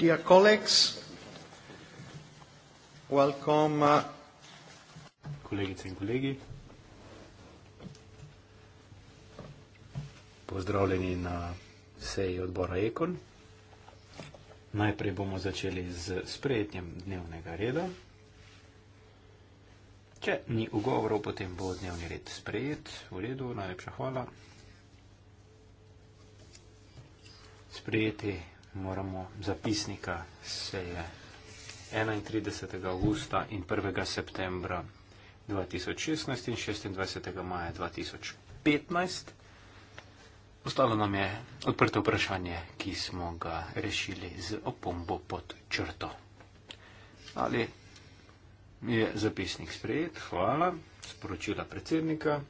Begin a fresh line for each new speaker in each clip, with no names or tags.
Dear colleagues, welcome. Uh, Kolegice in kolegi, pozdravljeni na seji odbora Ekon. Najprej bomo začeli z sprejetjem dnevnega reda. Če ni ugovorov, potem bo dnevni red sprejet. V redu, najlepša hvala. Sprejeti moramo zapisnika seje 31. augusta in 1. septembra 2016 in 26. maja 2015. Ostalo nam je odprto vprašanje, ki smo ga rešili z opombo pod črto. Ali je zapisnik sprejet? Hvala. Sporočila predsednika.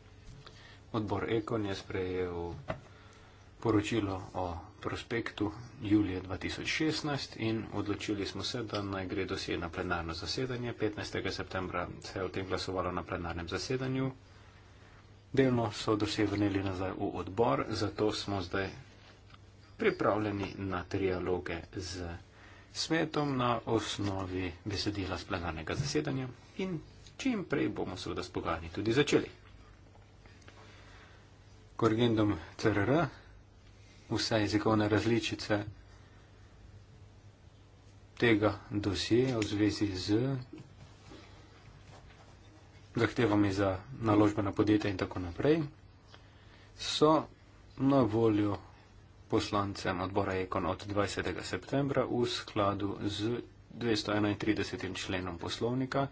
Odbor Ekon je sprejel poročilo o prospektu julija 2016 in odločili smo se, da naj gre dosje na plenarno zasedanje. 15. septembra se je o tem glasovalo na plenarnem zasedanju. Delno so dosje vrnili nazaj v odbor, zato smo zdaj pripravljeni na trialoge z svetom na osnovi besedila z plenarnega zasedanja in čim prej bomo seveda s pogajanji tudi začeli. Korgendom CRR vse jezikovne različice tega dosje v zvezi z zahtevami za naložbena podjetja in tako naprej, so na voljo poslancem odbora Ekon od 20. septembra v skladu z 231. členom poslovnika.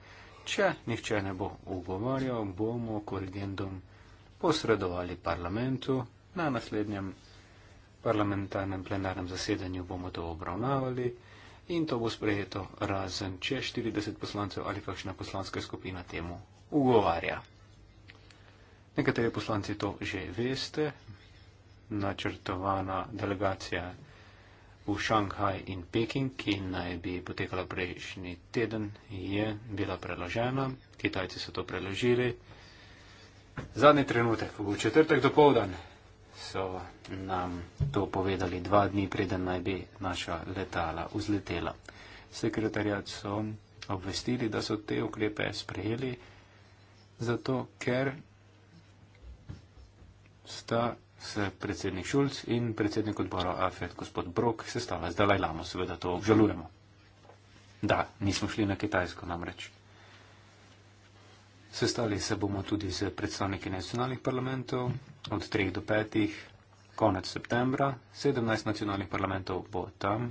Če nihče ne bo ugovarjal, bomo korigendum posredovali parlamentu na naslednjem parlamentarnem plenarnem zasedanju bomo to obravnavali in to bo sprejeto razen, če 40 poslancev ali kakšna poslanska skupina temu ugovarja. Nekateri poslanci to že veste, načrtovana delegacija v Šanghaj in Peking, ki naj bi potekala prejšnji teden, je bila preložena, Kitajci so to preložili. Zadnji trenutek, v četrtek do povdan, so nam to povedali dva dni, preden naj bi naša letala vzletela. Sekretarjat so obvestili, da so te ukrepe sprejeli, zato ker sta se predsednik Šulc in predsednik odbora AFED, gospod Brok, sestala z Dalajlamo. Seveda to obžalujemo. Da, nismo šli na Kitajsko namreč. Sestali se bomo tudi z predstavniki nacionalnih parlamentov od 3 do 5. konec septembra. 17 nacionalnih parlamentov bo tam.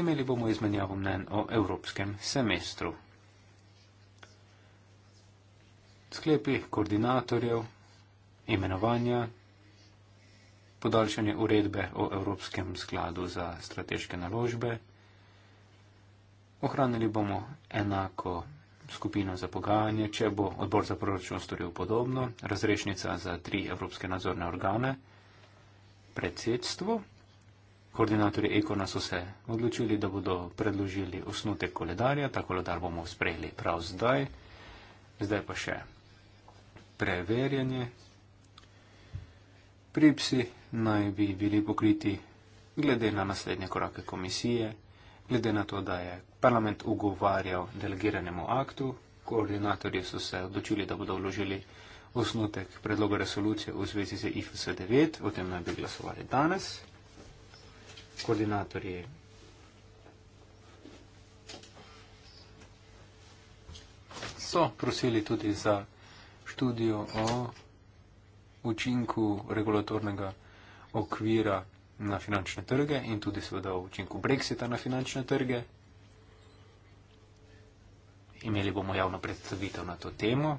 Imeli bomo izmenjavo mnen o evropskem semestru. Sklepi koordinatorjev, imenovanja, podaljšanje uredbe o Evropskem skladu za strateške naložbe. Ohranili bomo enako skupino za pogajanje, če bo odbor za proračun storil podobno, razrešnica za tri evropske nadzorne organe, predsedstvo. Koordinatorji Ekona so se odločili, da bodo predložili osnutek koledarja, ta koledar bomo sprejeli prav zdaj. Zdaj pa še preverjanje. Pripsi naj bi bili pokriti glede na naslednje korake komisije, glede na to, da je parlament ugovarjal delegiranemu aktu, koordinatorji so se odločili, da bodo vložili osnutek predloga resolucije v zvezi z IFS-9, o tem naj bi glasovali danes. Koordinatorji so prosili tudi za študijo o učinku regulatornega okvira na finančne trge in tudi seveda o učinku brexita na finančne trge imeli bomo javno predstavitev na to temo.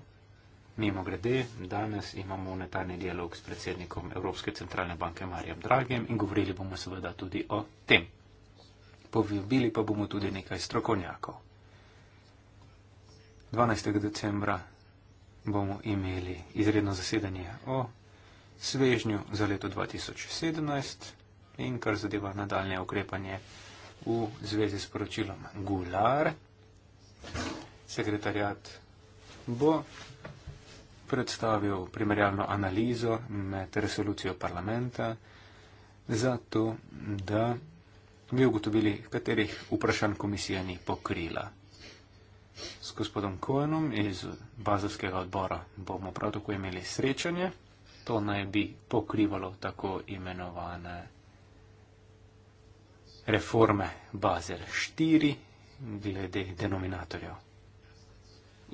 Mimo grede, danes imamo monetarni dialog s predsednikom Evropske centralne banke Marijem Dragem in govorili bomo seveda tudi o tem. Povabili pa bomo tudi nekaj strokovnjakov. 12. decembra bomo imeli izredno zasedanje o svežnju za leto 2017 in kar zadeva nadaljne ukrepanje v zvezi s poročilom Gular sekretarjat bo predstavil primerjalno analizo med resolucijo parlamenta, zato da bi ugotovili, katerih vprašanj komisija ni pokrila. S gospodom Koenom iz bazarskega odbora bomo prav tako imeli srečanje. To naj bi pokrivalo tako imenovane reforme Bazar 4 glede denominatorjev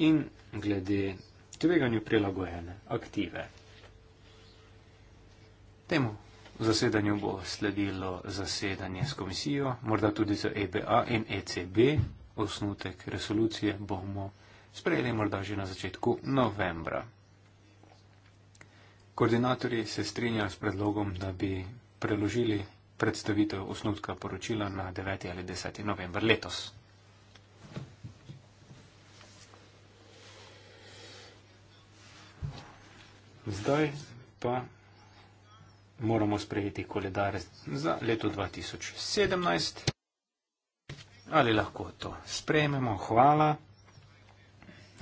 in glede tveganju prilagojene aktive. Temu zasedanju bo sledilo zasedanje s komisijo, morda tudi z EBA in ECB. Osnutek resolucije bomo sprejeli morda že na začetku novembra. Koordinatorji se strinjajo s predlogom, da bi preložili predstavitev osnutka poročila na 9. ali 10. november letos. Zdaj pa moramo sprejeti koledar za leto 2017. Ali lahko to sprejmemo? Hvala.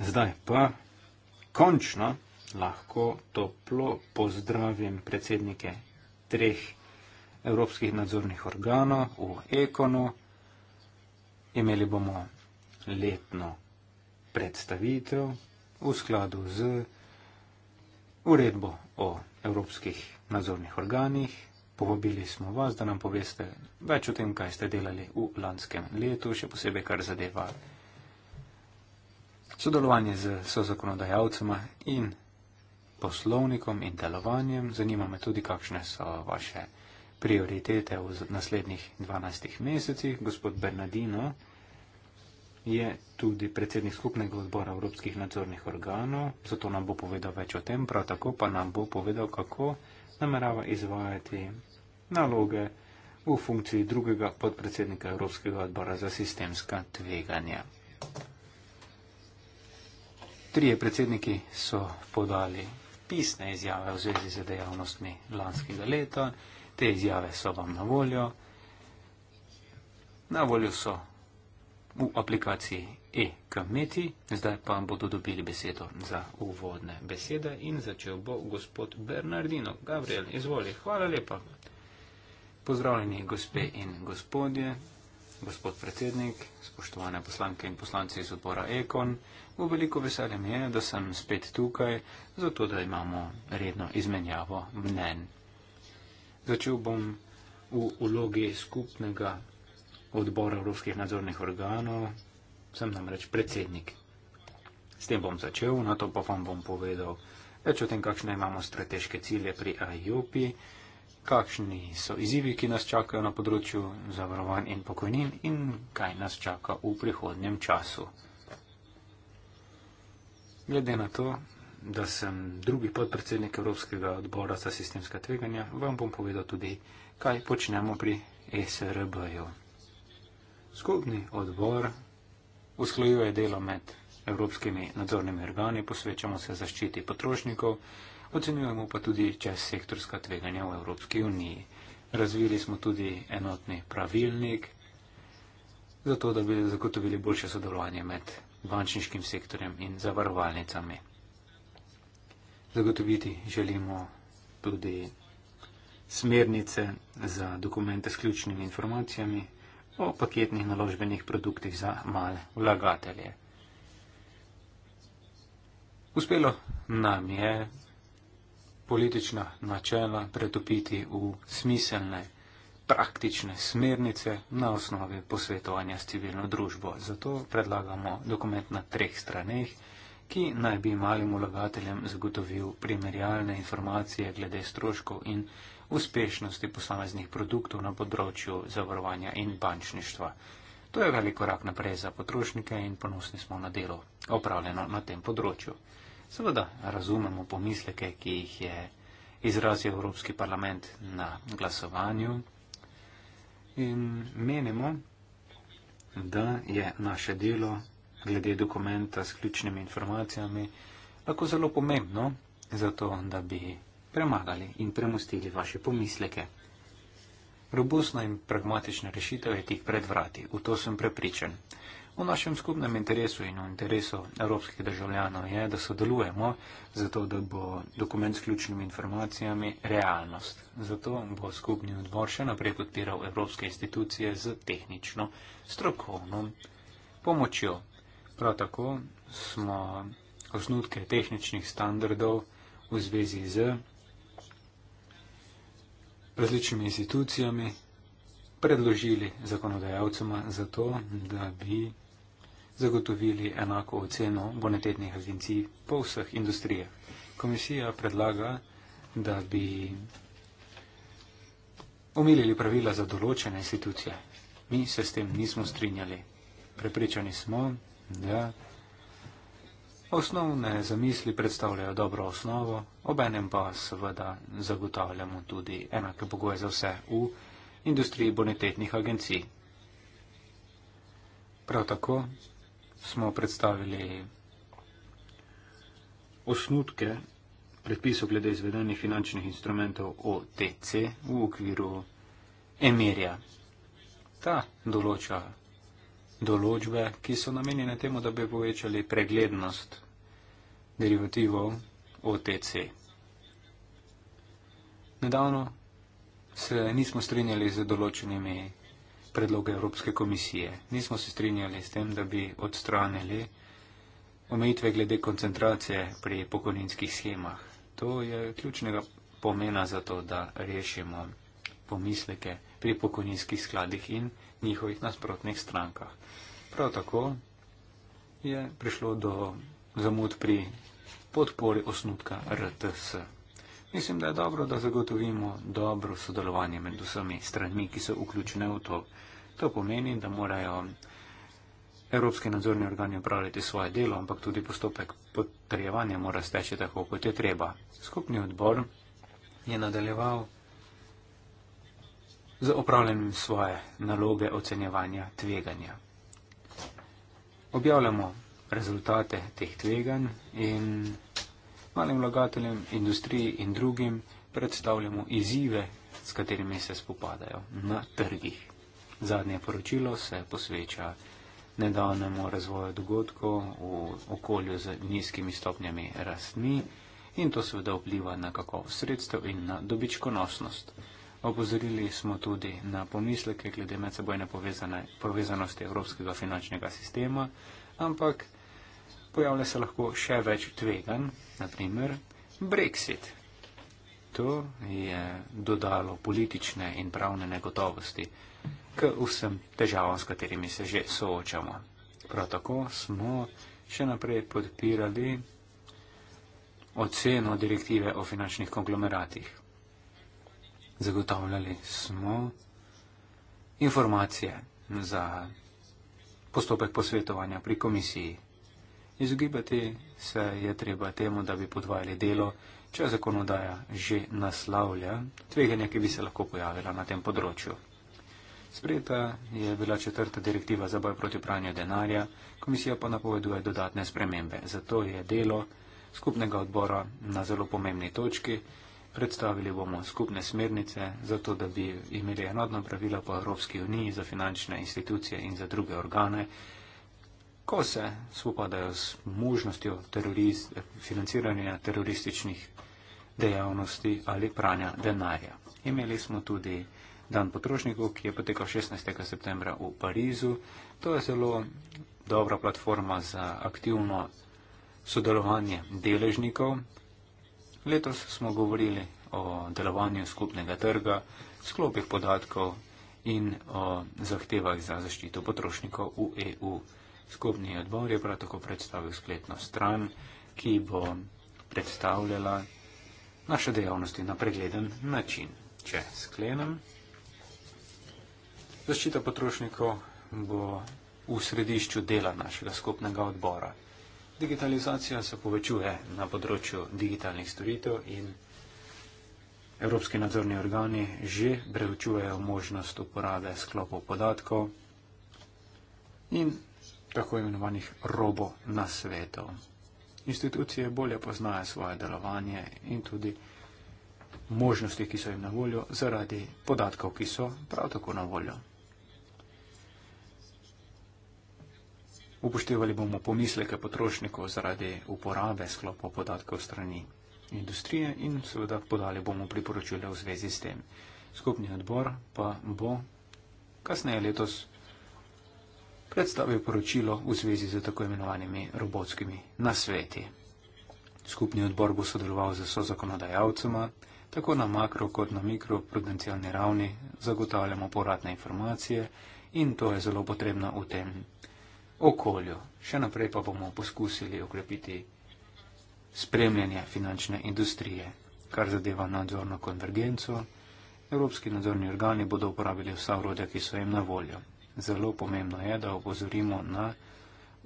Zdaj pa končno lahko toplo pozdravim predsednike treh evropskih nadzornih organov v Ekonu. Imeli bomo letno predstavitev v skladu z uredbo o evropskih nadzornih organih. Povabili smo vas, da nam poveste več o tem, kaj ste delali v lanskem letu, še posebej kar zadeva sodelovanje z sozakonodajalcema in poslovnikom in delovanjem. Zanima me tudi, kakšne so vaše prioritete v naslednjih 12 mesecih. Gospod Bernardino, je tudi predsednik skupnega odbora evropskih nadzornih organov, zato nam bo povedal več o tem, prav tako pa nam bo povedal, kako namerava izvajati naloge v funkciji drugega podpredsednika evropskega odbora za sistemska tveganja. Trije predsedniki so podali pisne izjave v zvezi z dejavnostmi lanskega leta. Te izjave so vam na voljo. Na voljo so v aplikaciji e-kmeti. Zdaj pa bodo dobili besedo za uvodne besede in začel bo gospod Bernardino. Gabriel, izvoli. Hvala lepa. Pozdravljeni gospe in gospodje, gospod predsednik, spoštovane poslanke in poslanci iz odbora Ekon. V veliko veselje mi je, da sem spet tukaj, zato da imamo redno izmenjavo mnen. Začel bom v ulogi skupnega odbora evropskih nadzornih organov, sem namreč predsednik. S tem bom začel, na to pa vam bom povedal več o tem, kakšne imamo strateške cilje pri IOP-i, kakšni so izzivi, ki nas čakajo na področju zavarovanj in pokojnin in kaj nas čaka v prihodnjem času. Glede na to, da sem drugi podpredsednik Evropskega odbora za sistemska tveganja, vam bom povedal tudi, kaj počnemo pri ESRB-ju. Skupni odbor usklajuje delo med evropskimi nadzornimi organi, posvečamo se zaščiti potrošnikov, ocenjujemo pa tudi čez sektorska tveganja v Evropski uniji. Razvili smo tudi enotni pravilnik, zato da bi zagotovili boljše sodelovanje med bančniškim sektorjem in zavarovalnicami. Zagotoviti želimo tudi smernice za dokumente s ključnimi informacijami, o paketnih naložbenih produktih za male vlagatelje. Uspelo nam je politična načela pretopiti v smiselne praktične smernice na osnovi posvetovanja s civilno družbo. Zato predlagamo dokument na treh straneh, ki naj bi malim vlagateljem zagotovil primerjalne informacije glede stroškov in informacij uspešnosti posameznih produktov na področju zavarovanja in bančništva. To je velik korak naprej za potrošnike in ponosni smo na delo opravljeno na tem področju. Seveda razumemo pomisleke, ki jih je izrazil Evropski parlament na glasovanju in menimo, da je naše delo glede dokumenta s ključnimi informacijami lahko zelo pomembno, zato da bi premagali in premustili vaše pomisleke. Robustna in pragmatična rešitev je tik pred vrati, v to sem prepričan. V našem skupnem interesu in v interesu evropskih državljanov je, da sodelujemo, zato da bo dokument s ključnimi informacijami realnost. Zato bo skupni odbor še naprej podpiral evropske institucije z tehnično, strokovno pomočjo. Prav tako smo osnutke tehničnih standardov v zvezi z različnimi institucijami
predložili
zakonodajalcema za to, da bi zagotovili enako oceno bonitetnih agencij po vseh industrijah. Komisija predlaga, da bi omilili pravila za določene institucije. Mi se s tem nismo strinjali. Prepričani smo, da Osnovne zamisli predstavljajo dobro osnovo, obenem pa seveda zagotavljamo tudi enake pogoje za vse v industriji bonitetnih agencij. Prav tako smo predstavili osnutke predpisov glede izvedenih finančnih instrumentov OTC v okviru Emirja. Ta določa določbe, ki so namenjene temu, da bi povečali preglednost derivativov OTC. Nedavno se nismo strinjali z določenimi predloge Evropske komisije. Nismo se strinjali s tem, da bi odstranili omejitve glede koncentracije pri pokojninskih schemah. To je ključnega pomena za to, da rešimo pomisleke pri pokojninskih skladih in njihovih nasprotnih strankah. Prav tako je prišlo do zamud pri podpori osnutka RTS. Mislim, da je dobro, da zagotovimo dobro sodelovanje med vsemi stranmi, ki so vključene v to. To pomeni, da morajo evropski nadzorni organi upravljati svoje delo, ampak tudi postopek potrjevanja mora steči tako, kot je treba. Skupni odbor je nadaljeval z opravljanjem svoje naloge ocenjevanja tveganja. Objavljamo rezultate teh tveganj in malim vlagateljem, industriji in drugim predstavljamo izzive, s katerimi se spopadajo na trgih. Zadnje poročilo se posveča nedavnemu razvoju dogodkov v okolju z nizkimi stopnjami rastmi in to seveda vpliva na kakovost sredstev in na dobičkonosnost. Opozorili smo tudi na pomisleke glede medsebojne povezanosti evropskega finančnega sistema, ampak pojavlja se lahko še več tveganj, naprimer Brexit. To je dodalo politične in pravne negotovosti k vsem težavam, s katerimi se že soočamo. Prav tako smo še naprej podpirali oceno direktive o finančnih konglomeratih. Zagotavljali smo informacije za postopek posvetovanja pri komisiji. Izogibati se je treba temu, da bi podvajali delo, če zakonodaja že naslavlja tveganja, ki bi se lahko pojavila na tem področju. Sprejeta je bila četrta direktiva za boj proti pranju denarja, komisija pa napoveduje dodatne spremembe. Zato je delo skupnega odbora na zelo pomembni točki. Predstavili bomo skupne smernice, zato da bi imeli enotna pravila po Evropski uniji za finančne institucije in za druge organe, ko se spopadajo s možnostjo teroriz, financiranja terorističnih dejavnosti ali pranja denarja. Imeli smo tudi dan potrošnikov, ki je potekal 16. septembra v Parizu. To je zelo dobra platforma za aktivno sodelovanje deležnikov. Letos smo govorili o delovanju skupnega trga, sklopih podatkov in o zahtevah za zaščito potrošnikov v EU. Skupni odbor je prav tako predstavil spletno stran, ki bo predstavljala naše dejavnosti na pregleden način. Če sklenem, zaščita potrošnikov bo v središču dela našega skupnega odbora. Digitalizacija se povečuje na področju digitalnih storitev in evropski nadzorni organi že preučujejo možnost uporabe sklopov podatkov in tako imenovanih robo na svetu. Institucije bolje poznajo svoje delovanje in tudi možnosti, ki so jim na voljo, zaradi podatkov, ki so prav tako na voljo. Upoštevali bomo pomisleke potrošnikov zaradi uporabe sklopov podatkov strani industrije in seveda podali bomo priporočila v zvezi s tem. Skupni odbor pa bo kasneje letos predstavil poročilo v zvezi z tako imenovanimi robotskimi nasveti. Skupni odbor bo sodeloval z vso zakonodajalcema, tako na makro kot na mikroprudencialni ravni zagotavljamo poradne informacije in to je zelo potrebno v tem okolju. Še naprej pa bomo poskusili okrepiti spremljanje finančne industrije, kar zadeva nadzorno konvergenco. Evropski nadzorni organi bodo uporabili vsa urodja, ki so jim na voljo. Zelo pomembno je, da opozorimo na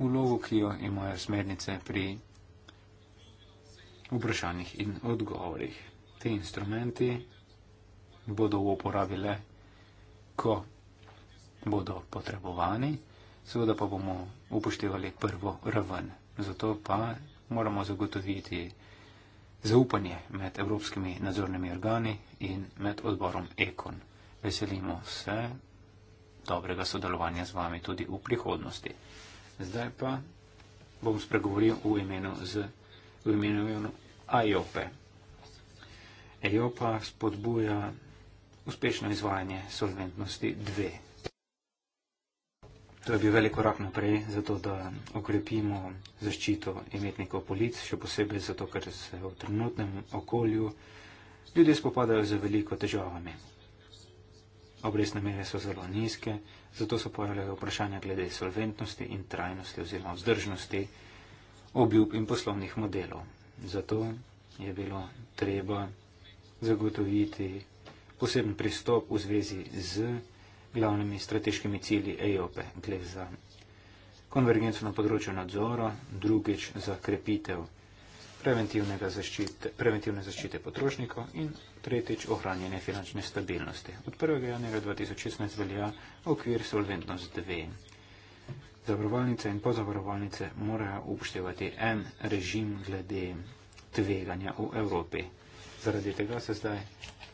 ulogo, ki jo imajo smernice pri vprašanjih in odgovorih. Te instrumenti bodo uporabile, ko bodo potrebovani, seveda pa bomo upoštevali prvo raven. Zato pa moramo zagotoviti zaupanje med evropskimi nadzornimi organi in med odborom Ekon. Veselimo se dobrega sodelovanja z vami tudi v prihodnosti. Zdaj pa bom spregovoril v imenu z v imenu Ajope. Ajopa spodbuja uspešno izvajanje solventnosti 2. To je bil velik korak naprej, zato da okrepimo zaščito imetnikov polic, še posebej zato, ker se v trenutnem okolju ljudje spopadajo z veliko težavami. Obrestne mere so zelo nizke, zato se pojavljajo vprašanja glede solventnosti in trajnosti oziroma vzdržnosti obljub in poslovnih modelov. Zato je bilo treba zagotoviti poseben pristop v zvezi z glavnimi strateškimi cilji EOP-e, gre za konvergenco na področju nadzora, drugič za krepitev zaščite, preventivne zaščite potrošnikov in tretjič ohranjene finančne stabilnosti. Od 1. januarja 2016 velja okvir solventnost 2. Zavarovalnice in pozavarovalnice morajo upoštevati en režim glede tveganja v Evropi. Zaradi tega se zdaj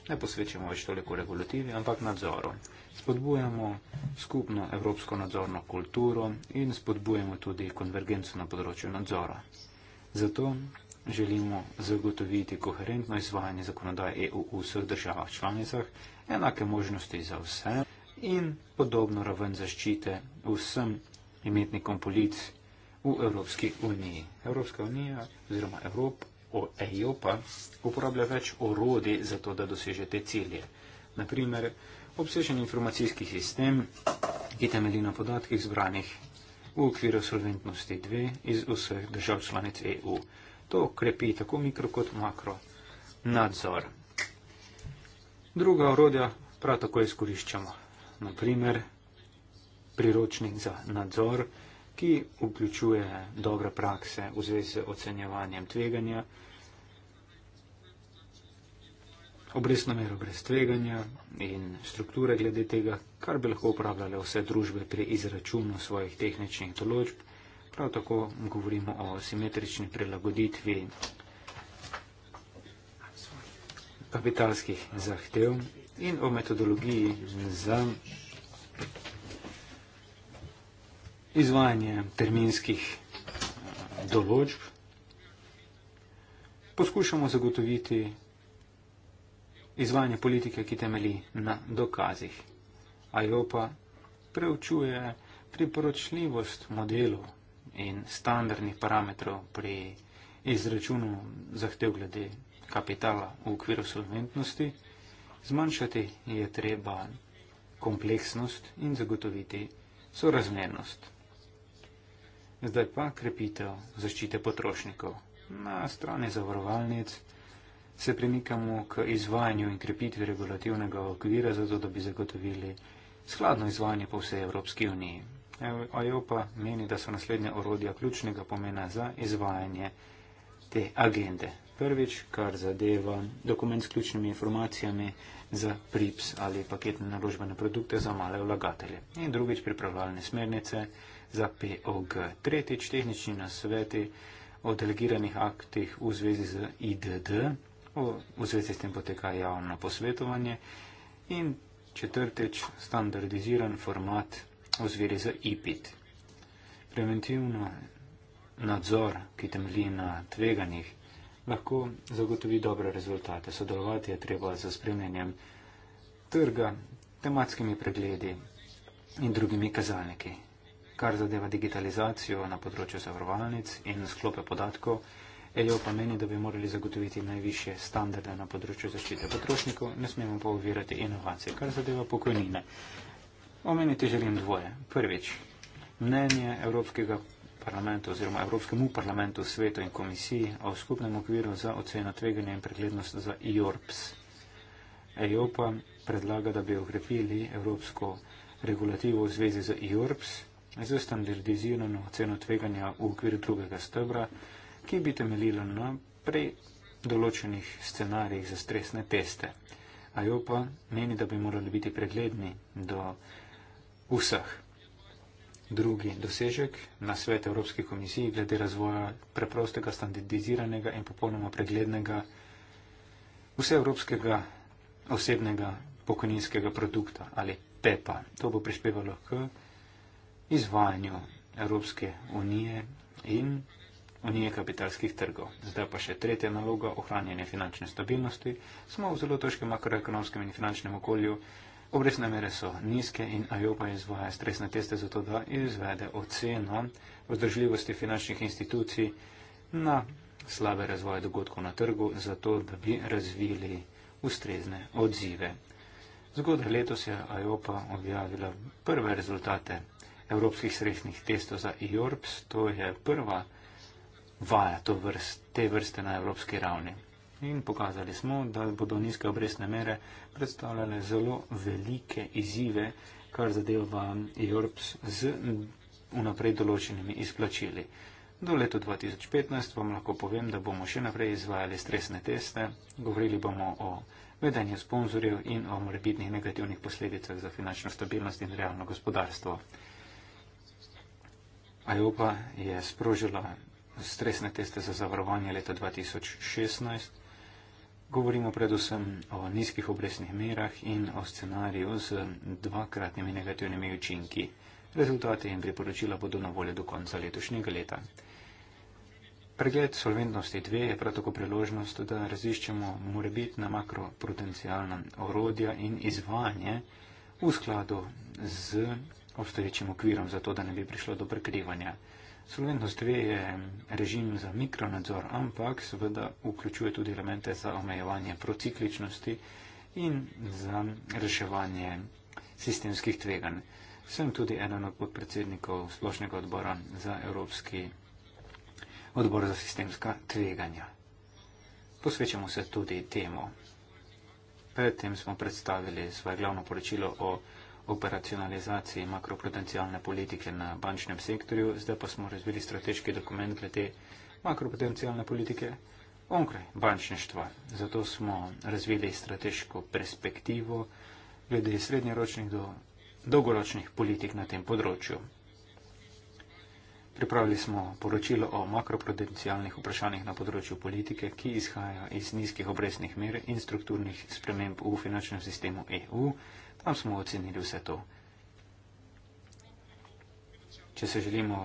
ne posvečamo več toliko regulativi, ampak nadzoru. Spodbujamo skupno evropsko nadzorno kulturo in spodbujamo tudi konvergenco na področju nadzora. Zato želimo zagotoviti koherentno izvajanje zakonodaje EU v vseh državah članicah, enake možnosti za vse in podobno raven zaščite vsem imetnikom polic v Evropski uniji. Evropska unija oziroma Evrop, EU pa uporablja več orodi za to, da doseže te cilje. Naprimer, obsežen informacijski sistem, ki temelji na podatkih zbranih v okviru solventnosti 2 iz vseh držav članic EU to krepi tako mikro kot makro nadzor. Druga orodja prav tako izkoriščamo, naprimer priročnik za nadzor, ki vključuje dobre prakse v zvezi z ocenjevanjem tveganja, obresno mero brez tveganja in strukture glede tega, kar bi lahko uporabljale vse družbe pri izračunu svojih tehničnih določb Prav tako govorimo o simetrični prilagoditvi kapitalskih zahtev in o metodologiji za izvajanje terminskih eh, določb. Poskušamo zagotoviti izvajanje politike, ki temeli na dokazih. Ajo pa preučuje priporočljivost modelov in standardnih parametrov pri izračunu zahtev glede kapitala v okviru solventnosti, zmanjšati je treba kompleksnost in zagotoviti sorazmernost. Zdaj pa krepitev zaščite potrošnikov. Na strani zavarovalnic se premikamo k izvajanju in krepitvi regulativnega okvira, zato da bi zagotovili skladno izvajanje po vsej Evropski uniji. OJO pa meni, da so naslednja orodja ključnega pomena za izvajanje te agende. Prvič, kar zadeva dokument s ključnimi informacijami za PRIPS ali paketne naložbene produkte za male vlagatelje. In drugič, pripravljalne smernice za POG. Tretjič, tehnični nasveti o delegiranih aktih v zvezi z IDD. V zvezi s tem poteka javno posvetovanje. In četrtič, standardiziran format v zveri z IPIT. Preventivno nadzor, ki temelji na tveganjih, lahko zagotovi dobre rezultate. Sodelovati je treba z spremljanjem trga, tematskimi pregledi in drugimi kazalniki. Kar zadeva digitalizacijo na področju zavarovalnic in sklope podatkov, EJO pa meni, da bi morali zagotoviti najviše standarde na področju zaščite potrošnikov, ne smemo pa uvirati inovacije. Kar zadeva pokojnine, Omeniti želim dvoje. Prvič, mnenje Evropskega parlamenta oziroma Evropskemu parlamentu, svetu in komisiji o skupnem okviru za oceno tveganja in preglednost za IORPS. E EIOPA predlaga, da bi okrepili evropsko regulativo v zvezi z IORPS e za standardizirano oceno tveganja v okviru drugega stebra, ki bi temeljilo na prej določenih scenarijih za stresne teste. EIOPA e meni, da bi morali biti pregledni do vseh. Drugi dosežek na svet Evropske komisije glede razvoja preprostega, standardiziranega in popolnoma preglednega vseevropskega osebnega pokojninskega produkta ali PEPA. To bo prispevalo k izvajanju Evropske unije in unije kapitalskih trgov. Zdaj pa še tretja naloga, ohranjanje finančne stabilnosti. Smo v zelo težkem makroekonomskem in finančnem okolju. Obrestne mere so nizke in Ajopa izvaja stresne teste zato, da izvede oceno vzdržljivosti finančnih institucij na slabe razvoje dogodkov na trgu, zato da bi razvili ustrezne odzive. Zgodaj letos je Ajopa objavila prve rezultate evropskih srečnih testov za IORPS, to je prva vaja to vrst, te vrste na evropski ravni. In pokazali smo, da bodo nizke obrestne mere predstavljale zelo velike izzive, kar zadeva Europs z unaprej določenimi izplačili. Do leta 2015 vam lahko povem, da bomo še naprej izvajali stresne teste, govorili bomo o vedenju sponzorjev in o morebitnih negativnih posledicah za finančno stabilnost in realno gospodarstvo. IOPA je sprožila stresne teste za zavarovanje leta 2016. Govorimo predvsem o nizkih obresnih merah in o scenariju z dvakratnimi negativnimi učinki. Rezultate in priporočila bodo na voljo do konca letošnjega leta. Pregled solventnosti 2 je prav tako priložnost, da raziščemo morebitna makroprudencialna orodja in izvajanje v skladu z obstoječim okvirom, zato da ne bi prišlo do prekrivanja. Solventnost 2 je režim za mikronadzor, ampak seveda vključuje tudi elemente za omejevanje procikličnosti in za reševanje sistemskih tveganj. Sem tudi eden od podpredsednikov splošnega odbora za Evropski odbor za sistemska tveganja. Posvečamo se tudi temu. Predtem smo predstavili svoje glavno poročilo o operacionalizaciji makroprudencialne politike na bančnem sektorju, zdaj pa smo razvili strateški dokument glede makroprudencialne politike onkraj bančništva. Zato smo razvili strateško perspektivo glede srednjeročnih do dolgoročnih politik na tem področju. Pripravili smo poročilo o makroprudencialnih vprašanjih na področju politike, ki izhaja iz nizkih obresnih mer in strukturnih sprememb v finančnem sistemu EU, Tam smo ocenili vse to. Če se želimo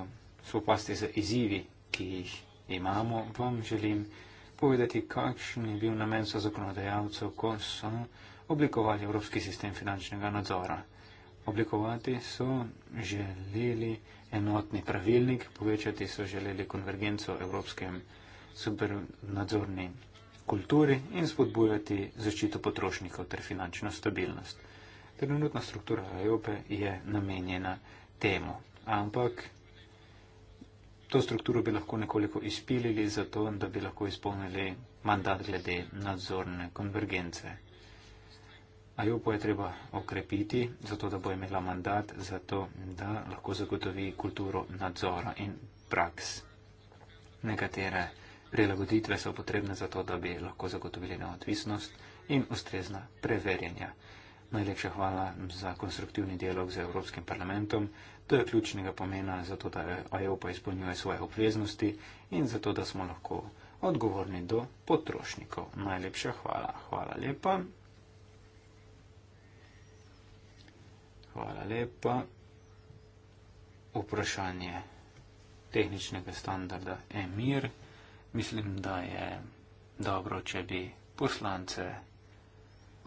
spopasti z izzivi, ki jih imamo, vam želim povedati, kakšen je bil namen so zakonodajalcev, ko so oblikovali Evropski sistem finančnega nadzora. Oblikovati so želeli enotni pravilnik, povečati so želeli konvergenco evropskem supernadzorni kulturi in spodbujati zaščito potrošnikov ter finančno stabilnost. Trenutna struktura Evrope je namenjena temu, ampak to strukturo bi lahko nekoliko izpilili zato, da bi lahko izpolnili mandat glede nadzorne konvergence. Evropo je treba okrepiti, zato da bo imela mandat, zato da lahko zagotovi kulturo nadzora in praks. Nekatere prilagoditve so potrebne zato, da bi lahko zagotovili neodvisnost in ustrezna preverjanja. Najlepša hvala za konstruktivni dialog z Evropskim parlamentom. To je ključnega pomena za to, da EOPA izpolnjuje svoje obveznosti in za to, da smo lahko odgovorni do potrošnikov. Najlepša hvala. Hvala lepa. Hvala lepa. Vprašanje tehničnega standarda EMIR. Mislim, da je dobro, če bi poslance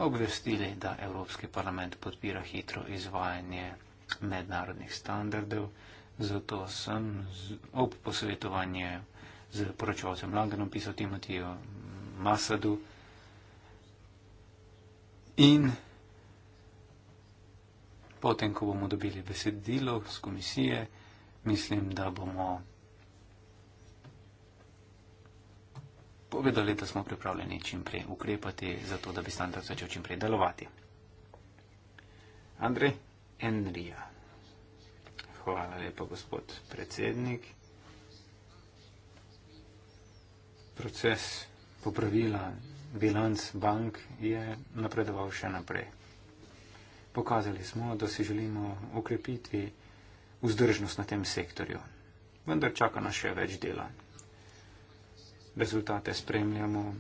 obvestili, da Evropski parlament podpira hitro izvajanje mednarodnih standardov. Zato sem ob posvetovanju z poročevalcem Langenom pisal Timotiju Masadu in potem, ko bomo dobili besedilo z komisije, mislim, da bomo povedali, da smo pripravljeni čimprej ukrepati, zato da bi standard začel čimprej delovati. Andrej Enrija. Hvala lepa, gospod predsednik. Proces popravila bilanc bank je napredoval še naprej. Pokazali smo, da si želimo ukrepiti vzdržnost na tem sektorju, vendar čaka nas še več dela, rezultate spremljamo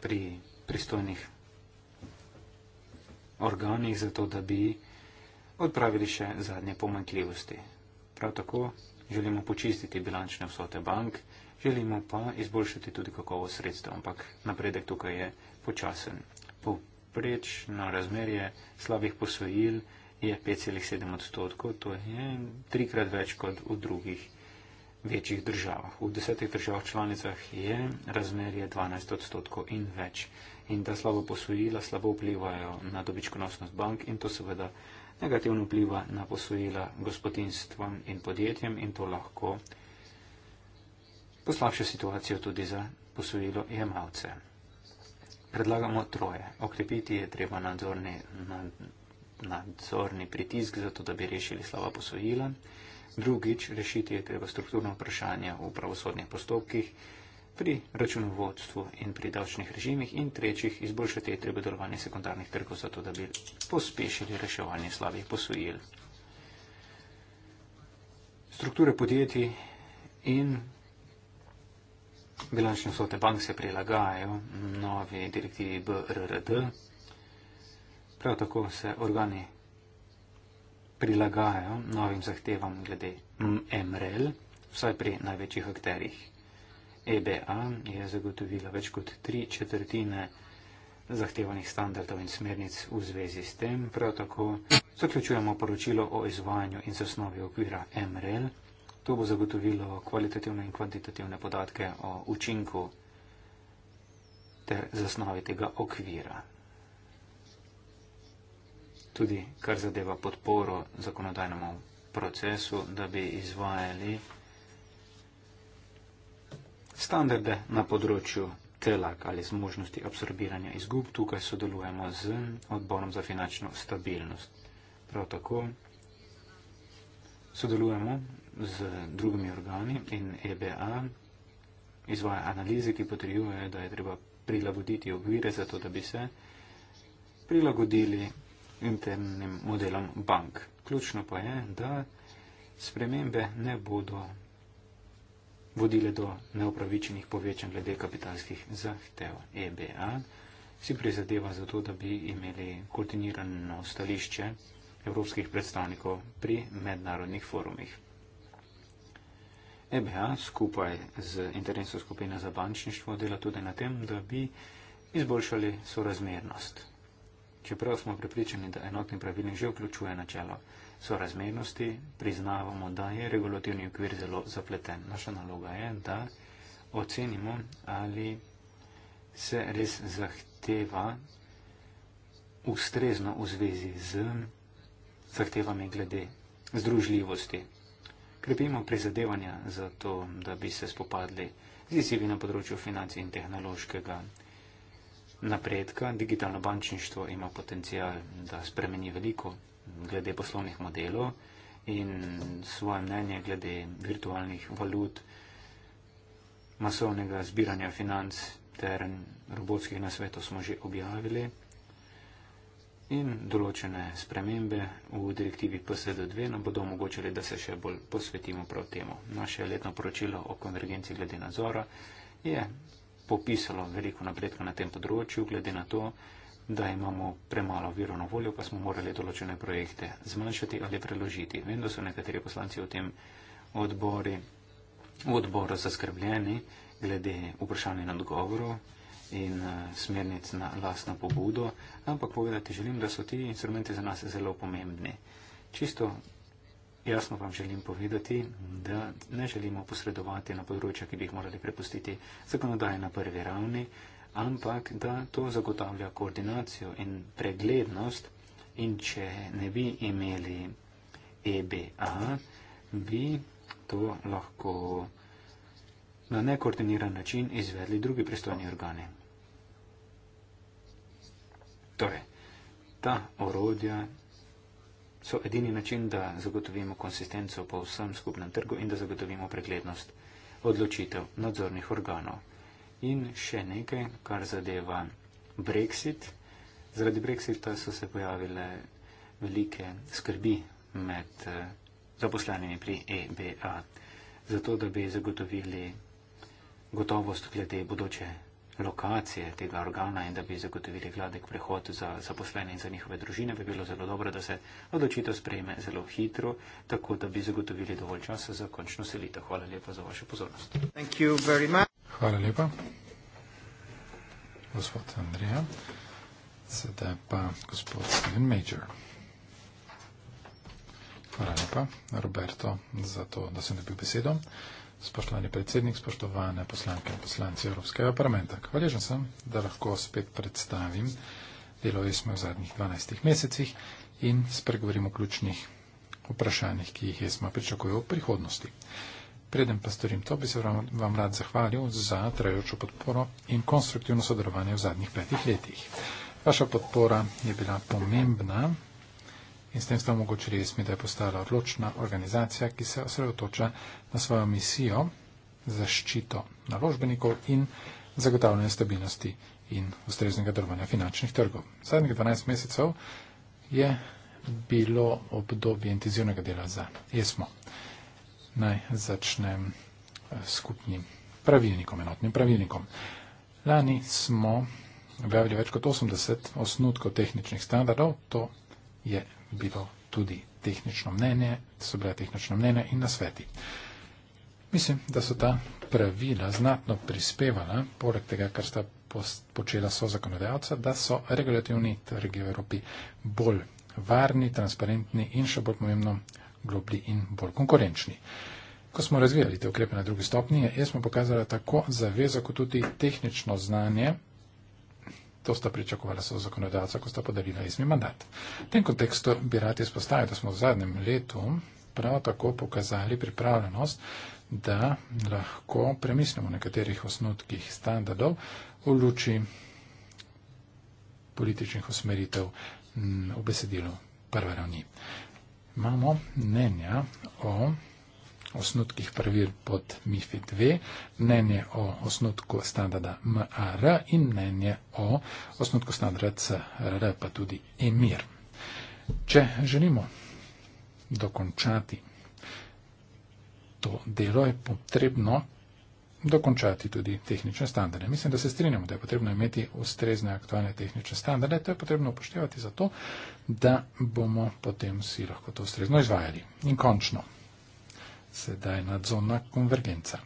pri pristojnih organih, zato da bi odpravili še zadnje pomankljivosti. Prav tako želimo počistiti bilančne vsote bank, želimo pa izboljšati tudi kakovo sredstvo, ampak napredek tukaj je počasen. Poprič na razmerje slabih posojil je 5,7 odstotkov, to je trikrat več kot v drugih državah večjih državah. V desetih državah članicah je razmerje 12 odstotkov in več. In da slabo posojila slabo vplivajo na dobičkonosnost bank in to seveda negativno vpliva na posojila gospodinstvom in podjetjem in to lahko poslabša situacijo tudi za posojilo jemalce. Predlagamo troje. Okrepiti je treba nadzorni, nad, nadzorni pritisk za to, da bi rešili slaba posojila. Drugič, rešiti je treba strukturno vprašanje v pravosodnih postopkih, pri računovodstvu in pri davčnih režimih. In trečjih, izboljšati je treba delovanje sekundarnih trgov, zato da bi pospešili reševanje slabih posojil. Strukture podjetij in bilančne vsote bank se prilagajajo novi direktivi BRRD. Prav tako se organi prilagajajo novim zahtevam glede MRL, vsaj pri največjih akterjih. EBA je zagotovila več kot tri četrtine zahtevanih standardov in smernic v zvezi s tem. Prav tako zaključujemo poročilo o izvajanju in zasnovi okvira MRL. To bo zagotovilo kvalitativne in kvantitativne podatke o učinku ter zasnovi tega okvira tudi kar zadeva podporo zakonodajnemu procesu, da bi izvajali standarde na področju telak ali zmožnosti absorbiranja izgub. Tukaj sodelujemo z odborom za finančno stabilnost. Prav tako sodelujemo z drugimi organi in EBA izvaja analize, ki potrjujejo, da je treba prilagoditi okvire za to, da bi se prilagodili internim modelom bank. Ključno pa je, da spremembe ne bodo vodile do neupravičenih povečanj glede kapitalskih zahtev EBA. Vsi prizadeva za to, da bi imeli koordinirano stališče evropskih predstavnikov pri mednarodnih forumih. EBA skupaj z interesno skupino za bančništvo dela tudi na tem, da bi izboljšali sorazmernost Čeprav smo prepričani, da enotni pravilnik že vključuje načelo sorazmernosti, priznavamo, da je regulativni okvir zelo zapleten. Naša naloga je, da ocenimo, ali se res zahteva ustrezno v zvezi z zahtevami glede združljivosti. Krepimo prizadevanja za to, da bi se spopadli z izzivi na področju financ in tehnološkega napredka, digitalno bančništvo ima potencial, da spremeni veliko glede poslovnih modelov in svoje mnenje glede virtualnih valut, masovnega zbiranja financ ter robotskih nasvetov smo že objavili in določene spremembe v direktivi PSD2 nam bodo omogočili, da se še bolj posvetimo prav temu. Naše letno poročilo o konvergenci glede nadzora je popisalo veliko napredka na tem področju, glede na to, da imamo premalo virov na voljo, pa smo morali določene projekte zmanjšati ali preložiti. Vem, da so nekateri poslanci v tem odbori, v odboru zaskrbljeni glede vprašanja in odgovorov in eh, smernic na lasno pobudo, ampak povedati želim, da so ti instrumenti za nas zelo pomembni. Čisto Jasno vam želim povedati, da ne želimo posredovati na področja, ki bi jih morali prepustiti zakonodaje na prvi ravni, ampak da to zagotavlja koordinacijo in preglednost in če ne bi imeli EBA, bi to lahko na nekoordiniran način izvedli drugi pristojni organi. Torej, ta orodja so edini način, da zagotovimo konsistenco po vsem skupnem trgu in da zagotovimo preglednost odločitev nadzornih organov. In še nekaj, kar zadeva Brexit. Zaradi Brexita so se pojavile velike skrbi med eh, zaposlenimi pri EBA, zato da bi zagotovili gotovost glede bodoče lokacije tega organa in da bi zagotovili gladek prehod za zaposlene in za njihove družine, bi bilo zelo dobro, da se odločitev sprejme zelo hitro, tako da bi zagotovili dovolj časa za končno selitev. Hvala lepa za vašo pozornost.
Hvala lepa. Gospod Andrija. Sedaj pa gospod Steven Major. Hvala lepa, Roberto, za to, da sem dobil besedo spoštovani predsednik, spoštovane poslanke in poslanci Evropskega parlamenta. Hvaležen sem, da lahko spet predstavim delo ESMA v zadnjih 12 mesecih in spregovorim o ključnih vprašanjih, ki jih ESMA pričakuje v prihodnosti. Preden pa storim to, bi se vam, vam rad zahvalil za trajočo podporo in konstruktivno sodelovanje v zadnjih petih letih. Vaša podpora je bila pomembna in s tem ste omogočili ESMI, da je postala odločna organizacija, ki se osredotoča na svojo misijo zaščito naložbenikov in zagotavljanje stabilnosti in ustreznega delovanja finančnih trgov. Zadnjih 12 mesecev je bilo obdobje intenzivnega dela za ESMO. Naj začnem eh, skupnim pravilnikom, enotnim pravilnikom. Lani smo objavili več kot 80 osnutkov tehničnih standardov, to je bilo tudi tehnično mnenje, so bila tehnično mnenje in nasveti. Mislim, da so ta pravila znatno prispevala, poleg tega, kar sta počela so zakonodajalca, da so regulativni trgi v Evropi bolj varni, transparentni in še bolj pomembno, globli in bolj konkurenčni. Ko smo razvijali te ukrepe na drugi stopni, je ESMO pokazala tako zavezo, kot tudi tehnično znanje to sta pričakovala so zakonodavca, ko sta podarila izmi mandat. V tem kontekstu bi rad izpostavil, da smo v zadnjem letu prav tako pokazali pripravljenost, da lahko premislimo o nekaterih osnutkih standardov v luči političnih usmeritev v besedilu prve ravni. Imamo mnenja o osnutkih pravil pod MIFI 2, mnenje o osnutku standarda MAR in mnenje o osnutku standarda CRR, pa tudi EMIR. Če želimo dokončati to delo, je potrebno dokončati tudi tehnične standarde. Mislim, da se strinjamo, da je potrebno imeti ustrezne aktualne tehnične standarde. To je potrebno upoštevati zato, da bomo potem vsi lahko to ustrezno izvajali. In končno sedaj nadzorna konvergenca.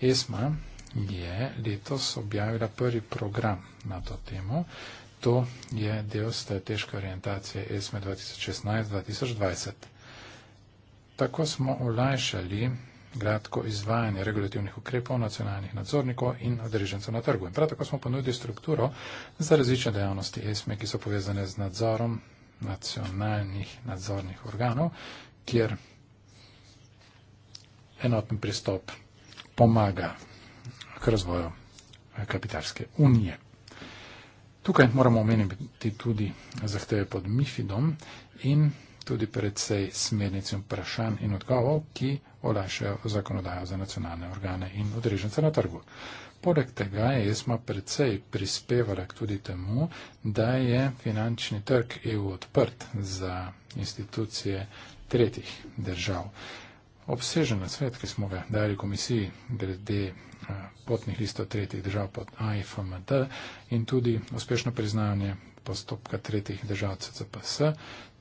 ESMA je letos objavila prvi program na to temo. To je del strateške orientacije ESME 2016-2020. Tako smo olajšali gradko izvajanje regulativnih ukrepov nacionalnih nadzornikov in odrežencev na trgu. In prav tako smo ponudili strukturo za različne dejavnosti ESME, ki so povezane z nadzorom nacionalnih nadzornih organov, kjer enoten pristop pomaga k razvoju eh, kapitalske unije. Tukaj moramo omeniti tudi zahteve pod MIFIDom in tudi predvsej smernicem vprašanj in odgovov, ki olajšajo zakonodajo za nacionalne organe in odrežence na trgu. Poleg tega je ESMA predvsej prispevala tudi temu, da je finančni trg EU odprt za institucije tretjih držav obsežen na svet, ki smo ga dali komisiji glede eh, potnih listov tretjih držav pod AIFMD in tudi uspešno priznanje postopka tretjih držav CCPS.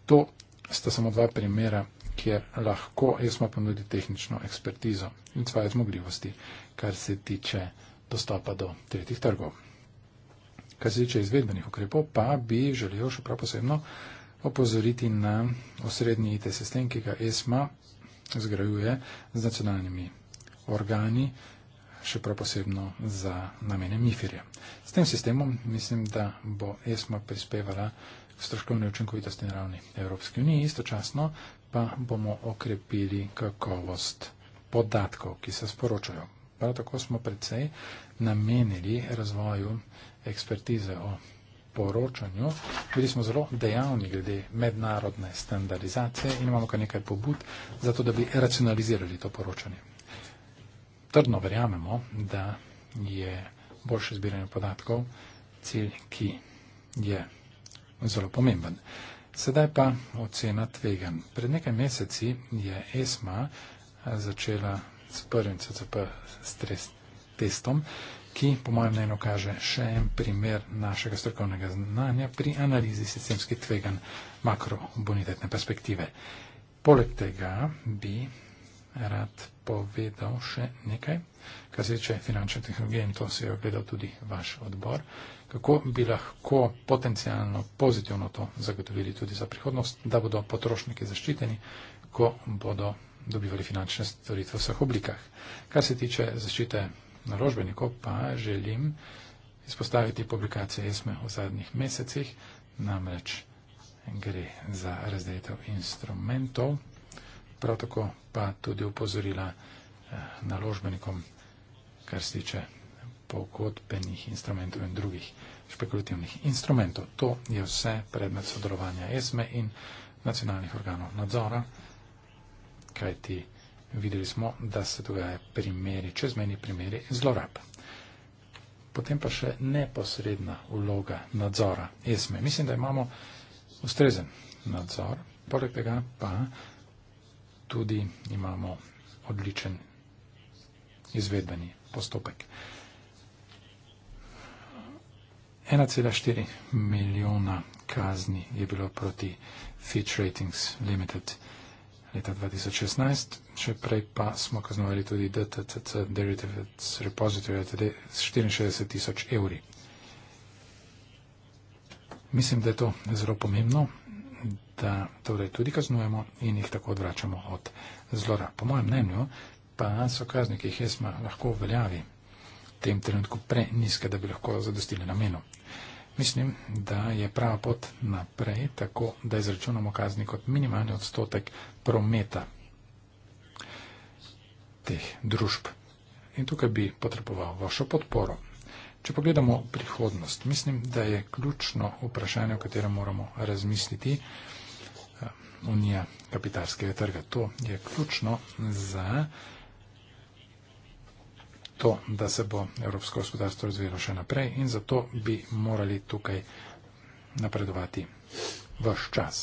To sta samo dva primera, kjer lahko ESMA ponudi tehnično ekspertizo in svoje zmogljivosti, kar se tiče dostopa do tretjih trgov. Kar se tiče izvedbenih ukrepov, pa bi želel še prav posebno opozoriti na osrednji IT sistem, ki ga ESMA zgrajuje z nacionalnimi organi, še prav posebno za namene MIFIR-ja. S tem sistemom mislim, da bo ESMA prispevala k stroškovni učinkovitosti na ravni Evropske unije, istočasno pa bomo okrepili kakovost podatkov, ki se sporočajo. Prav tako smo predvsej namenili razvoju ekspertize o poročanju, bili smo zelo dejavni glede mednarodne standardizacije in imamo kar nekaj pobud za to, da bi racionalizirali to poročanje. Trdno verjamemo, da je boljše zbiranje podatkov cilj, ki je zelo pomemben. Sedaj pa ocena tvegan. Pred nekaj meseci je ESMA začela s prvim CCP stres testom, ki, po mojem mnenju, kaže še en primer našega strokovnega znanja pri analizi sistemskih tvegan makrobonitetne perspektive. Poleg tega bi rad povedal še nekaj, kar se tiče finančne tehnologije in to se je ogledal tudi vaš odbor, kako bi lahko potencijalno pozitivno to zagotovili tudi za prihodnost, da bodo potrošniki zaščiteni, ko bodo dobivali finančne storitve v vseh oblikah. Kar se tiče zaščite naložbeniku, pa želim izpostaviti publikacije ESME v zadnjih mesecih, namreč gre za razdelitev instrumentov, prav tako pa tudi upozorila eh, naložbenikom, kar se tiče pogodbenih instrumentov in drugih špekulativnih instrumentov. To je vse predmet sodelovanja ESME in nacionalnih organov nadzora, kajti videli smo, da se dogaja primeri, čezmeni primeri zlorab. Potem pa še neposredna vloga nadzora ESME. Mislim, da imamo ustrezen nadzor, poleg tega pa tudi imamo odličen izvedbeni postopek. 1,4 milijona kazni je bilo proti Fitch Ratings Limited leta 2016, še prej pa smo kaznovali tudi DTCC Derivatives Repository torej s 64 tisoč evri. Mislim, da je to zelo pomembno, da torej tudi kaznujemo in jih tako odvračamo od zlora. Po mojem mnenju pa so kazni, ki jih ESMA lahko uveljavi, v tem trenutku preniske, da bi lahko zadostili namenu. Mislim, da je prava pot naprej tako, da izračunamo kazni kot minimalni odstotek prometa teh družb. In tukaj bi potreboval vašo podporo. Če pogledamo prihodnost, mislim, da je ključno vprašanje, o katerem moramo razmisliti, eh, unija kapitalskega trga. To je ključno za to, da se bo evropsko gospodarstvo razvijalo še naprej in zato bi morali tukaj napredovati vaš čas.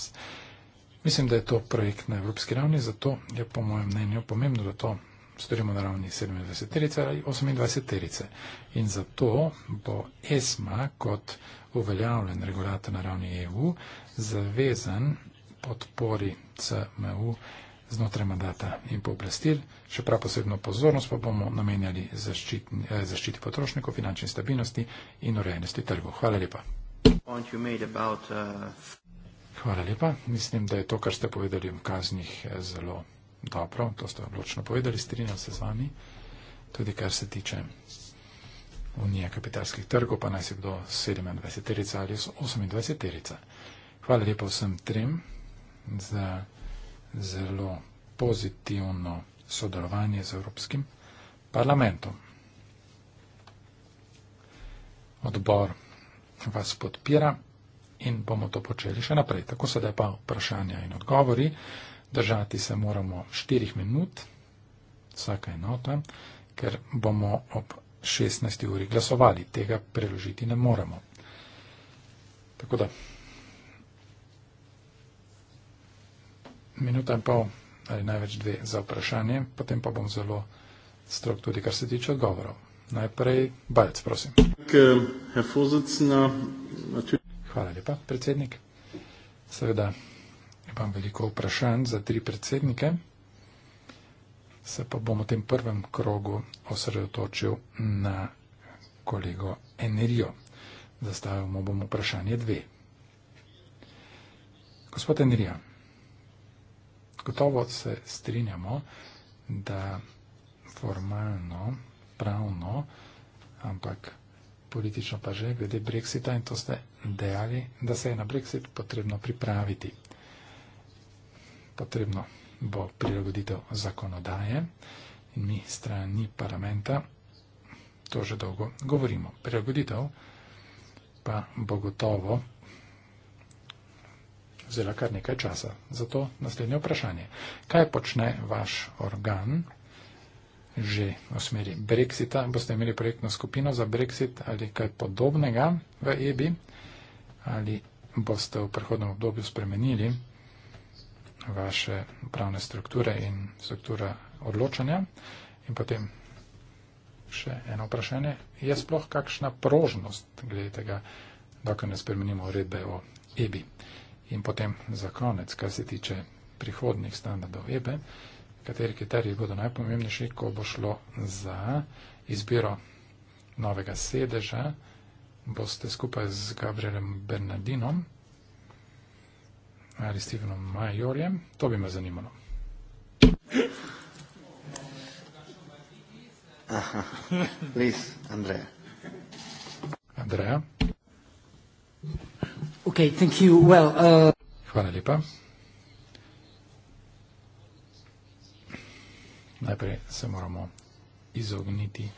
Mislim, da je to projekt na evropski ravni, zato je po mojem mnenju pomembno, da to storimo na ravni 27. ali 28. In zato bo ESMA kot uveljavljen regulator na ravni EU zavezan podpori CMU znotraj mandata in pooblastil. Še prav posebno pozornost pa bomo namenjali zaščiti, eh, zaščiti potrošnikov, finančni stabilnosti in urejenosti trgov. Hvala lepa.
Uh,
Hvala lepa. Mislim, da je to, kar ste povedali v kaznih, eh, zelo dobro. To ste odločno povedali, strinjam se z vami. Tudi kar se tiče unije kapitalskih trgov, pa naj se kdo 27 terica ali 28 terica. Hvala lepa vsem trem za zelo pozitivno sodelovanje z Evropskim parlamentom. Odbor vas podpira in bomo to počeli še naprej. Tako sedaj pa vprašanja in odgovori. Držati se moramo 4 minut, vsaka enota, ker bomo ob 16. uri glasovali. Tega preložiti ne moremo. Tako da minuta in pol ali največ dve za vprašanje, potem pa bom zelo strok tudi, kar se tiče odgovorov. Najprej Balc, prosim. Hvala lepa, predsednik. Seveda imam veliko vprašanj za tri predsednike. Se pa bom v tem prvem krogu osredotočil na kolego Enerijo. Zastavimo bom vprašanje dve. Gospod Enerija, gotovo se strinjamo, da formalno, pravno, ampak politično pa že, glede Brexita in to ste dejali, da se je na Brexit potrebno pripraviti. Potrebno bo prilagoditev zakonodaje in mi strani parlamenta to že dolgo govorimo. Prilagoditev pa bo gotovo vzela kar nekaj časa. Zato naslednje vprašanje. Kaj počne vaš organ že v smeri Brexita? Boste imeli projektno skupino za Brexit ali kaj podobnega v EBI? Ali boste v prehodnem obdobju spremenili vaše pravne strukture in struktura odločanja? In potem še eno vprašanje. Je sploh kakšna prožnost glede tega, dokler ne spremenimo uredbe o EBI? In potem za konec, kar se tiče prihodnih standardov webe, e, kateri kriteriji bodo najpomembnejši, ko bo šlo za izbiro novega sedeža, boste skupaj z Gabrielem Bernardinom ali Stevenom Majorjem, to bi me zanimalo.
Aha, please, Andrea. Andrea. Okay,
thank you. Well, uh... Hvala lepa. Najprej se moramo izogniti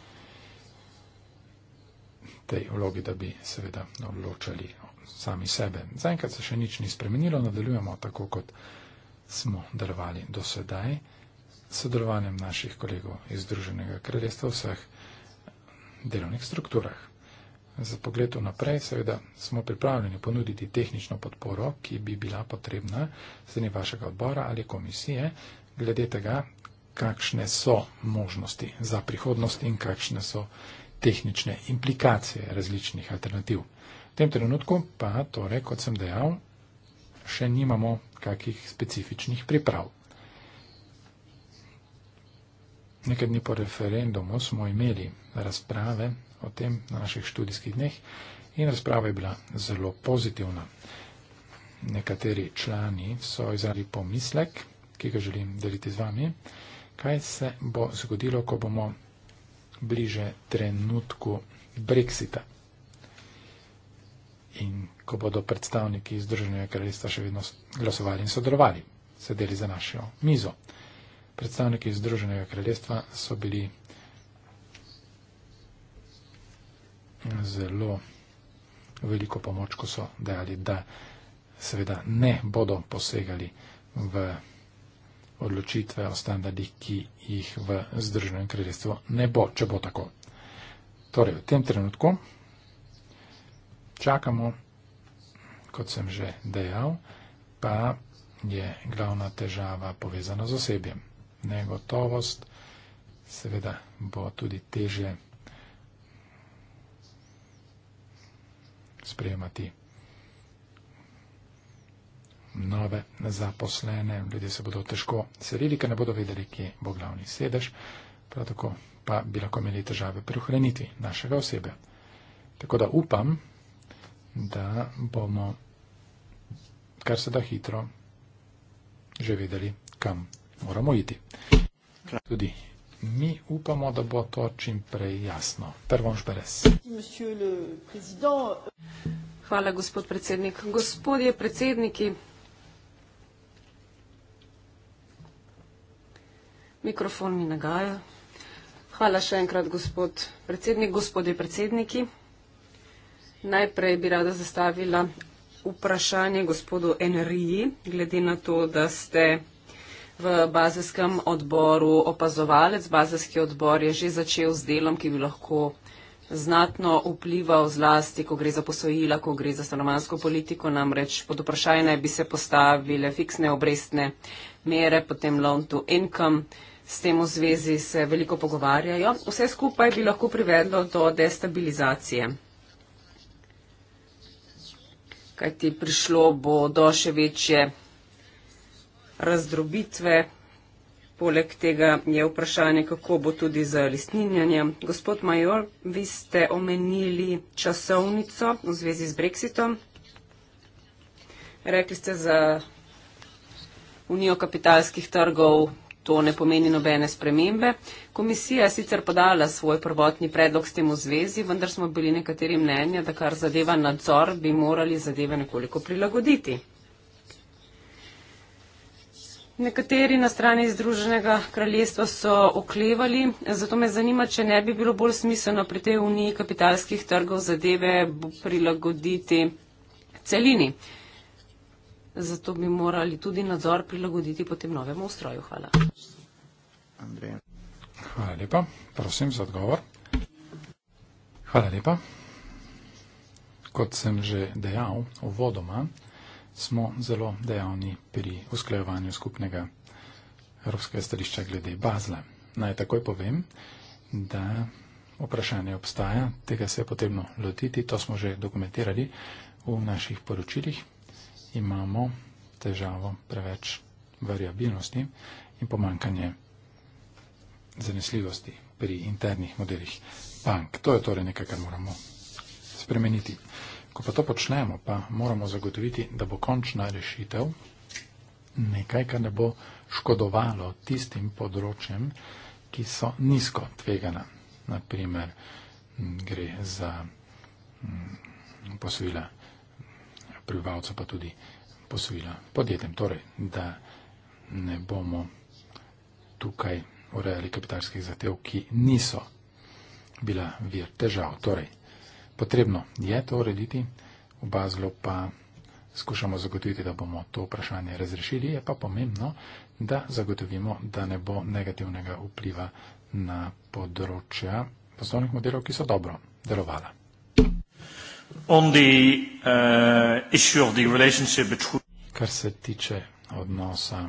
tej vlogi, da bi seveda odločali sami sebe. Zaenkrat se še nič ni spremenilo, nadaljujemo tako, kot smo delovali do sedaj, s sodelovanjem naših kolegov iz Združenega kraljestva v vseh delovnih strukturah. Za pogled naprej, seveda, smo pripravljeni ponuditi tehnično podporo, ki bi bila potrebna strani vašega odbora ali komisije, glede tega, kakšne so možnosti za prihodnost in kakšne so tehnične implikacije različnih alternativ. V tem trenutku pa, torej, kot sem dejal, še nimamo kakih specifičnih priprav. Nekaj dni po referendumu smo imeli razprave o tem na naših študijskih dneh in razprava je bila zelo pozitivna. Nekateri člani so izrazili pomislek, ki ga želim deliti z vami, kaj se bo zgodilo, ko bomo bliže trenutku Brexita in ko bodo predstavniki Združenega kraljestva še vedno glasovali in sodelovali, sedeli za našo mizo. Predstavniki Združenega kraljestva so bili zelo veliko pomoč, ko so dejali, da seveda ne bodo posegali v odločitve o standardih, ki jih v Združenem kraljestvu ne bo, če bo tako. Torej, v tem trenutku čakamo, kot sem že dejal, pa je glavna težava povezana z osebjem. Negotovost seveda bo tudi težje sprejemati nove zaposlene, ljudje se bodo težko selili, ker ne bodo vedeli, kje bo glavni sedež, prav tako pa bi lahko imeli težave pri ohraniti našega osebe. Tako da upam, da bomo kar se da hitro že vedeli, kam moramo iti. Tudi Mi upamo, da bo to čim prej jasno. Prvo šperes.
Hvala, gospod predsednik. Gospodje predsedniki, mikrofon mi nagaja. Hvala še enkrat, gospod predsednik, gospodje predsedniki. Najprej bi rada zastavila vprašanje gospodu Enriji, glede na to, da ste v bazijskem odboru opazovalec. Bazijski odbor je že začel z delom, ki bi lahko znatno vplival zlasti, ko gre za posojila, ko gre za stanovansko politiko, namreč pod vprašanje naj bi se postavile fiksne obrestne mere, potem loan to income. S tem v zvezi se veliko pogovarjajo. Vse skupaj bi lahko privedlo do destabilizacije. Kaj ti prišlo bo do še večje razdrobitve. Poleg tega je vprašanje, kako bo tudi z listninjanjem. Gospod Major, vi ste omenili časovnico v zvezi z Brexitom. Rekli ste za Unijo kapitalskih trgov, to ne pomeni nobene spremembe. Komisija je sicer podala svoj prvotni predlog s tem v zvezi, vendar smo bili nekateri mnenja, da kar zadeva nadzor, bi morali zadeve nekoliko prilagoditi. Nekateri na strani Združenega kraljestva so oklevali, zato me zanima, če ne bi bilo bolj smiselno pri tej uniji kapitalskih trgov zadeve prilagoditi celini. Zato bi morali tudi nadzor prilagoditi potem novemu ustroju. Hvala.
Andrej. Hvala lepa. Prosim za odgovor. Hvala lepa. Kot sem že dejal, uvodoma smo zelo dejavni pri usklajevanju skupnega evropskega stališča glede Bazla. Naj takoj povem, da vprašanje obstaja, tega se je potrebno lotiti, to smo že dokumentirali v naših poročilih. Imamo težavo preveč variabilnosti in pomankanje zanesljivosti pri internih modelih bank. To je torej nekaj, kar moramo spremeniti. Ko pa to počnemo, pa moramo zagotoviti, da bo končna rešitev nekaj, kar ne bo škodovalo tistim področjem, ki so nizko tvegana. Naprimer, gre za posvila prebivalcev, pa tudi posvila podjetjem. Torej, da ne bomo tukaj urejali kapitalskih zatev, ki niso bila vir težav. Torej, potrebno je to urediti, v bazlu pa skušamo zagotoviti, da bomo to vprašanje razrešili, je pa pomembno, da zagotovimo, da ne bo negativnega vpliva na področja poslovnih modelov, ki so dobro delovala. On the, uh, issue of the relationship between... Kar se tiče odnosa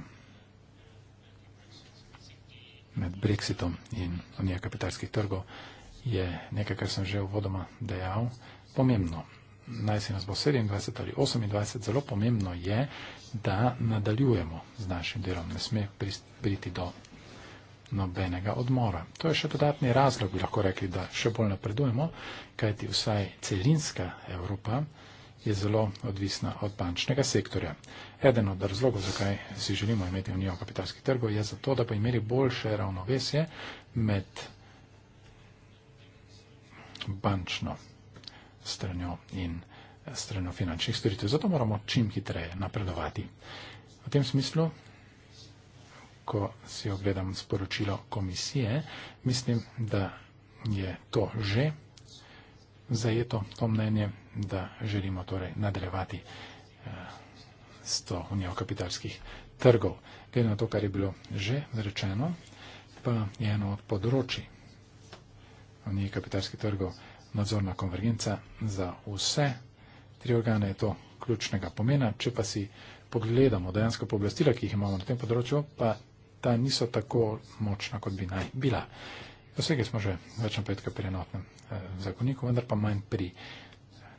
med Brexitom in unijo kapitalskih trgov, uh, je nekaj, kar sem že v vodoma dejal, pomembno. Naj se nas bo 27 ali 28, zelo pomembno je, da nadaljujemo z našim delom. Ne sme priti do nobenega odmora. To je še dodatni razlog, bi lahko rekli, da še bolj napredujemo, kajti vsaj celinska Evropa je zelo odvisna od bančnega sektorja. Eden od razlogov, zakaj si želimo imeti unijo kapitalskih trgov, je zato, da bi imeli boljše ravnovesje med bančno stranjo in stranjo finančnih storitev. Zato moramo čim hitreje napredovati. V tem smislu, ko si ogledam sporočilo komisije, mislim, da je to že zajeto to mnenje, da želimo torej nadrevati eh, s to unijo kapitalskih trgov. Glede na to, kar je bilo že rečeno, pa je eno od področji, ni kapitalski trgov nadzorna konvergenca za vse tri organe je to ključnega pomena. Če pa si pogledamo dejansko pooblastila, ki jih imamo na tem področju, pa ta niso tako močna, kot bi naj bila. Dosegli smo že več na petka pri enotnem eh, zakoniku, vendar pa manj pri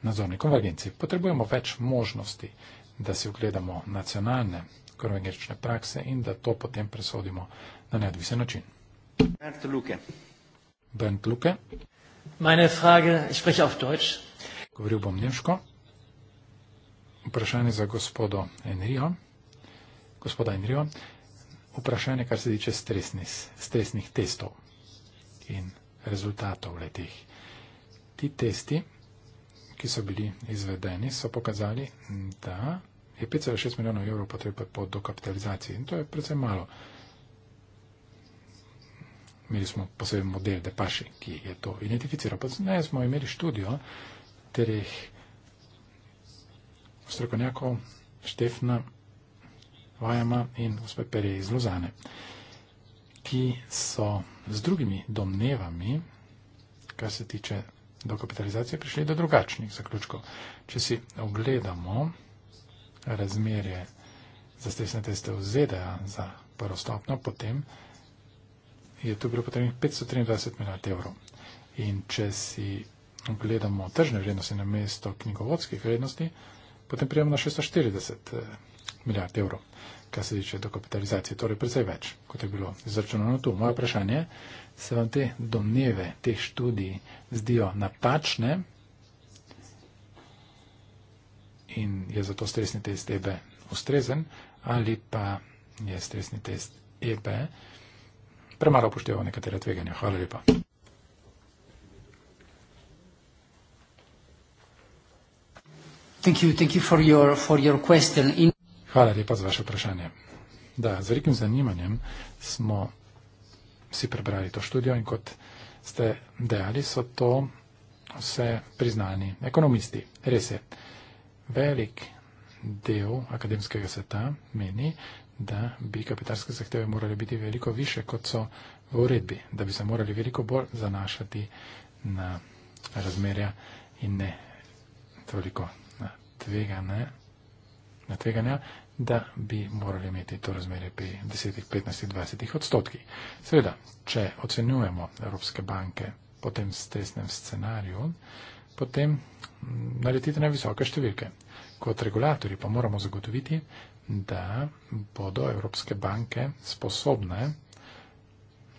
nadzorni konvergenci. Potrebujemo več možnosti, da si ogledamo nacionalne konvergenčne prakse in da to potem presodimo na neodvisen način. Arto Luke. Bernd Luke. Meine Frage, ich spreche auf Deutsch. Govoril bom nemško. Vprašanje za gospodo Enrijo. Gospoda Enrijo, vprašanje, kar se tiče stresnih, stresnih testov in rezultatov letih. Ti testi, ki so bili izvedeni, so pokazali, da je 5,6 milijonov evrov potrebe po dokapitalizaciji. In to je predvsem malo imeli smo poseben model Depaši, ki je to identificiral. Pozneje smo imeli študijo treh strokovnjakov, Štefna, Vajama in gospod Perje iz Lozane, ki so z drugimi domnevami, kar se tiče dokapitalizacije, prišli do drugačnih zaključkov. Če si ogledamo razmerje za stresne teste v ZDA za prvo stopno, potem je tu bilo potrebnih 523 milijard evrov. In če si gledamo tržne vrednosti na mesto knjigovodskih vrednosti, potem prijemo na 640 eh, milijard evrov, kar se tiče dokapitalizacije, torej precej več, kot je bilo izračunano tu. Moje vprašanje je, se vam te domneve, te študij zdijo napačne in je zato stresni test EB ustrezen ali pa je stresni test EB premalo upošteval nekatere tveganja. Hvala lepa. Thank you, thank you for your, for your In... Hvala lepa za vaše vprašanje. Da, z velikim zanimanjem smo si prebrali to študijo in kot ste dejali, so to vse priznani ekonomisti. Res je, velik del akademskega sveta meni, da bi kapitalske zahteve morali biti veliko više, kot so v uredbi, da bi se morali veliko bolj zanašati na razmerja in ne toliko na tveganja, na tveganja da bi morali imeti to razmerje pri 10, 15, 20 odstotkih. Seveda, če ocenjujemo Evropske banke po tem stresnem scenariju, potem naletite na visoke številke. Kot regulatori pa moramo zagotoviti, da bodo evropske banke sposobne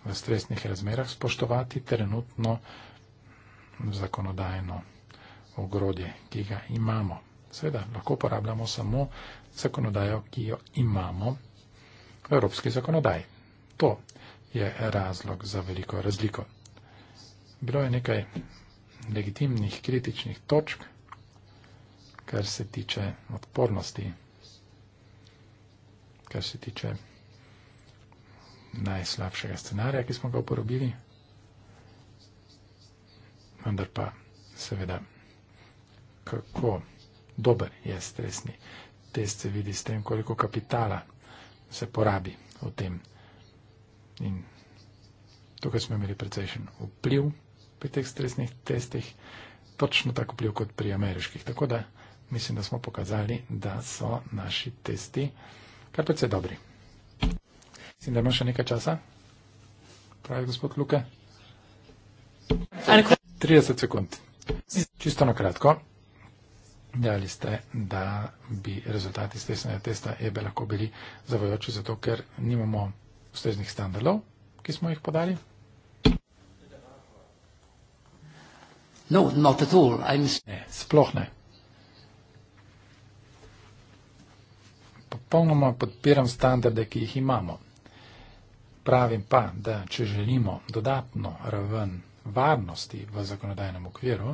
v stresnih razmerah spoštovati trenutno zakonodajno ogrodje, ki ga imamo. Seveda, lahko uporabljamo samo zakonodajo, ki jo imamo v evropski zakonodaji. To je razlog za veliko razliko. Bilo je nekaj legitimnih kritičnih točk, kar se tiče odpornosti kar se tiče najslabšega scenarija, ki smo ga uporabili. Vendar pa seveda, kako dober je stresni test, se vidi s tem, koliko kapitala se porabi v tem. In tukaj smo imeli precejšen vpliv pri teh stresnih testih, točno tako vpliv kot pri ameriških. Tako da mislim, da smo pokazali, da so naši testi kar precej dobri. Mislim, da imam še nekaj časa. Pravi gospod Luke. 30 sekund. Čisto na kratko. Dejali ste, da bi rezultati stresnega testa EBE lahko bili zavojoči, zato ker nimamo ustreznih standardov, ki smo jih podali. No, ne, sploh ne. popolnoma podpiram standarde, ki jih imamo. Pravim pa, da če želimo dodatno raven varnosti v zakonodajnem okviru,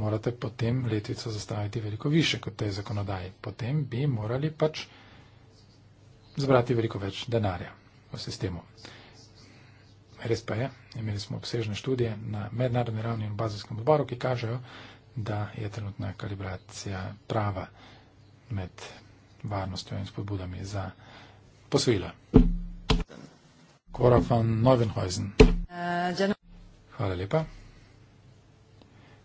morate potem letvico zastaviti veliko više kot tej zakonodaji. Potem bi morali pač zbrati veliko več denarja v sistemu. Res pa je, imeli smo obsežne študije na mednarodni ravni in bazijskem odboru, ki kažejo, da je trenutna kalibracija prava med varnostjo in spodbudami za posvila. Kora von Neuwenhuizen. Hvala lepa.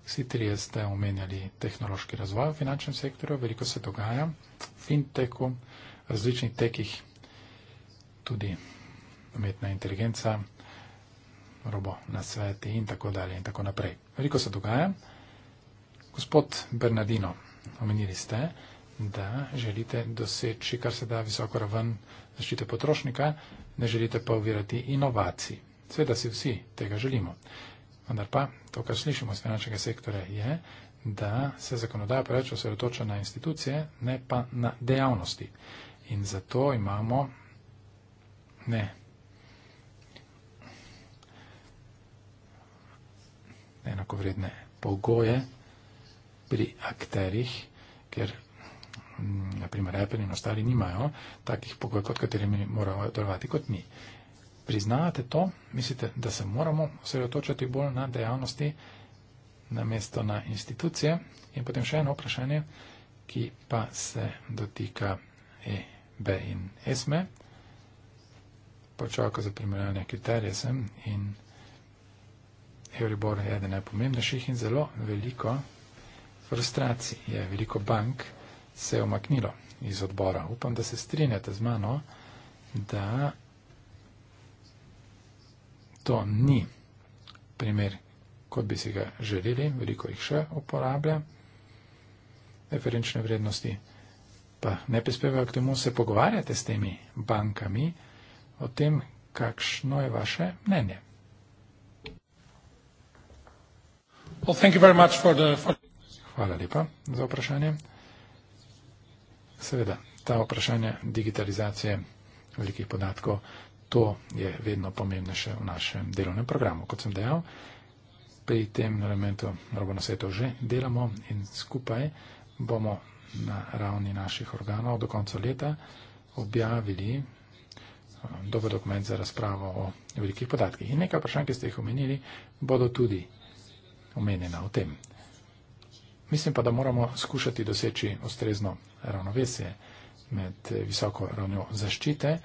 Vsi trije ste omenjali tehnološki razvoj v finančnem sektorju, veliko se dogaja v fintechu, različnih tekih, tudi umetna inteligenca, robo na sveti in tako dalje in tako naprej. Veliko se dogaja. Gospod Bernardino, omenili ste, da želite doseči kar se da visoko raven zaščite potrošnika, ne želite pa uvirati inovacij. Sveda si vsi tega želimo. Vendar pa to, kar slišimo iz finančnega sektora, je, da se zakonodaja preveč osredotoča na institucije, ne pa na dejavnosti. In zato imamo ne. enako vredne pogoje pri akterih, ker Mm, na primer Apple in ostali nimajo takih pogojev, pod katerimi moramo delovati kot mi. Priznavate to, mislite, da se moramo osredotočati bolj na dejavnosti, na mesto na institucije in potem še eno vprašanje, ki pa se dotika EB in ESME. Počakaj za primerjanje kriterije sem in Euribor je eden najpomembnejših in zelo veliko frustracij je, veliko bank se je omaknilo iz odbora. Upam, da se strinjate z mano, da to ni primer, kot bi si ga želeli, veliko jih še uporablja, referenčne vrednosti pa ne prispevajo k temu, se pogovarjate s temi bankami o tem, kakšno je vaše mnenje. Well, thank you very much for the, for... Hvala lepa za vprašanje. Seveda, ta vprašanja digitalizacije velikih podatkov, to je vedno pomembnejše v našem delovnem programu. Kot sem dejal, pri tem elementu robo na svetu že delamo in skupaj bomo na ravni naših organov do konca leta objavili eh, dober dokument za razpravo o velikih podatkih. In nekaj vprašanj, ki ste jih omenili, bodo tudi omenjena o tem. Mislim pa, da moramo skušati doseči ustrezno ravnovesje med visoko ravnjo zaščite,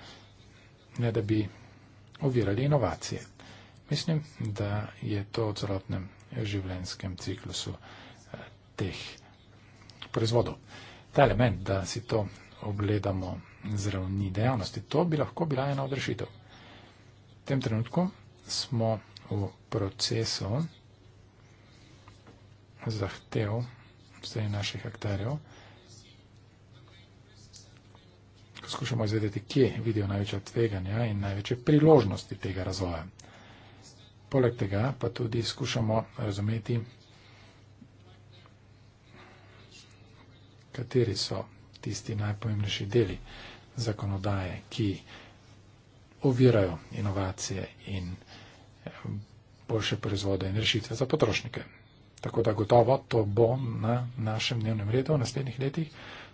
ne da bi ovirali inovacije. Mislim, da je to v celotnem življenjskem ciklusu eh, teh proizvodov. Ta element, da si to ogledamo z ravni dejavnosti, to bi lahko bila ena od rešitev. V tem trenutku smo v procesu zahtev vseh naših akterjev. Ko skušamo izvedeti, kje vidijo največja tveganja in največje priložnosti tega razvoja. Poleg tega pa tudi skušamo razumeti, kateri so tisti najpomembnejši deli zakonodaje, ki ovirajo inovacije in eh, boljše proizvode in rešitve za potrošnike. Tako da gotovo to bo na našem dnevnem redu v naslednjih letih,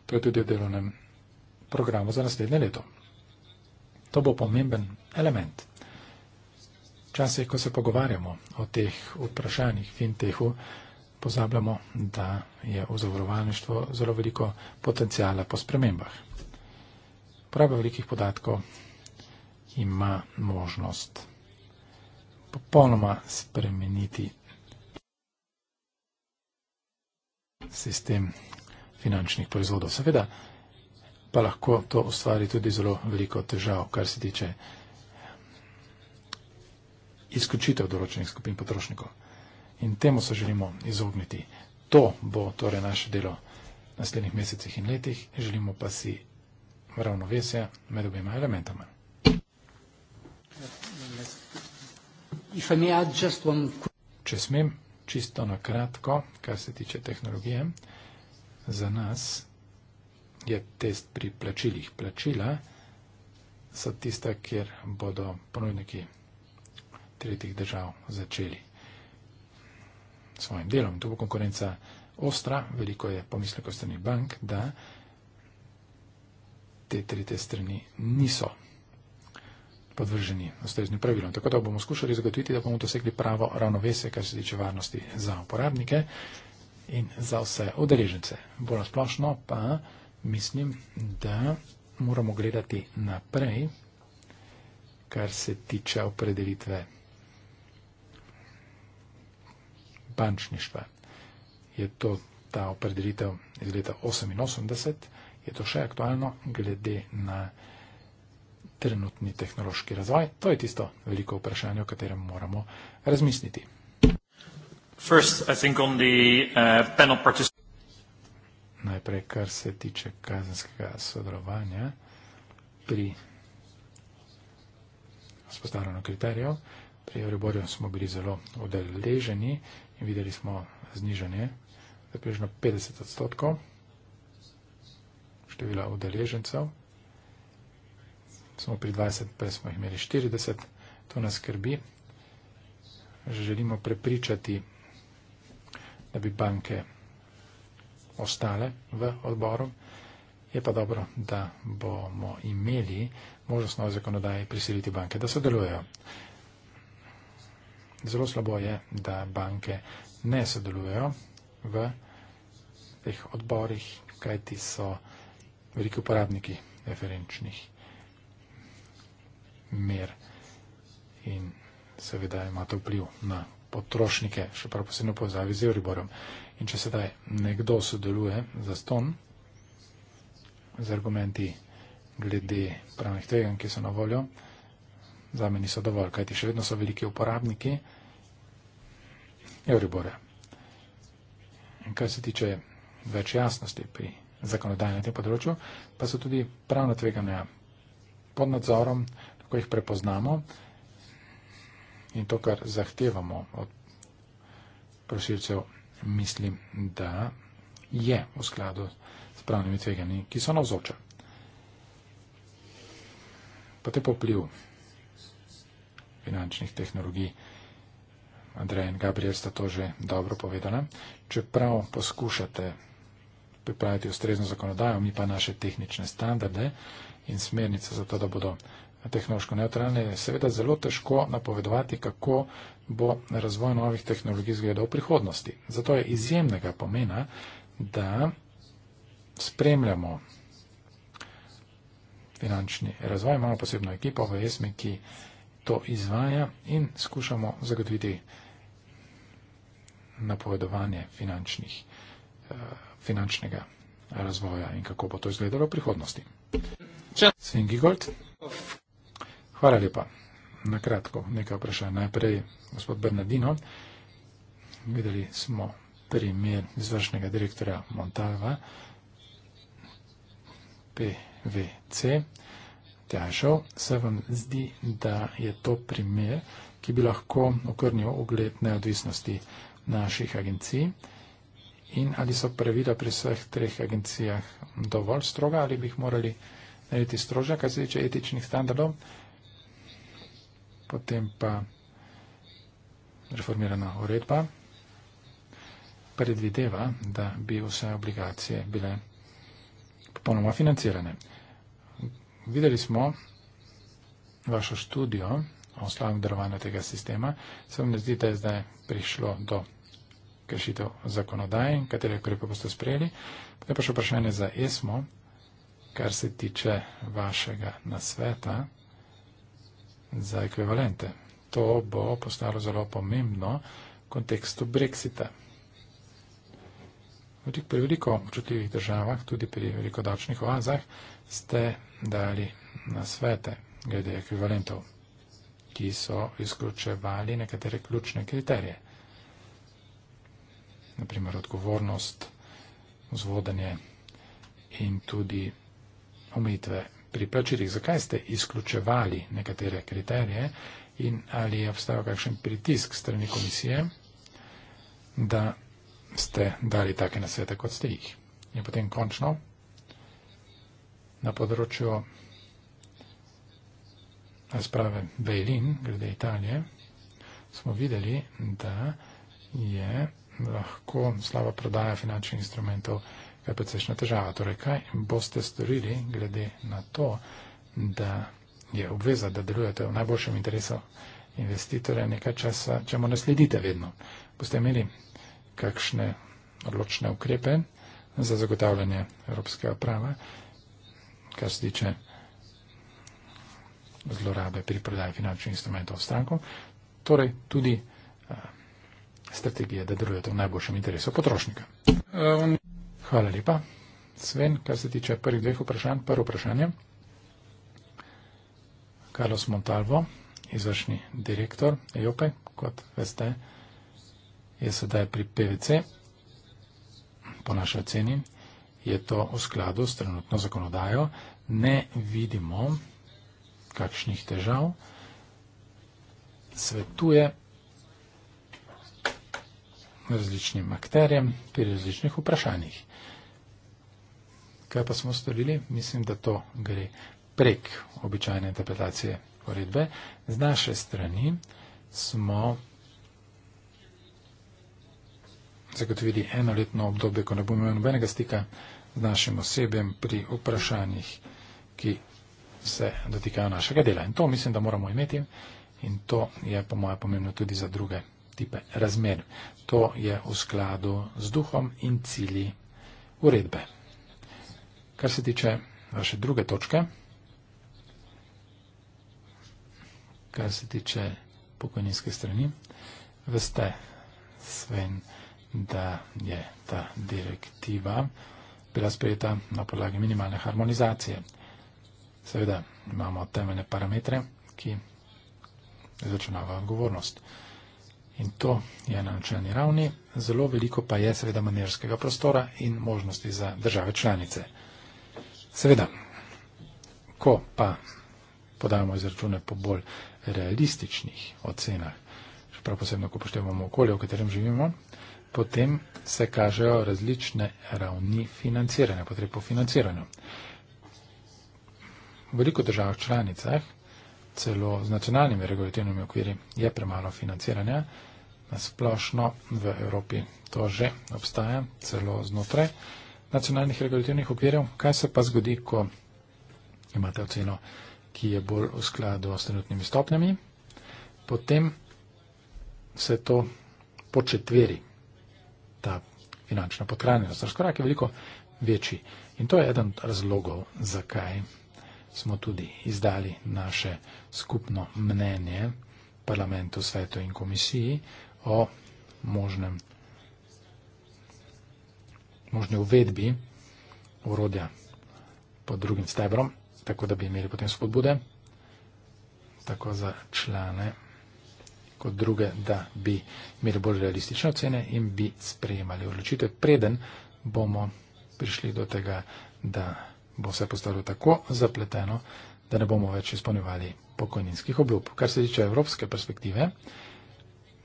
to je tudi v delovnem programu za naslednje leto. To bo pomemben element. Včasih, ko se pogovarjamo o teh vprašanjih fintehu, pozabljamo, da je v zavarovalništvu zelo veliko potencijala po spremembah. Uporaba velikih podatkov ima možnost popolnoma spremeniti sistem finančnih proizvodov. Seveda pa lahko to ustvari tudi zelo veliko težav, kar se tiče izključitev določenih skupin potrošnikov. In temu se želimo izogniti. To bo torej naše delo v naslednjih mesecih in letih. Želimo pa si ravnovesja med obima elementoma. Če smem, čisto na kratko, kar se tiče tehnologije. Za nas je test pri plačilih. Plačila so tista, kjer bodo ponudniki tretjih držav začeli s svojim delom. Tu bo konkurenca ostra, veliko je pomislekov strani bank, da te tretje strani niso podvrženi ustreznim pravilom. Tako da bomo skušali zagotoviti, da bomo dosegli pravo ravnovesje, kar se tiče varnosti za uporabnike in za vse udeležence. Bolj splošno pa mislim, da moramo gledati naprej, kar se tiče opredelitve bančništva. Je to ta opredelitev iz leta 1988, je to še aktualno glede na trenutni tehnološki razvoj? To je tisto veliko vprašanje, o katerem moramo razmisliti. Uh, Najprej, kar se tiče kazenskega sodelovanja pri vzpostavljanju kriterijev. Pri Euriborju smo bili zelo udeleženi in videli smo znižanje za približno 50 odstotkov števila udeležencev smo pri 20, prej smo imeli 40, to nas skrbi. Želimo prepričati, da bi banke ostale v odboru. Je pa dobro, da bomo imeli možnost nove zakonodaje prisiliti banke, da sodelujejo. Zelo slabo je, da banke ne sodelujejo v teh odborih, kajti so veliki uporabniki referenčnih mer in seveda ima to vpliv na potrošnike, še prav posebno povezavi z Euriborom. In če sedaj nekdo sodeluje za ston z argumenti glede pravnih tveganj, ki so na voljo, za me niso dovolj, kajti še vedno so veliki uporabniki Euribora. In kar se tiče več jasnosti pri zakonodajnem tem področju, pa so tudi pravna tveganja pod nadzorom, ko jih prepoznamo in to, kar zahtevamo od prosilcev, mislim, da je v skladu s pravnimi tveganji, ki so navzoča. Potem pa vpliv finančnih tehnologij. Andrej in Gabriel sta to že dobro povedala. Čeprav poskušate pripraviti ustrezno zakonodajo, mi pa naše tehnične standarde in smernice za to, da bodo tehnološko neutralne, je seveda zelo težko napovedovati, kako bo razvoj novih tehnologij izgledal v prihodnosti. Zato je izjemnega pomena, da spremljamo finančni razvoj, imamo posebno ekipo v ESMI, ki to izvaja in skušamo zagotoviti napovedovanje finančnih, eh, finančnega razvoja in kako bo to izgledalo v prihodnosti. Svingigold. Hvala lepa. Na kratko nekaj vprašanj. Najprej gospod Bernardino. Videli smo primer izvršnega direktorja Montalva, PVC. Težav. Se vam zdi, da je to primer, ki bi lahko okrnil ugled neodvisnosti naših agencij? In ali so pravila pri vseh treh agencijah dovolj stroga ali bi jih morali narediti strožja, kar se tiče etičnih standardov? potem pa reformirana uredba predvideva, da bi vse obligacije bile popolnoma financirane. Videli smo vašo študijo o slabem delovanju tega sistema. Se vam ne zdi, da je zdaj prišlo do kršitev zakonodaje, katere ukrepe boste sprejeli. Potem pa še vprašanje za ESMO, kar se tiče vašega nasveta za ekvivalente. To bo postalo zelo pomembno v kontekstu Brexita. Pri veliko občutljivih državah, tudi pri veliko davčnih oazah, ste dali na svete glede ekvivalentov, ki so izključevali nekatere ključne kriterije. Naprimer odgovornost, vzvodanje in tudi omejitve pri plačilih, zakaj ste izključevali nekatere kriterije in ali je obstajal kakšen pritisk strani komisije, da ste dali take nasvete, kot ste jih. In potem končno na področju razprave Bejlin glede Italije smo videli, da je lahko slaba prodaja finančnih instrumentov je precejšna težava. Torej, kaj boste storili glede na to, da je obveza, da delujete v najboljšem interesu investitorja nekaj časa, če mu ne sledite vedno? Boste imeli kakšne odločne ukrepe za zagotavljanje evropskega prava, kar se tiče zlorabe pri prodaji finančnih instrumentov strankov, torej tudi eh, strategije, da delujete v najboljšem interesu potrošnika. Um. Hvala lepa. Sven, kar se tiče prvih dveh vprašanj, prvo vprašanje. Carlos Montalvo, izvršni direktor EOPE, kot veste, je sedaj pri PVC. Po naši oceni je to v skladu s trenutno zakonodajo. Ne vidimo kakšnih težav. Svetuje različnim akterjem pri različnih vprašanjih. Kaj pa smo storili? Mislim, da to gre prek običajne interpretacije uredbe. Z naše strani smo zagotovili enoletno obdobje, ko ne bomo imeli nobenega stika z našim osebjem pri vprašanjih, ki se dotikajo našega dela. In to mislim, da moramo imeti in to je po moje pomembno tudi za druge tipe razmer. To je v skladu z duhom in cilji uredbe. Kar se tiče vaše druge točke, kar se tiče pokojninske strani, veste, Sven, da je ta direktiva bila sprejeta na podlagi minimalne harmonizacije. Seveda imamo temeljne parametre, ki izračunavajo odgovornost. In to je na načelni ravni, zelo veliko pa je seveda manjerskega prostora in možnosti za države članice. Seveda, ko pa podajamo izračune po bolj realističnih ocenah, še prav posebno, ko poštevamo okolje, v katerem živimo, potem se kažejo različne ravni financiranja, potrebo financiranja. V veliko državah članicah, celo z nacionalnimi regulativnimi okviri, je premalo financiranja. Nasplošno v Evropi to že obstaja, celo znotraj nacionalnih regulativnih okvirjev, kaj se pa zgodi, ko imate oceno, ki je bolj v skladu s trenutnimi stopnjami, potem se to početveri, ta finančna podhranjenost. Razkorak je veliko večji in to je eden od razlogov, zakaj smo tudi izdali naše skupno mnenje parlamentu, svetu in komisiji o možnem možni uvedbi urodja pod drugim stebrom, tako da bi imeli potem spodbude, tako za člane kot druge, da bi imeli bolj realistične ocene in bi sprejemali odločitve, preden bomo prišli do tega, da bo vse postalo tako zapleteno, da ne bomo več izpolnjevali pokojninskih obljub. Kar se tiče evropske perspektive,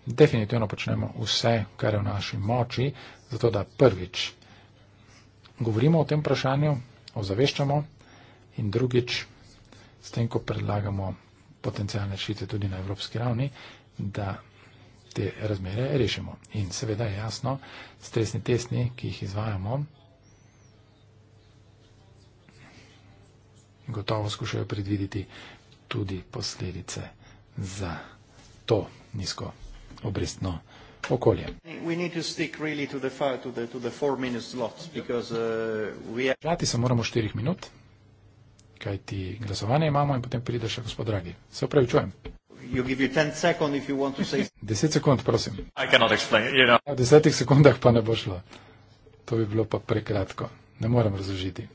definitivno počnemo vse, kar je v naši moči, zato da prvič govorimo o tem vprašanju, ozaveščamo in drugič, s tem, ko predlagamo potencijalne rešitve tudi na evropski ravni, da te razmere rešimo. In seveda je jasno, stresni testni, ki jih izvajamo, gotovo skušajo predviditi tudi posledice za to nizko obrestno okolje. Hrati uh, se moramo štirih minut, kaj ti glasovanje imamo in potem pride še gospod Dragi. Se upravičujem. Deset sekund, prosim.
Ja, v desetih
sekundah pa ne bo šlo. To bi bilo pa prekratko. Ne morem razložiti.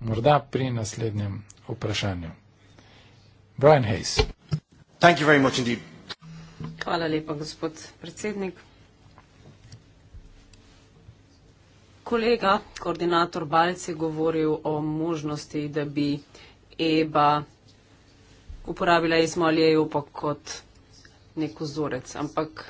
Morda pri naslednjem vprašanju. Brian Hayes.
Thank you very much indeed. Hvala lepa, gospod predsednik. Kolega, koordinator Balc je govoril o možnosti, da bi EBA uporabila ESMO ali EU pa kot nek vzorec. Ampak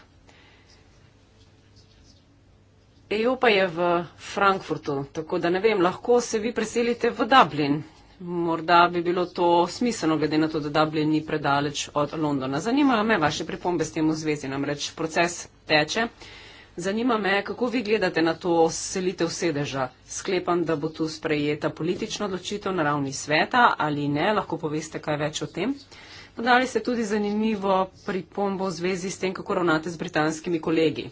EU pa je v Frankfurtu, tako da ne vem, lahko se vi preselite v Dublin morda bi bilo to smiselno, glede na to, da Dublin ni predaleč od Londona. Zanimajo me vaše pripombe s tem v zvezi, namreč proces teče. Zanima me, kako vi gledate na to selitev sedeža. Sklepam, da bo tu sprejeta politična odločitev na ravni sveta ali ne, lahko poveste kaj več o tem. Podali ste tudi zanimivo pripombo v zvezi s tem, kako ravnate z britanskimi kolegi.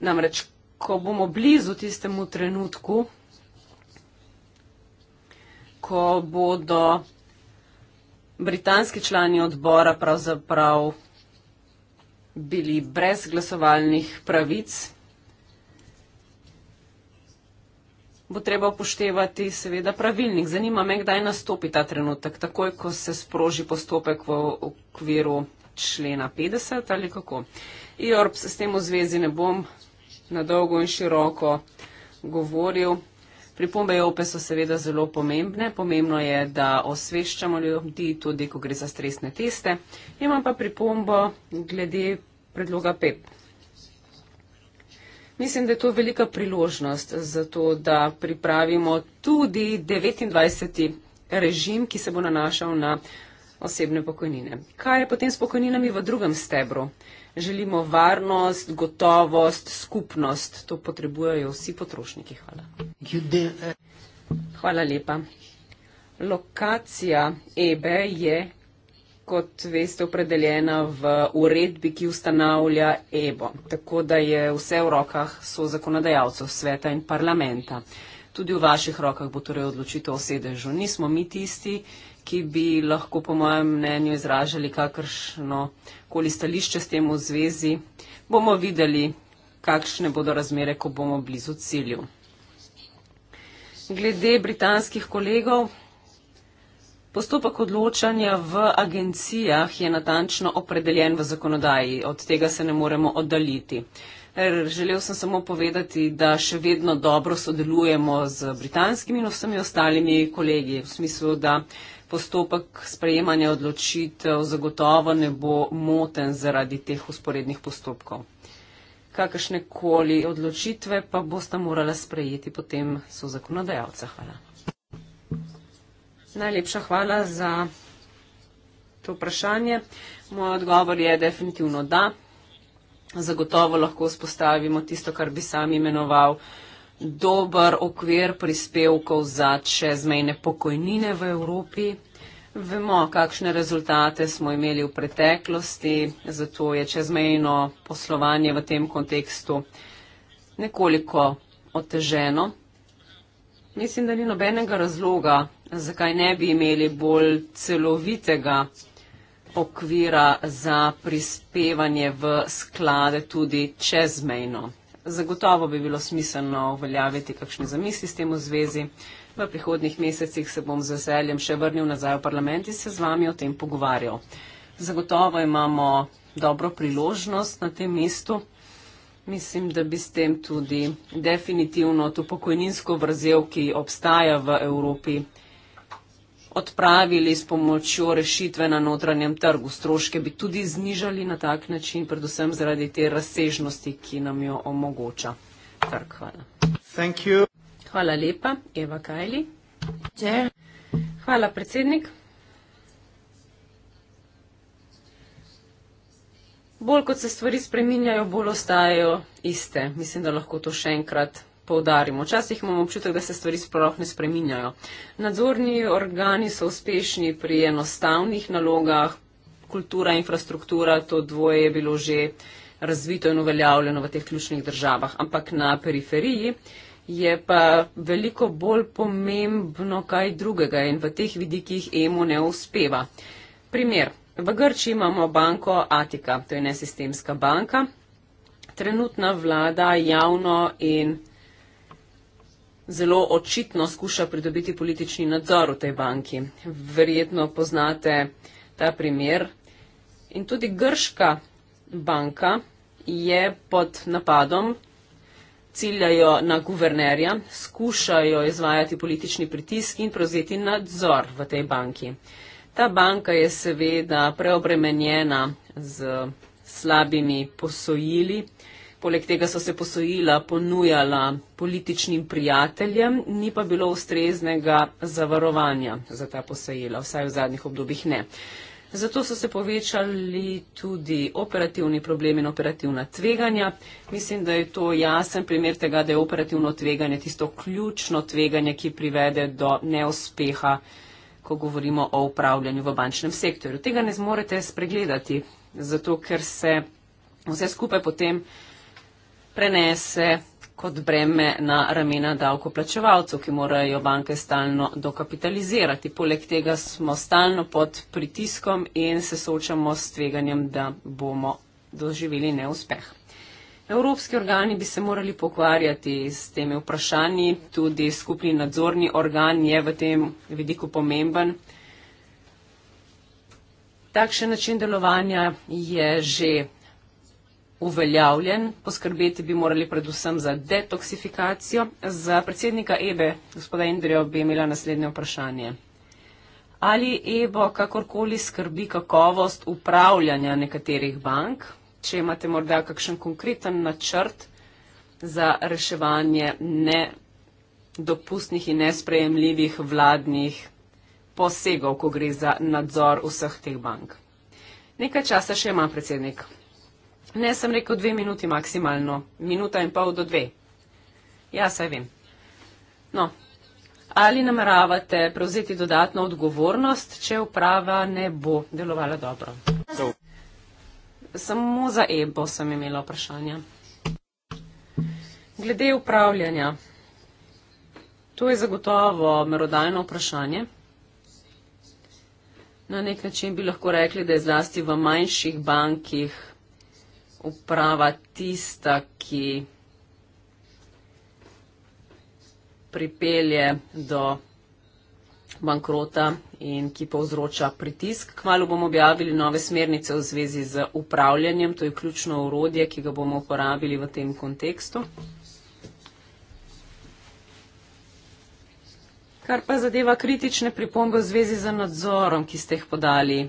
Namreč, ko bomo blizu tistemu trenutku, ko bodo britanski člani odbora pravzaprav bili brez glasovalnih pravic, bo treba upoštevati seveda pravilnik. Zanima me, kdaj nastopi ta trenutek, takoj, ko se sproži postopek v okviru člena 50 ali kako. Jorb, se s tem v zvezi ne bom na dolgo in široko govoril. Pripombe EOP so seveda zelo pomembne. Pomembno je, da osveščamo ljudi tudi, ko gre za stresne teste. Imam pa pripombo glede predloga PEP. E Mislim, da je to velika priložnost za to, da pripravimo tudi 29. režim, ki se bo nanašal na osebne pokojnine. Kaj je potem s pokojninami v drugem stebru? želimo varnost, gotovost, skupnost. To potrebujejo vsi potrošniki. Hvala. Hvala lepa. Lokacija EBE je, kot veste, opredeljena v uredbi, ki ustanavlja EBO. Tako da je vse v rokah so zakonodajalcev sveta in parlamenta. Tudi v vaših rokah bo torej odločitev o sedežu. Nismo mi tisti, ki ki bi lahko, po mojem mnenju, izražali kakršno koli stališče s tem v zvezi, bomo videli, kakšne bodo razmere, ko bomo blizu cilju. Glede britanskih kolegov, postopek odločanja v agencijah je natančno opredeljen v zakonodaji, od tega se ne moremo oddaliti. Er, želel sem samo povedati, da še vedno dobro sodelujemo z britanskimi in vsemi ostalimi kolegi, v smislu, da postopek sprejemanja odločitev zagotovo ne bo moten zaradi teh usporednih postopkov. Kakršne koli odločitve pa boste morali sprejeti potem so zakonodajalce. Hvala. Najlepša hvala za to vprašanje. Moj odgovor je definitivno da. Zagotovo lahko vzpostavimo tisto, kar bi sam imenoval dober okvir prispevkov za čezmejne pokojnine v Evropi. Vemo, kakšne rezultate smo imeli v preteklosti, zato je čezmejno poslovanje v tem kontekstu nekoliko oteženo. Mislim, da ni nobenega razloga, zakaj ne bi imeli bolj celovitega okvira za prispevanje v sklade tudi čezmejno. Zagotovo bi bilo smiselno uveljaviti kakšne zamisli s tem v zvezi. V prihodnih mesecih se bom z veseljem še vrnil nazaj v parlament in se z vami o tem pogovarjal. Zagotovo imamo dobro priložnost na tem mestu. Mislim, da bi s tem tudi definitivno to pokojninsko vrzel, ki obstaja v Evropi, odpravili s pomočjo rešitve na notranjem trgu. Stroške bi tudi znižali na tak način, predvsem zaradi te razsežnosti, ki nam jo omogoča trg. Hvala. Hvala lepa, Eva Kajli. Hvala, predsednik. Bolj kot se stvari spreminjajo, bolj ostajajo iste. Mislim, da lahko to še enkrat poudarimo. Včasih imamo občutek, da se stvari sploh ne spreminjajo. Nadzorni organi so uspešni pri enostavnih nalogah, kultura, infrastruktura, to dvoje je bilo že razvito in uveljavljeno v teh ključnih državah, ampak na periferiji je pa veliko bolj pomembno kaj drugega in v teh vidikih EMU ne uspeva. Primer. V Grči imamo banko Atika, to je nesistemska banka. Trenutna vlada javno in zelo očitno skuša pridobiti politični nadzor v tej banki. Verjetno poznate ta primer. In tudi grška banka je pod napadom, ciljajo na guvernerja, skušajo izvajati politični pritisk in prevzeti nadzor v tej banki. Ta banka je seveda preobremenjena z slabimi posojili, Poleg tega so se posojila ponujala političnim prijateljem, ni pa bilo ustreznega zavarovanja za ta posojila, vsaj v zadnjih obdobjih ne. Zato so se povečali tudi operativni problemi in operativna tveganja. Mislim, da je to jasen primer tega, da je operativno tveganje tisto ključno tveganje, ki privede do neuspeha, ko govorimo o upravljanju v bančnem sektorju. Tega ne zmorete spregledati, zato ker se vse skupaj potem prenese kot breme na ramena davkoplačevalcev, ki morajo banke stalno dokapitalizirati. Poleg tega smo stalno pod pritiskom in se soočamo s tveganjem, da bomo doživeli neuspeh. Evropski organi bi se morali pokvarjati s temi vprašanji, tudi skupni nadzorni organ je v tem vidiku pomemben. Takšen način delovanja je že uveljavljen. Poskrbeti bi morali predvsem za detoksifikacijo. Za predsednika Ebe, gospoda Indrijo, bi imela naslednje vprašanje. Ali Ebo kakorkoli skrbi kakovost upravljanja nekaterih bank, če imate morda kakšen konkreten načrt za reševanje nedopustnih in nesprejemljivih vladnih posegov, ko gre za nadzor vseh teh bank. Nekaj časa še ima predsednik. Ne, sem rekel dve minuti maksimalno, minuta in pol do dve. Ja, saj vem. No, ali nameravate prevzeti dodatno odgovornost, če uprava ne bo delovala dobro? So. Samo za Ebo sem imela vprašanje. Glede upravljanja, to je zagotovo merodajno vprašanje. Na nek način bi lahko rekli, da je zlasti v manjših bankih uprava tista, ki pripelje do bankrota in ki povzroča pritisk. Kmalo bomo objavili nove smernice v zvezi z upravljanjem. To je ključno urodje, ki ga bomo uporabili v tem kontekstu. Kar pa zadeva kritične pripombe v zvezi z nadzorom, ki ste jih podali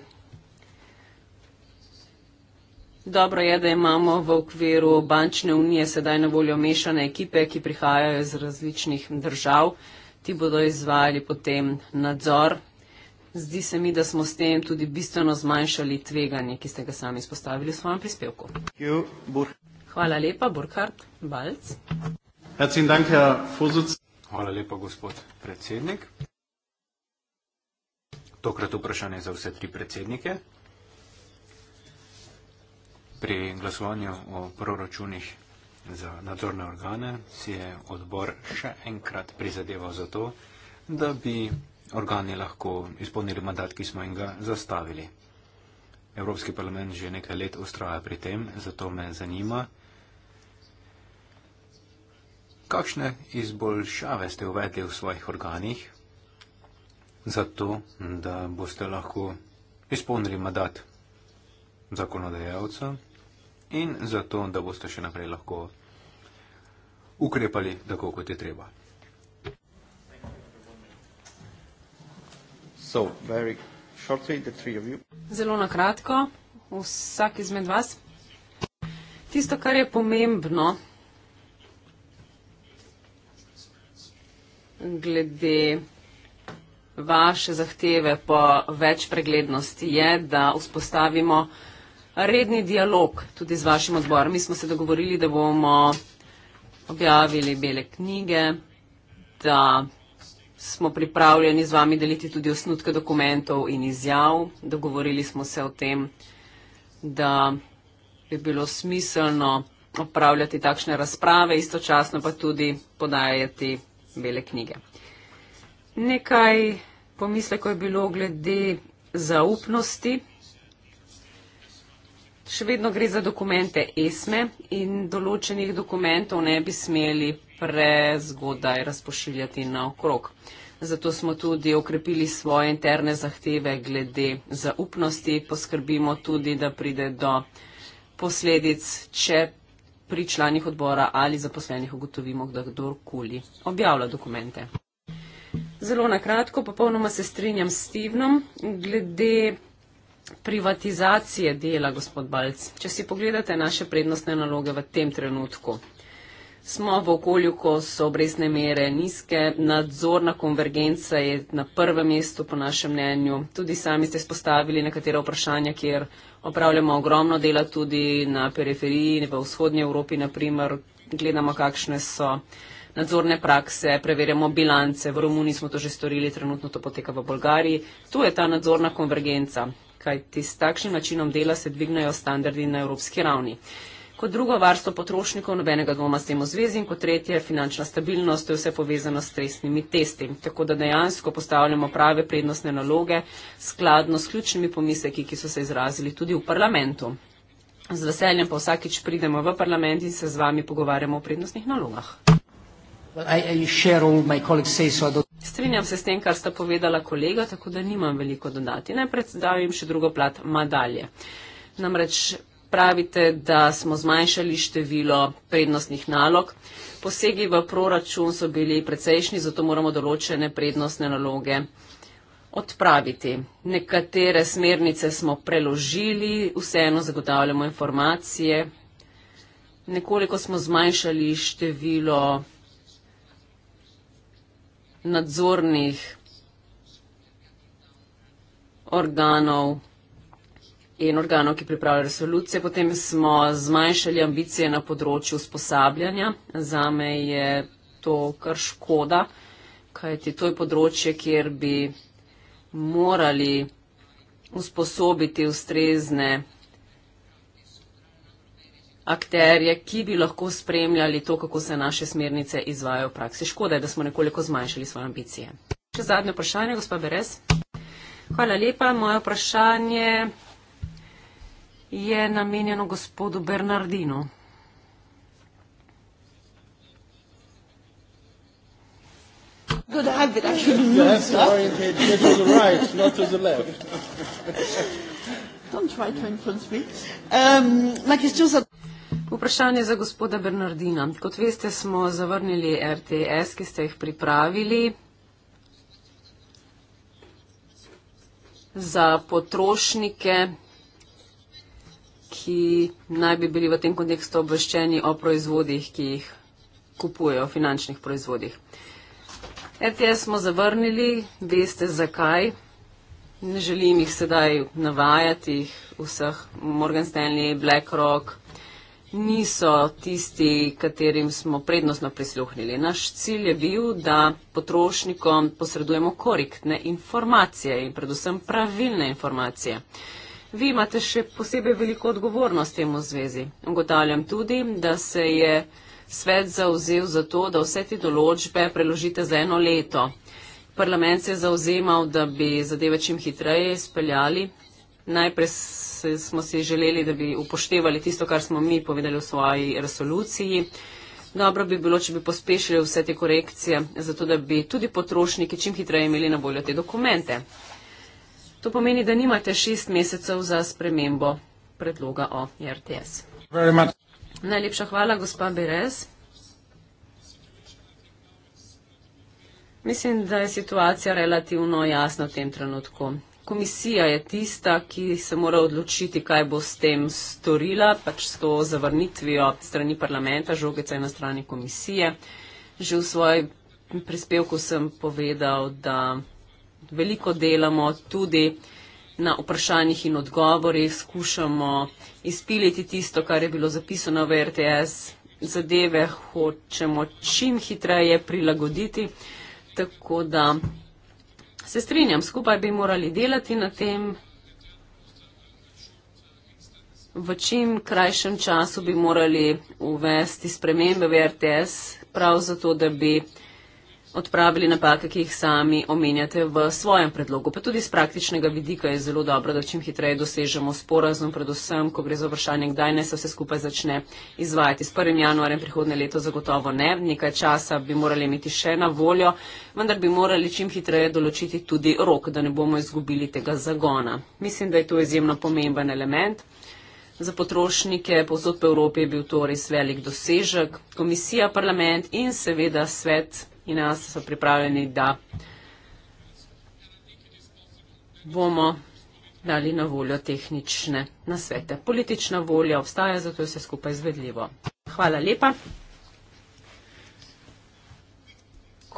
Dobro je, da imamo v okviru bančne unije sedaj na voljo mešane ekipe, ki prihajajo iz različnih držav. Ti bodo izvajali potem nadzor. Zdi se mi, da smo s tem tudi bistveno zmanjšali tveganje, ki ste ga sami izpostavili v svojem prispevku. Hvala lepa, Burkhard Balc.
Hvala lepa, gospod predsednik. Tokrat vprašanje za vse tri predsednike. Pri glasovanju o proračunih za nadzorne organe si je odbor še enkrat prizadeval za to, da bi organi lahko izpolnili mandat, ki smo jim ga zastavili. Evropski parlament že nekaj let ustraja pri tem, zato me zanima, kakšne izboljšave ste uvedli v svojih organih, zato da boste lahko izpolnili mandat zakonodajalca in zato, da boste še naprej lahko ukrepali tako, kot je treba. So, shortly,
Zelo nakratko, vsak izmed vas. Tisto, kar je pomembno glede vaše zahteve po več preglednosti, je, da vzpostavimo redni dialog tudi z vašim odborom. Mi smo se dogovorili, da bomo objavili bele knjige, da smo pripravljeni z vami deliti tudi osnutke dokumentov in izjav. Dogovorili smo se o tem, da bi bilo smiselno opravljati takšne razprave, istočasno pa tudi podajati bele knjige. Nekaj pomisleko je bilo glede zaupnosti še vedno gre za dokumente ESME in določenih dokumentov ne bi smeli prezgodaj razpošiljati naokrog. Zato smo tudi okrepili svoje interne zahteve glede zaupnosti, poskrbimo tudi, da pride do posledic, če pri članih odbora ali zaposlenih ugotovimo, da kdorkoli objavlja dokumente. Zelo na kratko, popolnoma se strinjam s Stevenom glede privatizacije dela, gospod Balc. Če si pogledate naše prednostne naloge v tem trenutku, smo v okolju, ko so obrestne mere nizke, nadzorna konvergenca je na prvem mestu po našem mnenju. Tudi sami ste spostavili nekatera vprašanja, kjer opravljamo ogromno dela tudi na periferiji, v vzhodnji Evropi, naprimer, gledamo, kakšne so nadzorne prakse, preverjamo bilance, v Romuniji smo to že storili, trenutno to poteka v Bolgariji. Tu je ta nadzorna konvergenca kajti s takšnim načinom dela se dvignejo standardi na evropski ravni. Kot drugo, varstvo potrošnikov, nobenega dvoma s tem v zvezi in kot tretje, finančna stabilnost, to je vse povezano s stresnimi testi. Tako da dejansko postavljamo prave prednostne naloge skladno s ključnimi pomisleki, ki so se izrazili tudi v parlamentu. Z veseljem pa vsakič pridemo v parlament in se z vami pogovarjamo o prednostnih nalogah. Strinjam se s tem, kar sta povedala kolega, tako da nimam veliko dodati. Najprej predstavim še drugo plat madalje. Namreč pravite, da smo zmanjšali število prednostnih nalog. Posegi v proračun so bili precejšnji, zato moramo določene prednostne naloge odpraviti. Nekatere smernice smo preložili, vseeno zagotavljamo informacije. Nekoliko smo zmanjšali število nadzornih organov in organov, ki pripravljajo resolucije. Potem smo zmanjšali ambicije na področju usposabljanja. Za me je to kar škoda, kajti to je področje, kjer bi morali usposobiti ustrezne akterje, ki bi lahko spremljali to, kako se naše smernice izvajo v praksi. Škoda je, da smo nekoliko zmanjšali svoje ambicije. Še zadnje vprašanje, gospa Beres. Hvala lepa. Moje vprašanje je namenjeno gospodu Bernardinu. Good habit, I should have yes, oriented to the right, not to the left. Don't try to influence me. Um, my question is. Vprašanje za gospoda Bernardina. Kot veste, smo zavrnili RTS, ki ste jih pripravili za potrošnike, ki naj bi bili v tem kontekstu obveščeni o proizvodih, ki jih kupujejo, o finančnih proizvodih. RTS smo zavrnili, veste zakaj. Ne želim jih sedaj navajati, vseh Morgan Stanley, BlackRock, niso tisti, katerim smo prednostno prisluhnili. Naš cilj je bil, da potrošnikom posredujemo korektne informacije in predvsem pravilne informacije. Vi imate še posebej veliko odgovornost temu zvezi. Ugotavljam tudi, da se je svet zauzel za to, da vse te določbe preložite za eno leto. Parlament se je zauzemal, da bi zadeve čim hitreje izpeljali Najprej smo si želeli, da bi upoštevali tisto, kar smo mi povedali v svoji resoluciji. Dobro bi bilo, če bi pospešili vse te korekcije, zato da bi tudi potrošniki čim hitreje imeli na voljo te dokumente. To pomeni, da nimate šest mesecev za spremembo predloga o e RTS. Najlepša hvala, gospa Berez. Mislim, da je situacija relativno jasna v tem trenutku komisija je tista, ki se mora odločiti, kaj bo s tem storila, pač s to zavrnitvijo strani parlamenta, žogica je na strani komisije. Že v svojem prispevku sem povedal, da veliko delamo tudi na vprašanjih in odgovorih, skušamo izpiliti tisto, kar je bilo zapisano v RTS. Zadeve hočemo čim hitreje prilagoditi, tako da Se strinjam, skupaj bi morali delati na tem. V čim krajšem času bi morali uvesti spremembe v RTS, prav zato, da bi odpravili napake, ki jih sami omenjate v svojem predlogu. Pa tudi z praktičnega vidika je zelo dobro, da čim hitreje dosežemo sporazum, predvsem, ko gre za vprašanje, kdaj naj se vse skupaj začne izvajati. S 1. januarjem prihodne leto zagotovo ne, nekaj časa bi morali imeti še na voljo, vendar bi morali čim hitreje določiti tudi rok, da ne bomo izgubili tega zagona. Mislim, da je to izjemno pomemben element. Za potrošnike povsod po Evropi je bil to res velik dosežek. Komisija, parlament in seveda svet in nas so pripravljeni, da bomo dali na voljo tehnične nasvete. Politična volja obstaja, zato je vse skupaj izvedljivo. Hvala lepa.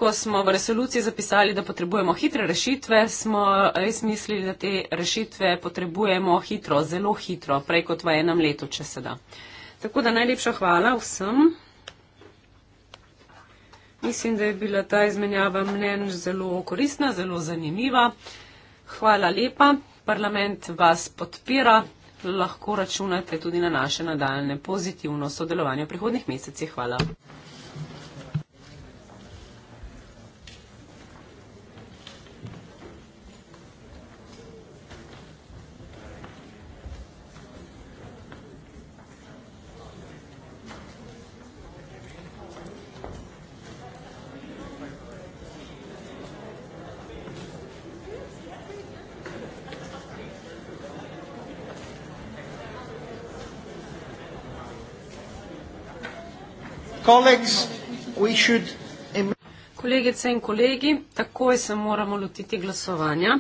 ko smo v resoluciji zapisali, da potrebujemo hitre rešitve, smo res mislili, da te rešitve potrebujemo hitro, zelo hitro, prej kot v enem letu, če se da. Tako da najlepša hvala vsem. Mislim, da je bila ta izmenjava mnen zelo koristna, zelo zanimiva. Hvala lepa. Parlament vas podpira. Lahko računate tudi na naše nadaljne pozitivno sodelovanje v prihodnih mesecih. Hvala. Kolegice in kolegi, takoj se moramo lotiti glasovanja.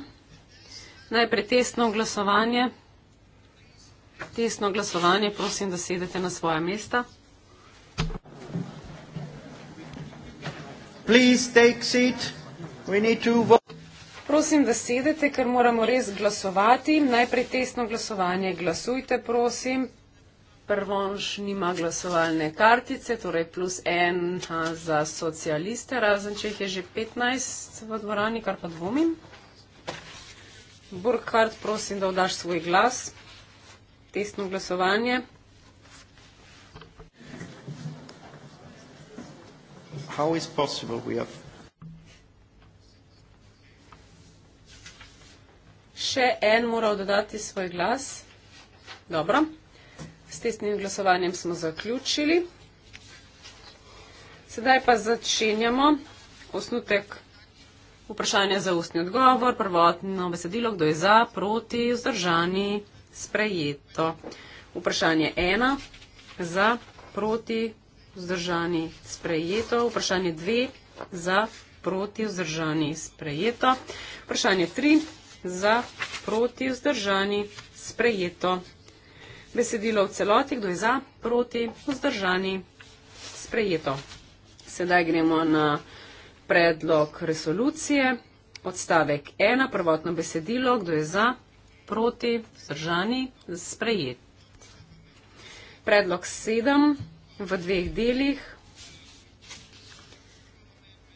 Najprej testno glasovanje. Testno glasovanje, prosim, da sedete na svoja mesta. Prosim, da sedete, ker moramo res glasovati. Najprej testno glasovanje. Glasujte, prosim prvonš nima glasovalne kartice, torej plus ena za socialiste, razen če jih je že 15 v dvorani, kar pa dvomim. Burkhardt, prosim, da vdaš svoj glas. Testno glasovanje.
How is possible we have...
Še en mora oddati svoj glas. Dobro. S testnim glasovanjem smo zaključili. Sedaj pa začenjamo osnutek vprašanja za ustni odgovor, prvotno besedilo, kdo je za, proti, vzdržani, sprejeto. Vprašanje ena, za, proti, vzdržani, sprejeto. Vprašanje dve, za, proti, vzdržani, sprejeto. Vprašanje tri, za, proti, vzdržani, sprejeto. Besedilo v celoti, kdo je za, proti, vzdržani, sprejeto. Sedaj gremo na predlog resolucije. Odstavek 1, prvotno besedilo, kdo je za, proti, vzdržani, sprejet. Predlog 7 v dveh delih.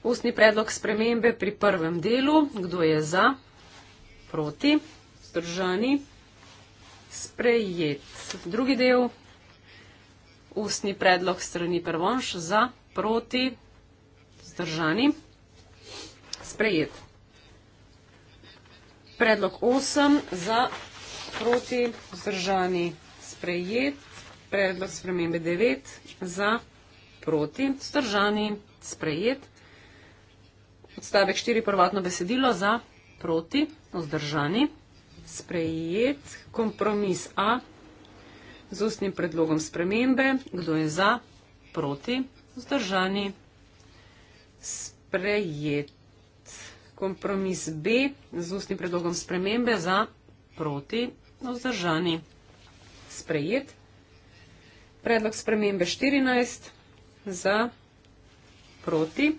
Ustni predlog spremembe pri prvem delu, kdo je za, proti, vzdržani, sprejet sprejet. Drugi del, ustni predlog strani prvonš za proti zdržani, sprejet. Predlog 8 za proti zdržani, sprejet. Predlog spremembe 9 za proti zdržani, sprejet. Odstavek 4 prvotno besedilo za proti vzdržani, sprejet sprejet kompromis A z ustnim predlogom spremembe. Kdo je za? Proti? Zdržani? Sprejet kompromis B z ustnim predlogom spremembe za? Proti? Zdržani? Sprejet. Predlog spremembe 14 za? Proti?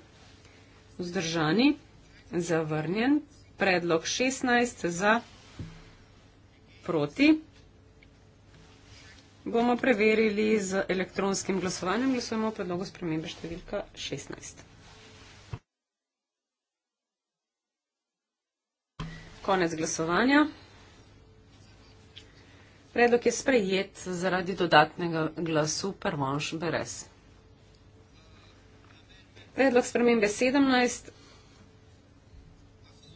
Zdržani? Zavrnjen. Predlog 16 za? Proti? proti. Bomo preverili z elektronskim glasovanjem. Glasujemo o predlogu spremembe številka 16. Konec glasovanja. Predlog je sprejet zaradi dodatnega glasu Prvonš Beres. Predlog spremembe 17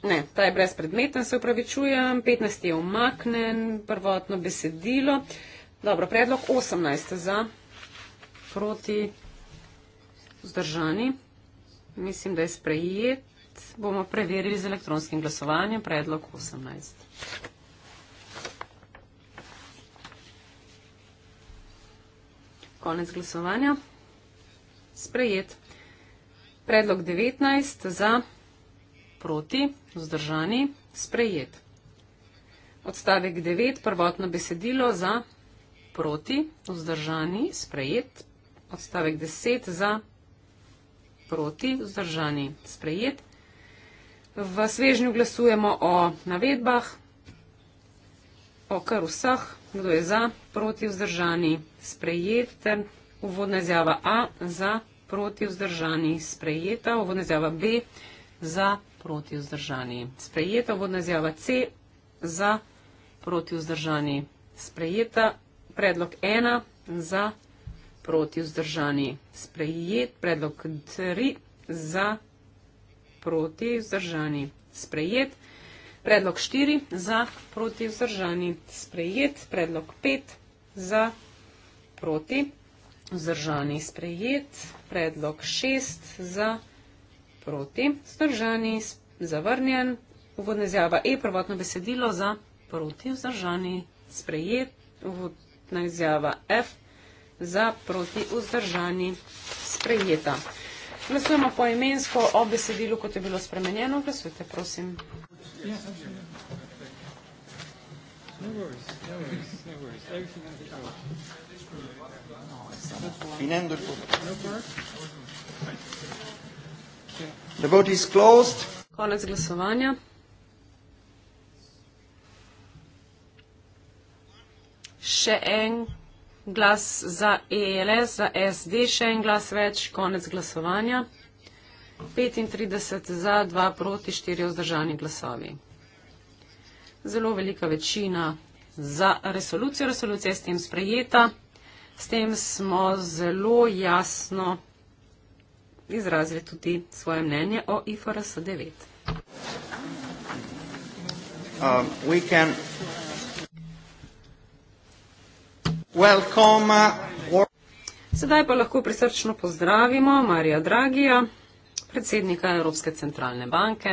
Ne, ta je brezpredmeten, se upravičujem. 15 je omaknen, prvotno besedilo. Dobro, predlog 18 za proti vzdržani. Mislim, da je sprejet. Bomo preverili z elektronskim glasovanjem. Predlog 18. Konec glasovanja. Sprejet. Predlog 19 za proti, vzdržani, sprejet. Odstavek 9, prvotno besedilo za proti, vzdržani, sprejet. Odstavek 10 za proti, vzdržani, sprejet. V svežnju glasujemo o navedbah, o kar vseh, kdo je za, proti, vzdržani, sprejet, ter uvodna izjava A za proti, vzdržani, sprejeta, uvodna izjava B za proti proti vzdržani. Sprejeta vodna izjava C za proti vzdržani. Sprejeta predlog 1 za proti vzdržani. Sprejet predlog 3 za proti vzdržani. Sprejet predlog 4 za proti vzdržani. Sprejet predlog 5 za proti vzdržani. Sprejet predlog 6 za proti vzdržani proti, vzdržani, zavrnjen, uvodna izjava E, prvotno besedilo za proti, vzdržani, sprejet, uvodna izjava F, za proti, vzdržani, sprejeta. Glasujemo po imensko o besedilu, kot je bilo spremenjeno. Glasujte, prosim. Finendo il punto. The vote is closed. Konec glasovanja. Še en glas za ELS, za SD, še en glas več, konec glasovanja. 35 za, 2 proti, 4 vzdržani glasovi. Zelo velika večina za resolucijo. Resolucija je s tem sprejeta. S tem smo zelo jasno izrazili tudi svoje mnenje o IFRS 9. Uh, um, we can welcome, uh, or... Sedaj pa lahko prisrčno pozdravimo Marija Dragija, predsednika Evropske centralne banke.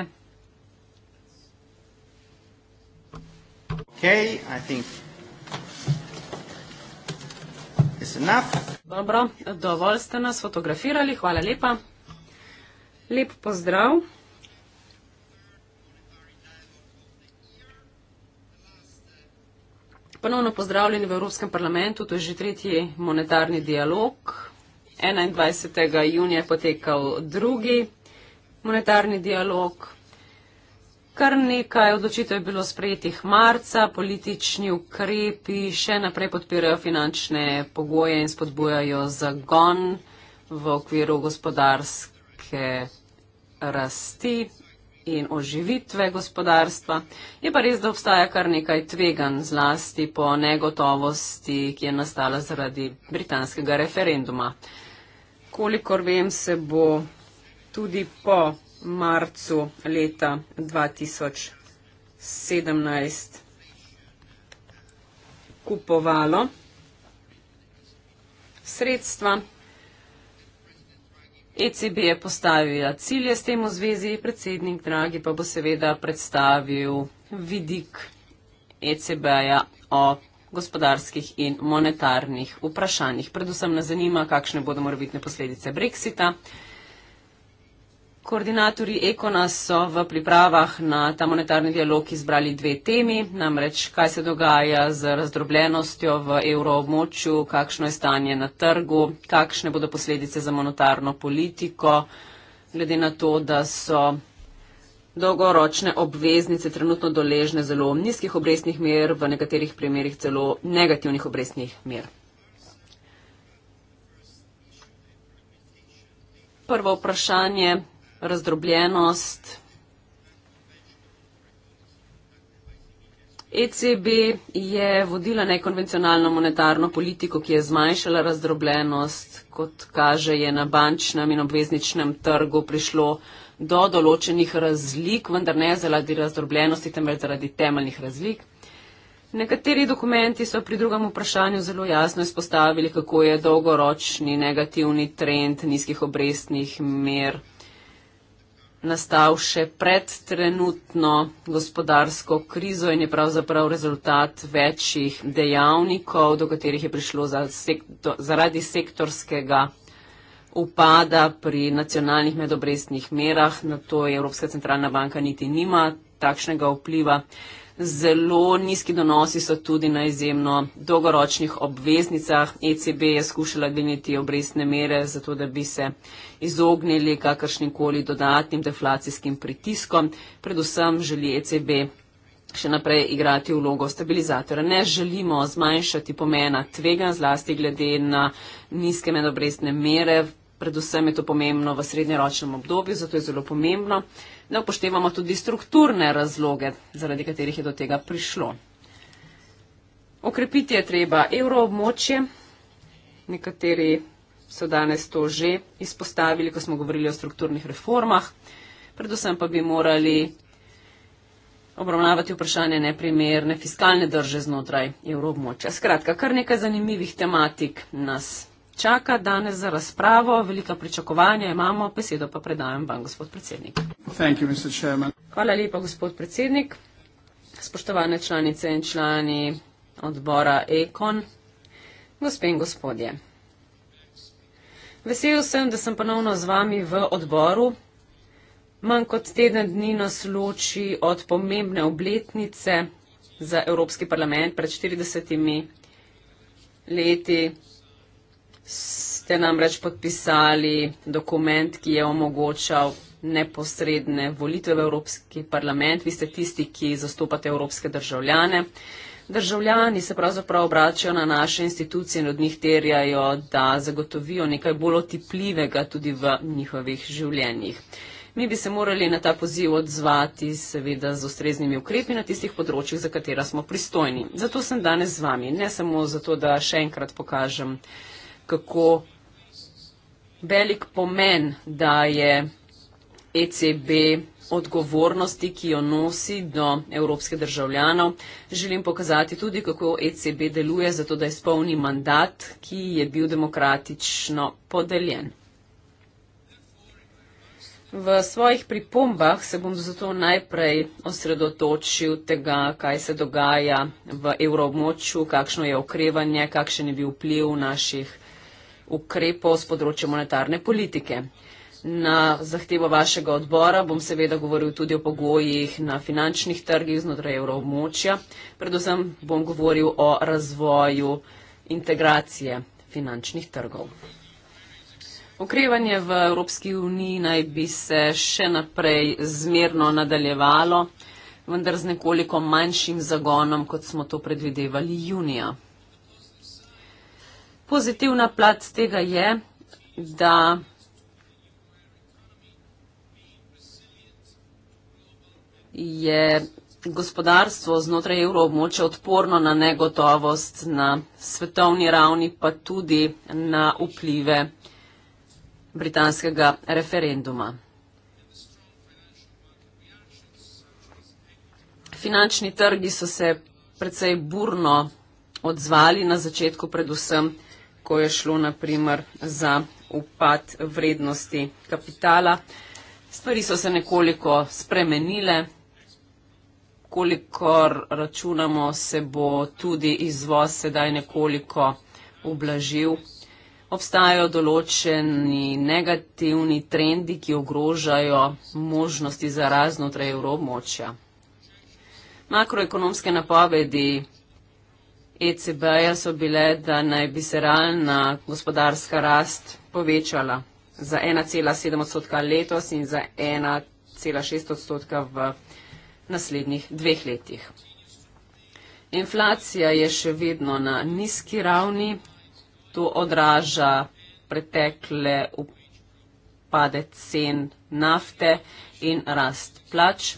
Okay, I think is enough. Dobro, dovolj ste nas fotografirali, hvala lepa. Lep pozdrav. Ponovno pozdravljeni v Evropskem parlamentu, to je že tretji monetarni dialog. 21. junija je potekal drugi monetarni dialog. Kar nekaj odločitev je bilo sprejetih marca, politični ukrepi še naprej podpirajo finančne pogoje in spodbujajo zagon v okviru gospodarske rasti in oživitve gospodarstva. Je pa res, da obstaja kar nekaj tvegan zlasti po negotovosti, ki je nastala zaradi britanskega referenduma. Kolikor vem, se bo tudi po marcu leta 2017 kupovalo sredstva. ECB je postavila ja cilje s tem v zvezi, predsednik Dragi pa bo seveda predstavil vidik ECB-ja o gospodarskih in monetarnih vprašanjih. Predvsem nas zanima, kakšne bodo morebitne posledice Brexita. Koordinatorji Ekona so v pripravah na ta monetarni dialog izbrali dve temi, namreč kaj se dogaja z razdrobljenostjo v evroobmočju, kakšno je stanje na trgu, kakšne bodo posledice za monetarno politiko, glede na to, da so dolgoročne obveznice trenutno doležne zelo nizkih obrestnih mer, v nekaterih primerjih celo negativnih obrestnih mer. Prvo vprašanje razdrobljenost. ECB je vodila nekonvencionalno monetarno politiko, ki je zmanjšala razdrobljenost. Kot kaže, je na bančnem in obvezničnem trgu prišlo do določenih razlik, vendar ne zaradi razdrobljenosti, temveč zaradi temeljnih razlik. Nekateri dokumenti so pri drugem vprašanju zelo jasno izpostavili, kako je dolgoročni negativni trend nizkih obrestnih mer nastal še pred trenutno gospodarsko krizo in je pravzaprav rezultat večjih dejavnikov, do katerih je prišlo za sektor, zaradi sektorskega upada pri nacionalnih medobrestnih merah. Na to Evropska centralna banka niti nima takšnega vpliva. Zelo nizki donosi so tudi na izjemno dolgoročnih obveznicah. ECB je skušala dvigniti obrestne mere, zato da bi se izognili kakršnikoli dodatnim deflacijskim pritiskom. Predvsem želi ECB še naprej igrati vlogo stabilizatora. Ne želimo zmanjšati pomena tvega, zlasti glede na nizke medobrestne mere. Predvsem je to pomembno v srednjeročnem obdobju, zato je zelo pomembno, ne upoštevamo tudi strukturne razloge, zaradi katerih je do tega prišlo. Okrepiti je treba evroobmočje. Nekateri so danes to že izpostavili, ko smo govorili o strukturnih reformah. Predvsem pa bi morali obravnavati vprašanje neprimerne fiskalne drže znotraj evroobmočja. Skratka, kar nekaj zanimivih tematik nas čaka danes za razpravo. Velika pričakovanja imamo, besedo pa predajam vam, gospod predsednik.
Thank you,
Hvala lepa, gospod predsednik. Spoštovane članice in člani odbora Ekon, gospe in gospodje. Vesel sem, da sem ponovno z vami v odboru. Manj kot teden dni nas loči od pomembne obletnice za Evropski parlament pred 40 leti ste namreč podpisali dokument, ki je omogočal neposredne volitve v Evropski parlament. Vi ste tisti, ki zastopate evropske državljane. Državljani se pravzaprav obračajo na naše institucije in od njih terjajo, da zagotovijo nekaj bolj otipljivega tudi v njihovih življenjih. Mi bi se morali na ta poziv odzvati seveda z ustreznimi ukrepi na tistih področjih, za katera smo pristojni. Zato sem danes z vami, ne samo zato, da še enkrat pokažem kako velik pomen daje ECB odgovornosti, ki jo nosi do evropske državljanov. Želim pokazati tudi, kako ECB deluje za to, da izpolni mandat, ki je bil demokratično podeljen. V svojih pripombah se bom zato najprej osredotočil tega, kaj se dogaja v evroobmočju, kakšno je okrevanje, kakšen je bil vpliv naših ukrepov z področja monetarne politike. Na zahtevo vašega odbora bom seveda govoril tudi o pogojih na finančnih trgih znotraj evroobmočja. Predvsem bom govoril o razvoju integracije finančnih trgov. Okrevanje v Evropski uniji naj bi se še naprej zmerno nadaljevalo, vendar z nekoliko manjšim zagonom, kot smo to predvidevali junija. Pozitivna plat tega je, da je gospodarstvo znotraj evroobmoče odporno na negotovost na svetovni ravni, pa tudi na vplive britanskega referenduma. Finančni trgi so se precej burno odzvali na začetku predvsem ko je šlo naprimer za upad vrednosti kapitala. Stvari so se nekoliko spremenile. Kolikor računamo, se bo tudi izvoz sedaj nekoliko ublažil. Obstajajo določeni negativni trendi, ki ogrožajo možnosti za raznotraj evrov močja. Makroekonomske napovedi ECB-ja so bile, da naj bi se realna gospodarska rast povečala za 1,7 odstotka letos in za 1,6 odstotka v naslednjih dveh letih. Inflacija je še vedno na nizki ravni, to odraža pretekle upade cen nafte in rast plač.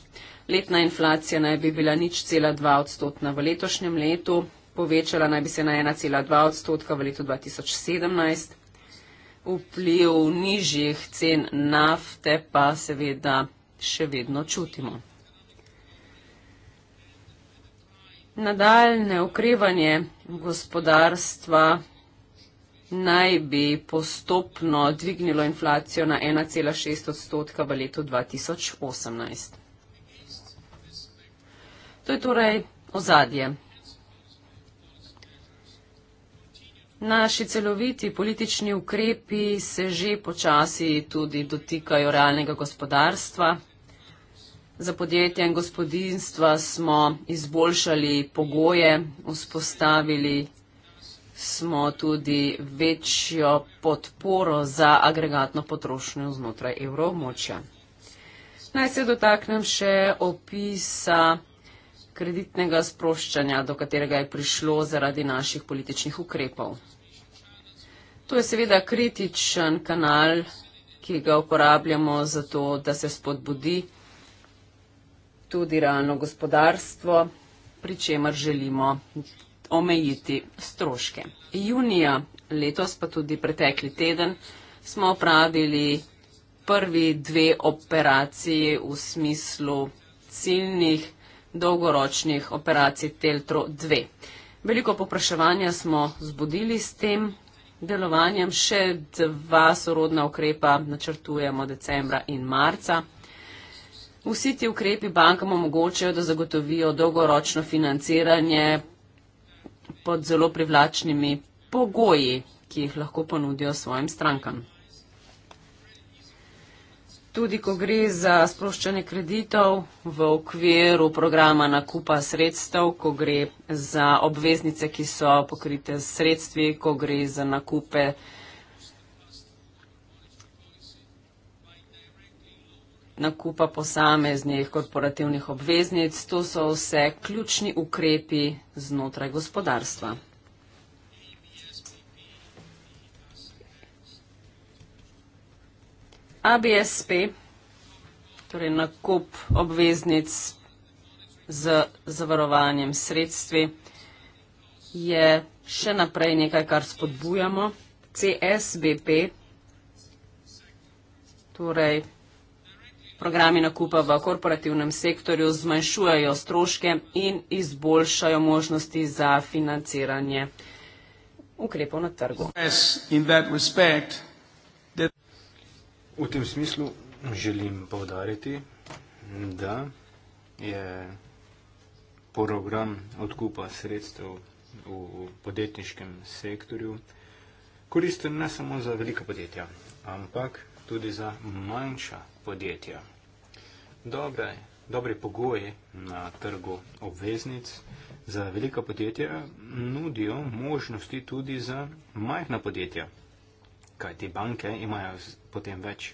Letna inflacija naj bi bila nič cela dva odstotna v letošnjem letu, povečala naj bi se na 1,2 odstotka v letu 2017. Vpliv nižjih cen nafte pa seveda še vedno čutimo. Nadaljne okrevanje gospodarstva naj bi postopno dvignilo inflacijo na 1,6 odstotka v letu 2018. To je torej ozadje. Naši celoviti politični ukrepi se že počasi tudi dotikajo realnega gospodarstva. Za podjetja in gospodinstva smo izboljšali pogoje, vzpostavili smo tudi večjo podporo za agregatno potrošnjo znotraj evroobmočja. Naj se dotaknem še opisa kreditnega sproščanja, do katerega je prišlo zaradi naših političnih ukrepov. To je seveda kritičen kanal, ki ga uporabljamo za to, da se spodbudi tudi realno gospodarstvo, pri čemer želimo omejiti stroške. Junija letos, pa tudi pretekli teden, smo opravili prvi dve operaciji v smislu ciljnih dolgoročnih operacij Teltro 2. Veliko popraševanja smo zbudili s tem delovanjem, še dva sorodna ukrepa načrtujemo decembra in marca. Vsi ti ukrepi bankam omogočajo, da zagotovijo dolgoročno financiranje pod zelo privlačnimi pogoji, ki jih lahko ponudijo svojim strankam. Tudi ko gre za sproščanje kreditov v okviru programa nakupa sredstev, ko gre za obveznice, ki so pokrite s sredstvi, ko gre za nakupe nakupa posameznih korporativnih obveznic, to so vse ključni ukrepi znotraj gospodarstva. ABSP, torej nakup obveznic z zavarovanjem sredstvi, je še naprej nekaj, kar spodbujamo. CSBP, torej programi nakupa v korporativnem sektorju, zmanjšujejo stroške in izboljšajo možnosti za financiranje ukrepov na trgu. In v tem
V tem smislu želim povdariti, da je program odkupa sredstev v podjetniškem sektorju koristen ne samo za velika podjetja, ampak tudi za manjša podjetja. Dobre, dobre pogoje na trgu obveznic za velika podjetja nudijo možnosti tudi za majhna podjetja kaj ti banke imajo potem več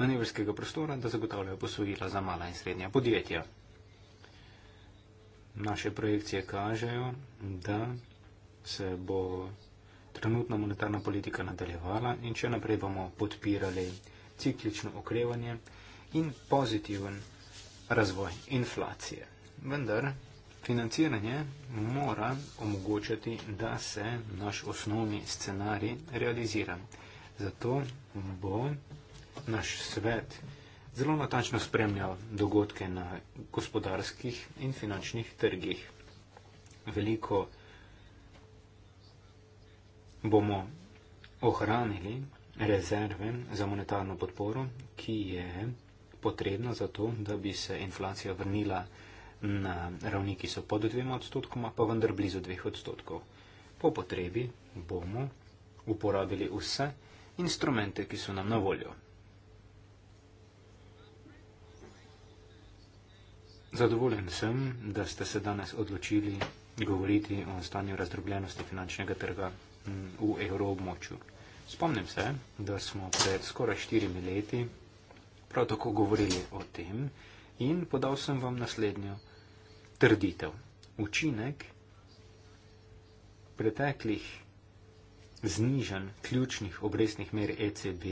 manevrskega prostora, da zagotavljajo posojila za mala in srednja podjetja. Naše projekcije kažejo, da se bo trenutna monetarna politika nadaljevala in če naprej bomo podpirali ciklično okrevanje in pozitiven razvoj inflacije. Vendar financiranje mora omogočati, da se naš osnovni scenarij realizira. Zato bo naš svet zelo natančno spremljal dogodke na gospodarskih in finančnih trgih. Veliko bomo ohranili rezerve za monetarno podporo, ki je potrebna za to, da bi se inflacija vrnila na ravni, ki so pod dvema odstotkoma, pa vendar blizu dveh odstotkov. Po potrebi bomo uporabili vse, instrumente, ki so nam na voljo. Zadovoljen sem, da ste se danes odločili govoriti o stanju razdrobljenosti finančnega trga mm, v evroobmočju. Spomnim se, da smo pred skoraj štirimi leti prav tako govorili o tem in podal sem vam naslednjo trditev. Učinek preteklih znižanj ključnih obrestnih mer ECB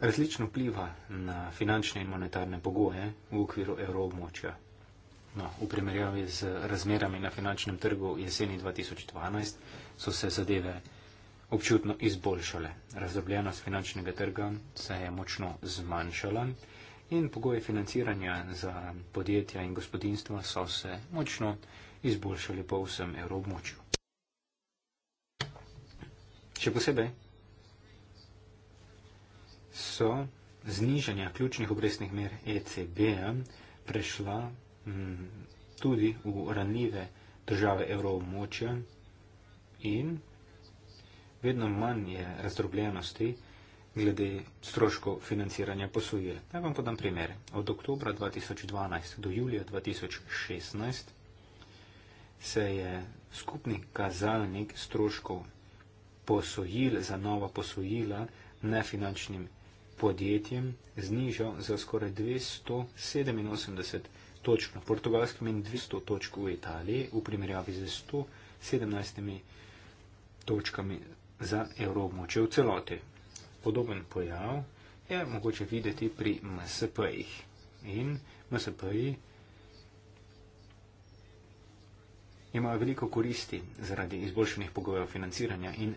različno vpliva na finančne in monetarne pogoje v okviru evroobmočja. No, v primerjavi z razmerami na finančnem trgu jeseni 2012 so se zadeve občutno izboljšale. Razdrobljenost finančnega trga se je močno zmanjšala in pogoje financiranja za podjetja in gospodinstva so se močno izboljšali po vsem evroobmočju. Čeprav posebej so znižanja ključnih obrestnih mer ECB prešla m, mm, tudi v ranljive države evroobmočja in vedno manj je razdrobljenosti glede stroškov financiranja posojil. Naj vam podam primer. Od oktobra 2012 do julija 2016 se je skupni kazalnik stroškov posojil, za nova posojila nefinančnim podjetjem znižal za skoraj 287 točk na portugalskem in 200 točk v Italiji v primerjavi z 117 točkami za evroobmočje v celoti. Podoben pojav je mogoče videti pri MSP-jih in MSP-ji. imajo veliko koristi zaradi izboljšenih pogojev financiranja in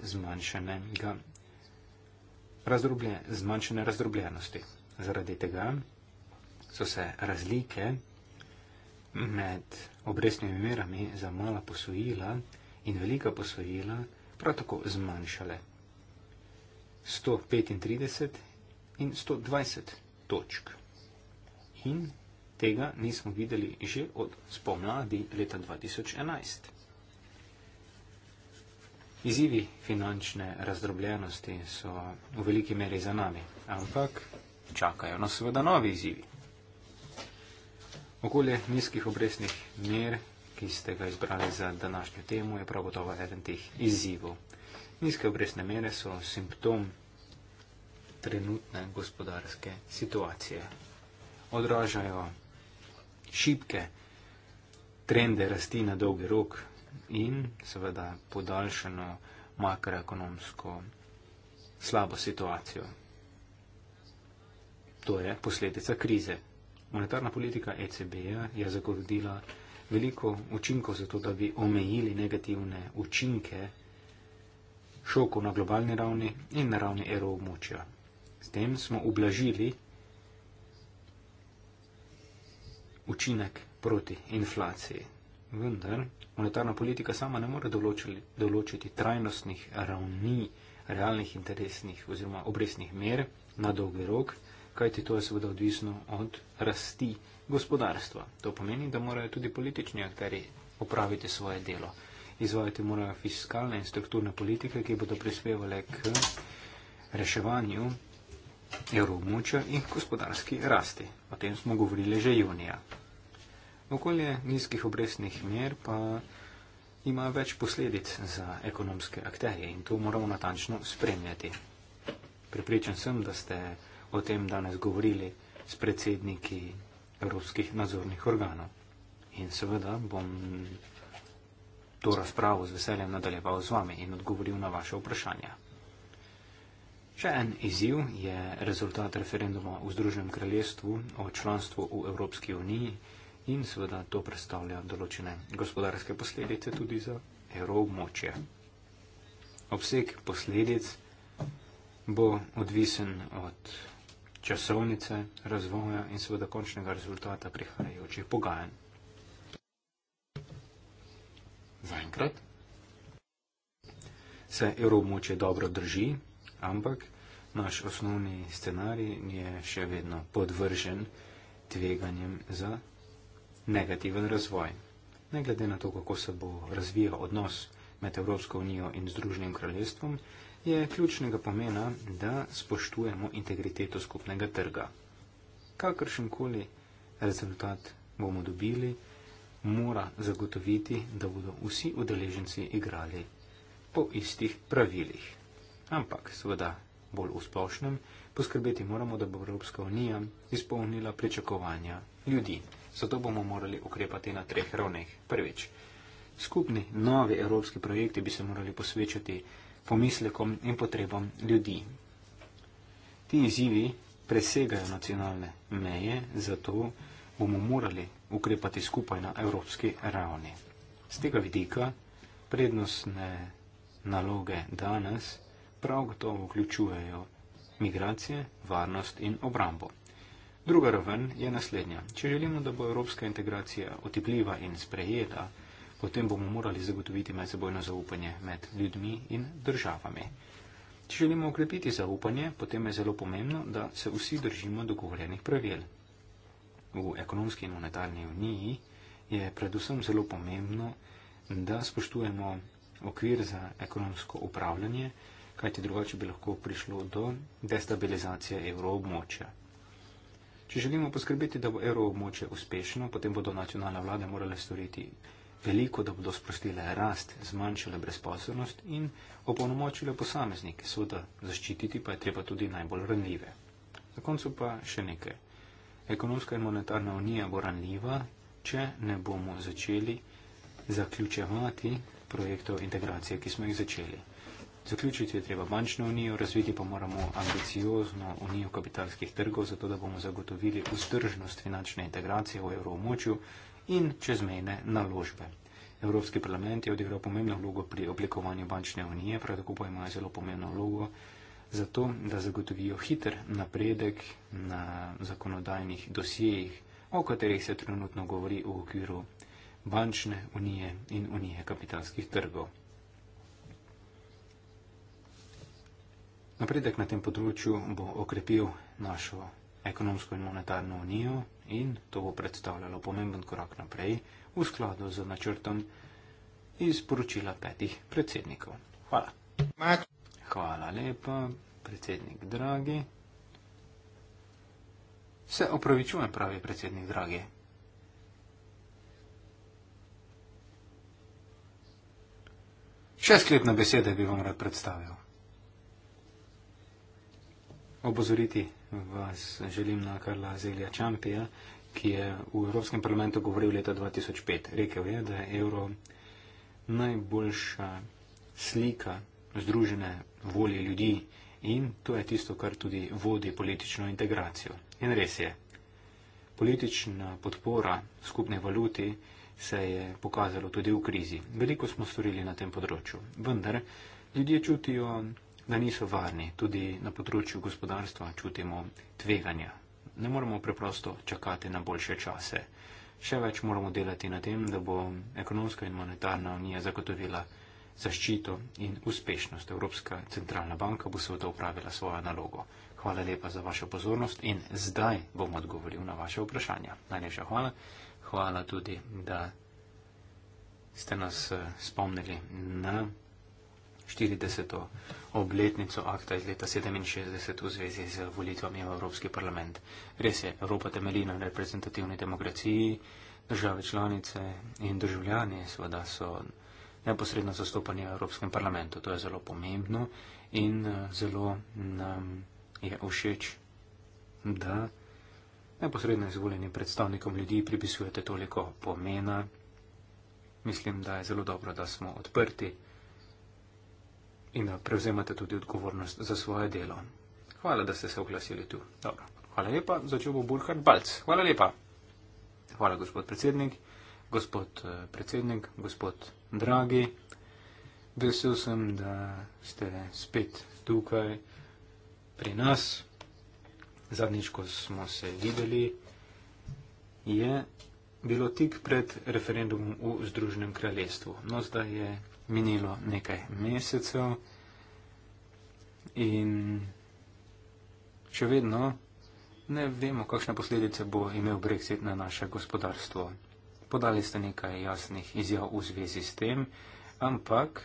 razdrublje, zmanjšene razdrobljenosti. Zaradi tega so se razlike med obrestnimi merami za mala posojila in velika posojila prav tako zmanjšale. 135 in 120 točk. In Tega nismo videli že od spomladi leta 2011. Izivi finančne razdrobljenosti so v veliki meri za nami, ampak čakajo nas seveda novi izivi. Okolje nizkih obresnih mer, ki ste ga izbrali za današnjo temo, je prav gotovo eden teh izzivov. Nizke obresne mere so simptom trenutne gospodarske situacije. Odražajo šibke trende rasti na dolgi rok in seveda podaljšano makroekonomsko slabo situacijo. To je posledica krize. Monetarna politika ECB-ja je zagotovila veliko učinkov za to, da bi omejili negativne učinke šokov na globalni ravni in na ravni evroobmočja. S tem smo ublažili učinek proti inflaciji. Vendar monetarna politika sama ne more določili, določiti trajnostnih ravni realnih interesnih oziroma obresnih mer na dolgi rok, kajti to je seveda odvisno od rasti gospodarstva. To pomeni, da morajo tudi politični akteri opraviti svoje delo. Izvajati morajo fiskalne in strukturne politike, ki bodo prispevale k reševanju evroobmočja in gospodarski rasti. O tem smo govorili že junija. Okolje nizkih obrestnih mer pa ima več posledic za ekonomske akterje in to moramo natančno spremljati. Pripričan sem, da ste o tem danes govorili s predsedniki evropskih nadzornih organov. In seveda bom to razpravo z veseljem nadaljeval z vami in odgovoril na vaše vprašanja. Še en izziv je rezultat referenduma v Združenem kraljestvu o članstvu v Evropski uniji in seveda to predstavlja določene gospodarske posledice tudi za evroobmočje. Obseg posledic bo odvisen od časovnice razvoja in seveda končnega rezultata prihajajočih pogajanj. Zaenkrat se evroobmočje dobro drži ampak naš osnovni scenarij je še vedno podvržen tveganjem za negativen razvoj. Ne glede na to, kako se bo razvijal odnos med Evropsko unijo in Združenim kraljestvom, je ključnega pomena, da spoštujemo integriteto skupnega trga. Kakršenkoli rezultat bomo dobili, mora zagotoviti, da bodo vsi udeleženci igrali po istih pravilih ampak seveda bolj v splošnem poskrbeti moramo, da bo Evropska unija izpolnila pričakovanja ljudi. Zato bomo morali ukrepati na treh ravneh. Prvič, skupni novi evropski projekti bi se morali posvečati pomislekom in potrebam ljudi. Ti izzivi presegajo nacionalne meje, zato bomo morali ukrepati skupaj na evropski ravni. Z tega vidika prednostne naloge danes prav gotovo vključujejo migracije, varnost in obrambo. Druga raven je naslednja. Če želimo, da bo evropska integracija otepljiva in sprejeta, potem bomo morali zagotoviti medsebojno zaupanje med ljudmi in državami. Če želimo okrepiti zaupanje, potem je zelo pomembno, da se vsi držimo dogovorjenih pravil. V ekonomski in monetarni uniji je predvsem zelo pomembno, da spoštujemo okvir za ekonomsko upravljanje, kajti drugače bi lahko prišlo do destabilizacije evroobmočja. Če želimo poskrbeti, da bo evroobmočje uspešno, potem bodo nacionalne vlade morale storiti veliko, da bodo sprostile rast, zmanjšale brezposobnost in opolnomočile posameznike, seveda zaščititi pa je treba tudi najbolj ranljive. Na koncu pa še nekaj. Ekonomska in monetarna unija bo ranljiva, če ne bomo začeli zaključevati projektov integracije, ki smo jih začeli. Zaključiti je treba bančno unijo, razviti pa moramo ambiciozno unijo kapitalskih trgov, zato da bomo zagotovili vzdržnost finančne integracije v evroomočju in čezmejne naložbe. Evropski parlament je odigral pomembno vlogo pri oblikovanju bančne unije, prav tako pa imajo zelo pomembno vlogo za to, da zagotovijo hiter napredek na zakonodajnih dosijejih, o katerih se trenutno govori v okviru bančne unije in unije kapitalskih trgov. Napredek na tem področju bo okrepil našo ekonomsko in monetarno unijo in to bo predstavljalo pomemben korak naprej v skladu z načrtom iz poročila petih predsednikov. Hvala. Hvala lepa, predsednik Dragi. Se opravičujem, pravi predsednik Dragi. Še sklepne besede bi vam rad predstavil opozoriti vas želim na Karla Zelja Čampija, ki je v Evropskem parlamentu govoril leta 2005. Rekel je, da je evro najboljša slika združene volje ljudi in to je tisto, kar tudi vodi politično integracijo. In res je, politična podpora skupne valuti se je pokazalo tudi v krizi. Veliko smo storili na tem področju, vendar ljudje čutijo da niso varni. Tudi na področju gospodarstva čutimo tveganja. Ne moremo preprosto čakati na boljše čase. Še več moramo delati na tem, da bo ekonomska in monetarna unija zagotovila zaščito in uspešnost. Evropska centralna banka bo seveda upravila svojo nalogo. Hvala lepa za vašo pozornost in zdaj bom odgovoril na vaše vprašanja. Najlepša hvala. Hvala tudi, da ste nas eh, spomnili na 40. obletnico akta iz leta 67 v zvezi z volitvami v Evropski parlament. Res je, Evropa temelji na reprezentativni demokraciji, države članice in državljani seveda so neposredno zastopani v Evropskem parlamentu. To je zelo pomembno in eh, zelo nam je všeč, da neposredno izvoljenim predstavnikom ljudi pripisujete toliko pomena. Mislim, da je zelo dobro, da smo odprti in da eh, prevzemate tudi odgovornost za svoje delo. Hvala, da ste se oglasili tu. Dobro. Hvala lepa, začel bo Burkhard Balc. Hvala lepa. Hvala, gospod predsednik, gospod eh, predsednik, gospod dragi. Vesel sem, da ste spet tukaj pri nas. Zadnjič, ko smo se videli, je bilo tik pred referendumom v Združenem kraljestvu. No, zdaj je minilo nekaj mesecev in še vedno ne vemo, kakšne posledice bo imel Brexit na naše gospodarstvo. Podali ste nekaj jasnih izjav v zvezi s tem, ampak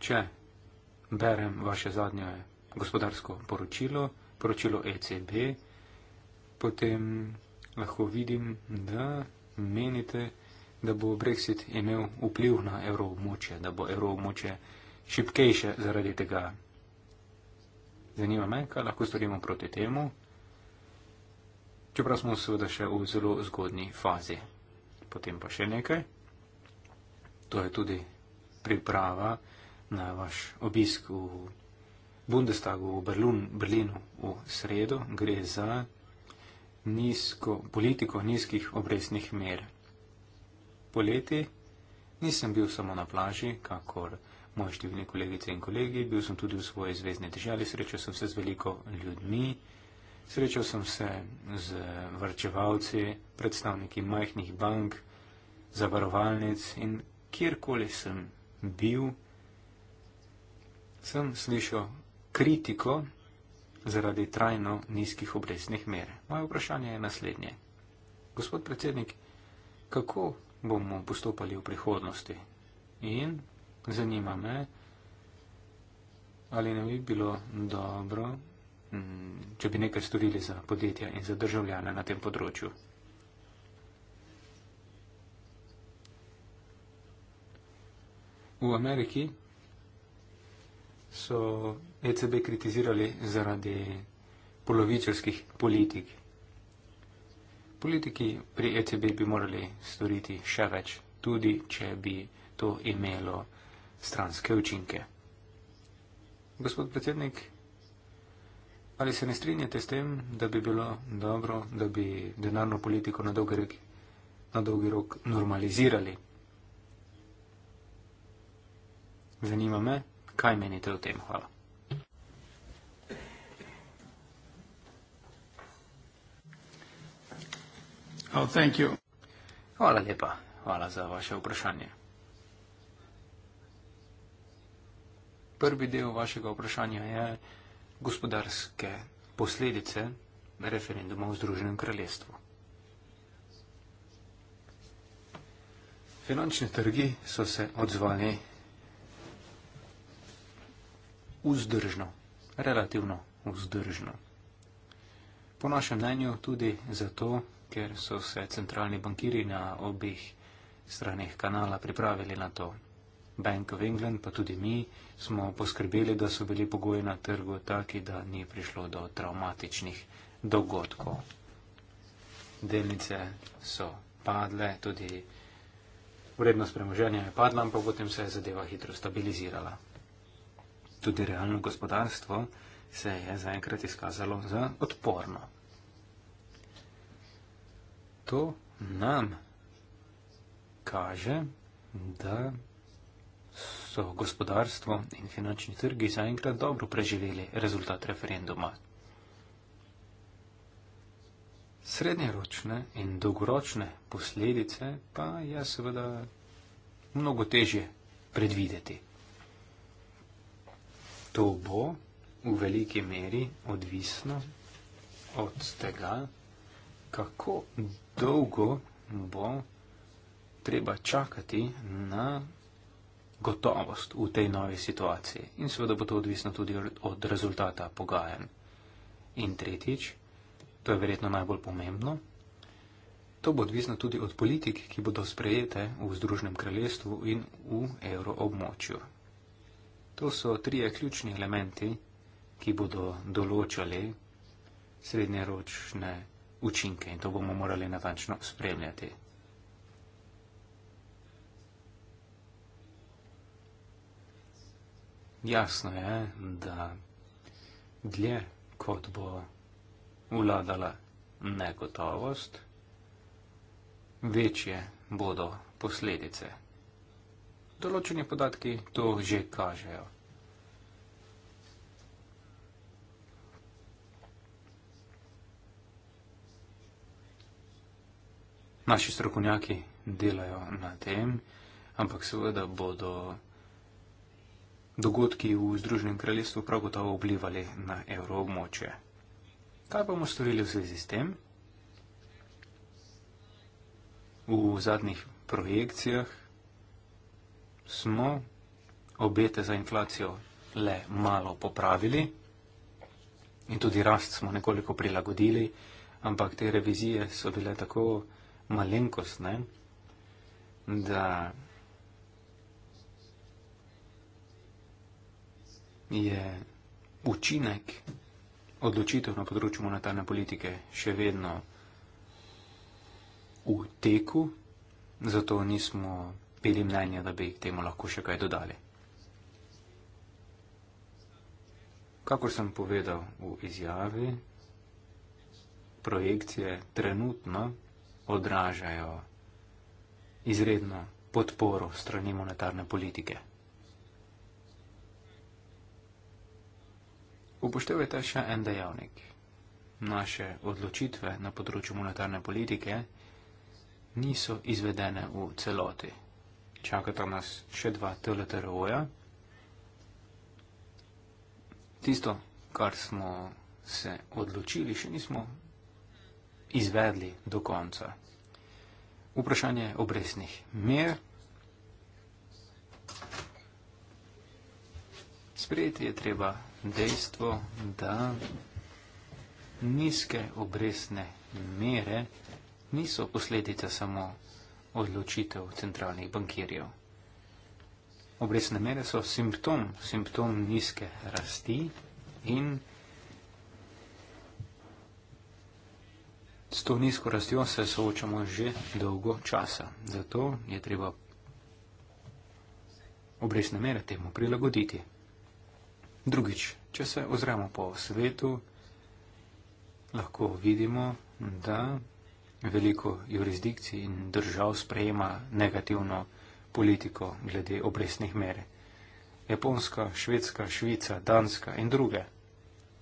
če berem vaše zadnje gospodarsko poročilo, poročilo ECB, potem lahko vidim, da menite, da bo Brexit imel vpliv na evroobmočje, da bo evroobmočje šipkejše zaradi tega. Zanima me, kaj lahko storimo proti temu, čeprav smo seveda še v zelo zgodni fazi. Potem pa še nekaj. To je tudi priprava na vaš obisk v Bundestagu v Berlun, Berlinu v sredo. Gre za nizko politiko nizkih obrestnih mer poleti nisem bil samo na plaži, kakor moji številni kolegice in kolegi, bil sem tudi v svoji zvezdni državi, srečal sem se z veliko ljudmi, srečal sem se z vrčevalci, predstavniki majhnih bank, zavarovalnic in kjerkoli sem bil, sem slišal kritiko zaradi trajno nizkih obrestnih mere. Moje vprašanje je naslednje. Gospod predsednik, kako bomo postopali v prihodnosti. In zanima me, ali ne bi bilo dobro, mm, če bi nekaj storili za podjetja in za državljane na tem področju. V Ameriki so ECB kritizirali zaradi polovičarskih politik. Politiki pri ECB bi morali storiti še več, tudi če bi to imelo stranske učinke. Gospod predsednik, ali se ne strinjate s tem, da bi bilo dobro, da bi denarno politiko na dolgi rok, na dolgi rok normalizirali? Zanima me, kaj menite o tem. Hvala. Oh, thank you. Hvala lepa. Hvala za vaše vprašanje. Prvi del vašega vprašanja je gospodarske posledice referenduma v Združenem kraljestvu. Finančni trgi so se odzvali vzdržno, relativno vzdržno. Po našem mnenju tudi zato, ker so se centralni bankiri na obih stranih kanala pripravili na to. Bank of England pa tudi mi smo poskrbeli, da so bili pogoji na trgu taki, da ni prišlo do traumatičnih dogodkov. Delnice so padle, tudi vrednost premoženja je padla, ampak potem se je zadeva hitro stabilizirala. Tudi realno gospodarstvo se je zaenkrat izkazalo za odporno to nam kaže, da so gospodarstvo in finančni trgi zaenkrat dobro preživeli rezultat referenduma. Srednjeročne in dolgoročne posledice pa je seveda mnogo težje predvideti. To bo v veliki meri odvisno od tega, kako dolgo bo treba čakati na gotovost v tej novi situaciji. In seveda bo to odvisno tudi od rezultata pogajanj. In tretjič, to je verjetno najbolj pomembno, to bo odvisno tudi od politik, ki bodo sprejete v Združnem kraljestvu in v evroobmočju. To so trije ključni elementi, ki bodo določali srednjeročne učinke in to bomo morali natančno spremljati. Jasno je, da dlje kot bo vladala negotovost, večje bodo posledice. Določeni podatki to že kažejo. Naši strokovnjaki delajo na tem, ampak seveda bodo dogodki v Združenem kraljestvu prav gotovo vplivali na evroobmočje. Kaj bomo storili v zvezi s tem? V zadnjih projekcijah smo obete za inflacijo le malo popravili in tudi rast smo nekoliko prilagodili, ampak te revizije so bile tako malenkost, ne? da je učinek odločitev na področju monetarne politike še vedno v teku, zato nismo bili mnenja, da bi k temu lahko še kaj dodali. Kakor sem povedal v izjavi, projekcije trenutno odražajo izredno podporo strani monetarne politike. Upoštevajte še en dejavnik. Naše odločitve na področju monetarne politike niso izvedene v celoti. Čakata nas še dva TLTRO-ja. Tisto, kar smo se odločili, še nismo izvedli do konca. Vprašanje obresnih mer. Sprejeti je treba dejstvo, da nizke obresne mere niso posledica samo odločitev centralnih bankirjev. Obresne mere so simptom, simptom nizke rasti in S to nizko rastjo se soočamo že dolgo časa, zato je treba obresne mere temu prilagoditi. Drugič, če se ozremo po svetu, lahko vidimo, da veliko jurisdikcij in držav sprejema negativno politiko glede obresnih mere. Japonska, Švedska, Švica, Danska in druge.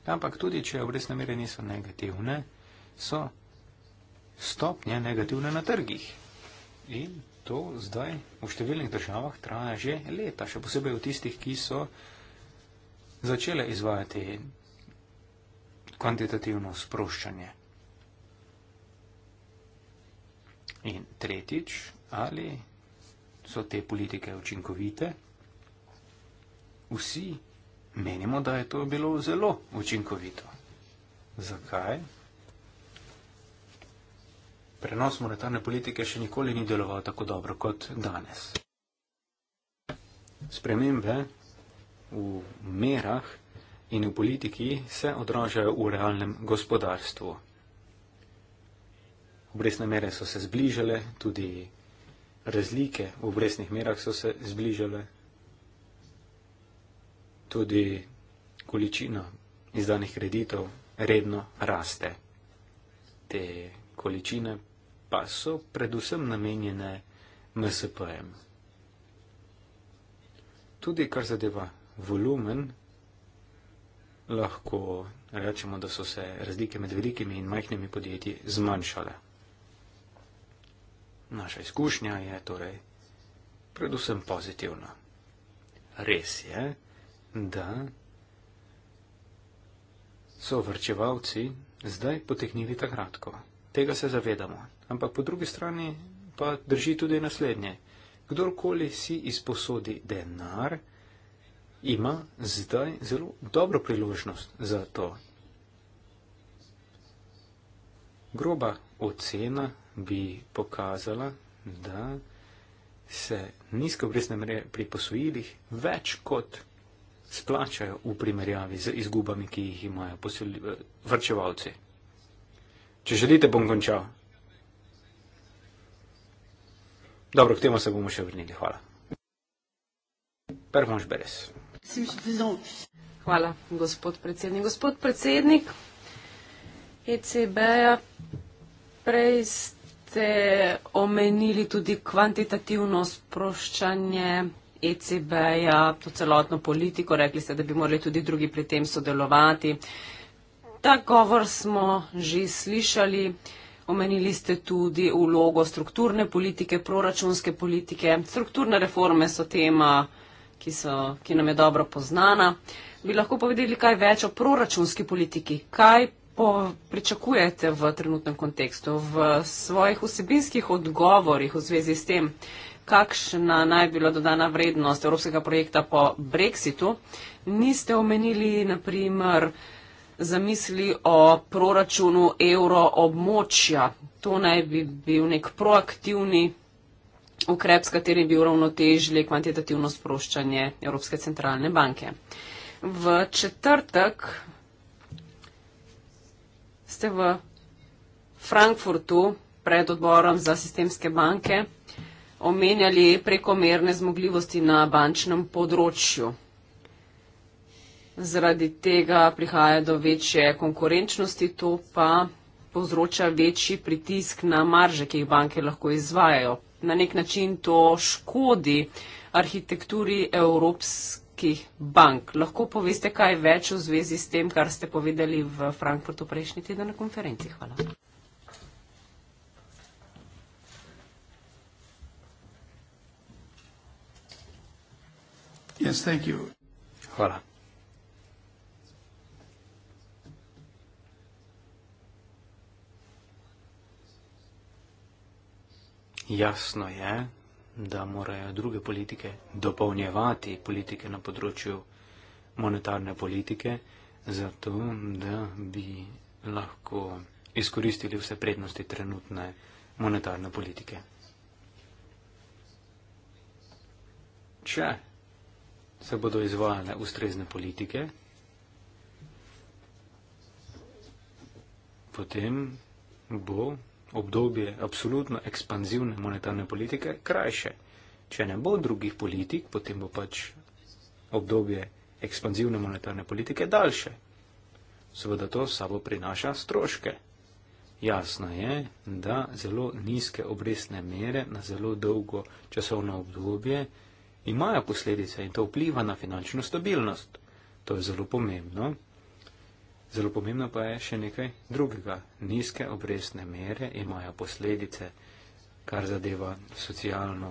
Ampak tudi, če obresne mere niso negativne, so stopnje negativne na trgih. In to zdaj v številnih državah traja že leta, še posebej v tistih, ki so začele izvajati kvantitativno sproščanje. In tretjič, ali so te politike učinkovite? Vsi menimo, da je to bilo zelo učinkovito. Zakaj? prenos monetarne politike še nikoli ni deloval tako dobro kot danes. Spremembe v merah in v politiki se odražajo v realnem gospodarstvu. Obresne mere so se zbližale, tudi razlike v obresnih merah so se zbližale, tudi količina izdanih kreditov redno raste. Te količine pa so predvsem namenjene MSP-jem. Tudi kar zadeva volumen, lahko rečemo, da so se razlike med velikimi in majhnimi podjetji zmanjšale. Naša izkušnja je torej predvsem pozitivna. Res je, da so vrčevalci zdaj potehnili ta kratko tega se zavedamo. Ampak po drugi strani pa drži tudi naslednje. Kdorkoli si izposodi denar, ima zdaj zelo dobro priložnost za to. Groba ocena bi pokazala, da se nizke obrestne mere pri posojilih več kot splačajo v primerjavi z izgubami, ki jih imajo eh, vrčevalci. Če želite, bom končal. Dobro, k temu se bomo še vrnili. Hvala. Prvo, Žberes.
Hvala, gospod predsednik. Gospod predsednik ECB-ja, prej ste omenili tudi kvantitativno sproščanje ECB-ja, to celotno politiko, rekli ste, da bi morali tudi drugi pri tem sodelovati. Ta govor smo že slišali. Omenili ste tudi vlogo strukturne politike, proračunske politike. Strukturne reforme so tema, ki, so, ki nam je dobro poznana. Bi lahko povedali kaj več o proračunski politiki? Kaj po, pričakujete v trenutnem kontekstu, v svojih vsebinskih odgovorih v zvezi s tem, kakšna naj bila dodana vrednost evropskega projekta po Brexitu? Niste omenili, naprimer, zamisli o proračunu evroobmočja. To naj bi bil nek proaktivni ukrep, s katerim bi uravnotežili kvantitativno sproščanje Evropske centralne banke. V četrtek ste v Frankfurtu pred odborom za sistemske banke omenjali prekomerne zmogljivosti na bančnem področju zaradi tega prihaja do večje konkurenčnosti, to pa povzroča večji pritisk na marže, ki jih banke lahko izvajajo. Na nek način to škodi arhitekturi evropskih bank. Lahko poveste kaj več v zvezi s tem, kar ste povedali v Frankfurtu prejšnji teden na konferenci. Hvala.
Yes, Hvala.
Jasno je, da morajo druge politike dopolnjevati politike na področju monetarne politike, zato da bi lahko izkoristili vse prednosti trenutne monetarne politike. Če se bodo izvajale ustrezne politike, potem bo obdobje absolutno ekspanzivne monetarne politike krajše. Če ne bo drugih politik, potem bo pač obdobje ekspanzivne monetarne politike daljše. Seveda to sabo prinaša stroške. Jasno je, da zelo nizke obrestne mere na zelo dolgo časovno obdobje imajo posledice in to vpliva na finančno stabilnost. To je zelo pomembno. Zelo pomembno pa je še nekaj drugega. Nizke obrestne mere imajo posledice, kar zadeva socialno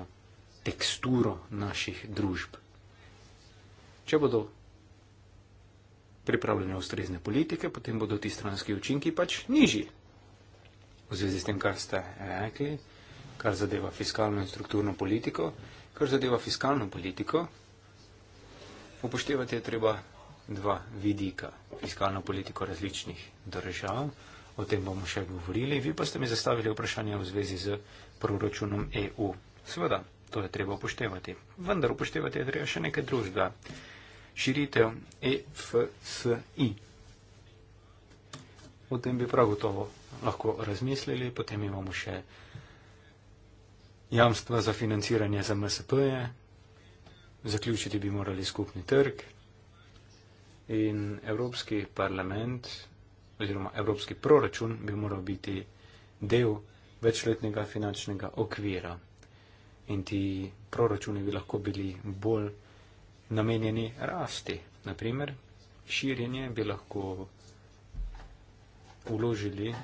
teksturo naših družb. Če bodo pripravljene ustrezne politike, potem bodo ti stranski učinki pač nižji. V zvezi s tem, kar ste rekli, kar zadeva fiskalno in strukturno politiko, kar zadeva fiskalno politiko, upoštevati je treba dva vidika fiskalno politiko različnih držav. O tem bomo še govorili. Vi pa ste mi zastavili vprašanje v zvezi z proračunom EU. Sveda, to je treba upoštevati. Vendar upoštevati je treba še nekaj drugega. Širitev EFSI. O tem bi prav gotovo lahko razmislili. Potem imamo še jamstva za financiranje za MSP-je. Zaključiti bi morali skupni trg in Evropski parlament oziroma Evropski proračun bi moral biti del večletnega finančnega okvira. In ti proračuni bi lahko bili bolj namenjeni rasti. Naprimer, širjenje bi lahko uložili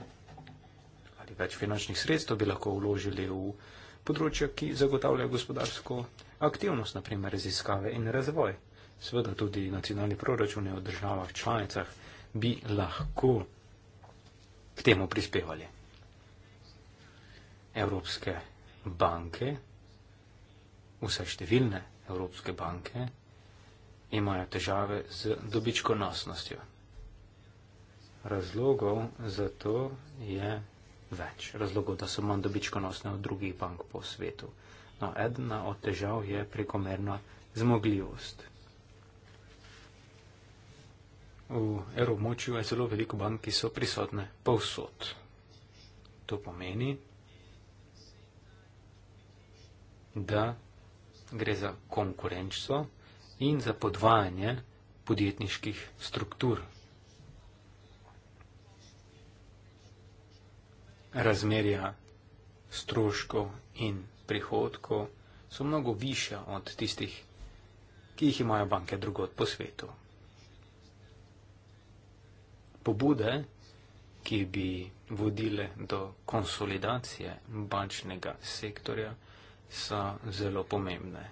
ali več finančnih sredstev bi lahko uložili v področja, ki zagotavljajo gospodarsko aktivnost, naprimer raziskave in razvoj seveda tudi nacionalni proračuni v državah članicah, bi lahko k temu prispevali. Evropske banke, vse številne evropske banke, imajo težave z dobičkonosnostjo. Razlogov za to je več. Razlogov, da so manj dobičkonosne od drugih bank po svetu. No, edna od težav je prekomerna zmogljivost v evromočju je zelo veliko bank, ki so prisotne povsod. To pomeni, da gre za konkurenčstvo in za podvajanje podjetniških struktur. Razmerja stroškov in prihodkov so mnogo više od tistih, ki jih imajo banke drugot po svetu pobude, ki bi vodile do konsolidacije bančnega sektorja, so zelo pomembne.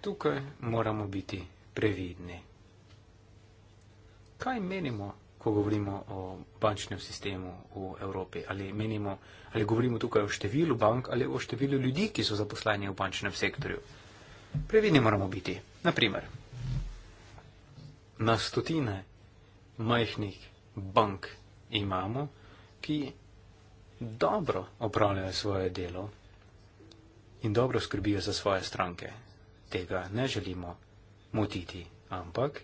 Tukaj moramo biti previdni. Kaj menimo, ko govorimo o bančnem sistemu v Evropi? Ali, menimo, ali govorimo tukaj o številu bank ali o številu ljudi, ki so zaposleni v bančnem sektorju? Previdni moramo biti. Naprimer, na stotine majhnih bank imamo, ki dobro opravljajo svoje delo in dobro skrbijo za svoje stranke. Tega ne želimo motiti, ampak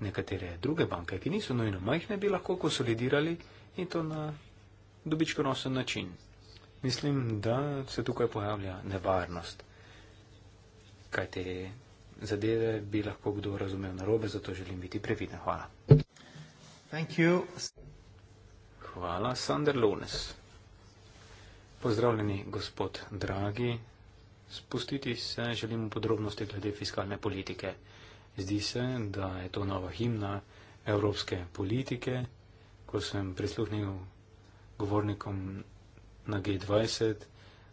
nekatere druge banke, ki niso nujno majhne, bi lahko konsolidirali in to na dobičkonosen način. Mislim, da se tukaj pojavlja nevarnost, kaj te zadeve bi lahko kdo razumel narobe, zato želim biti previden. Hvala. Thank you. Hvala, Sander Lones. Pozdravljeni, gospod Dragi. Spustiti se želim v podrobnosti glede fiskalne politike. Zdi se, da je to nova himna evropske politike. Ko sem prisluhnil govornikom na G20,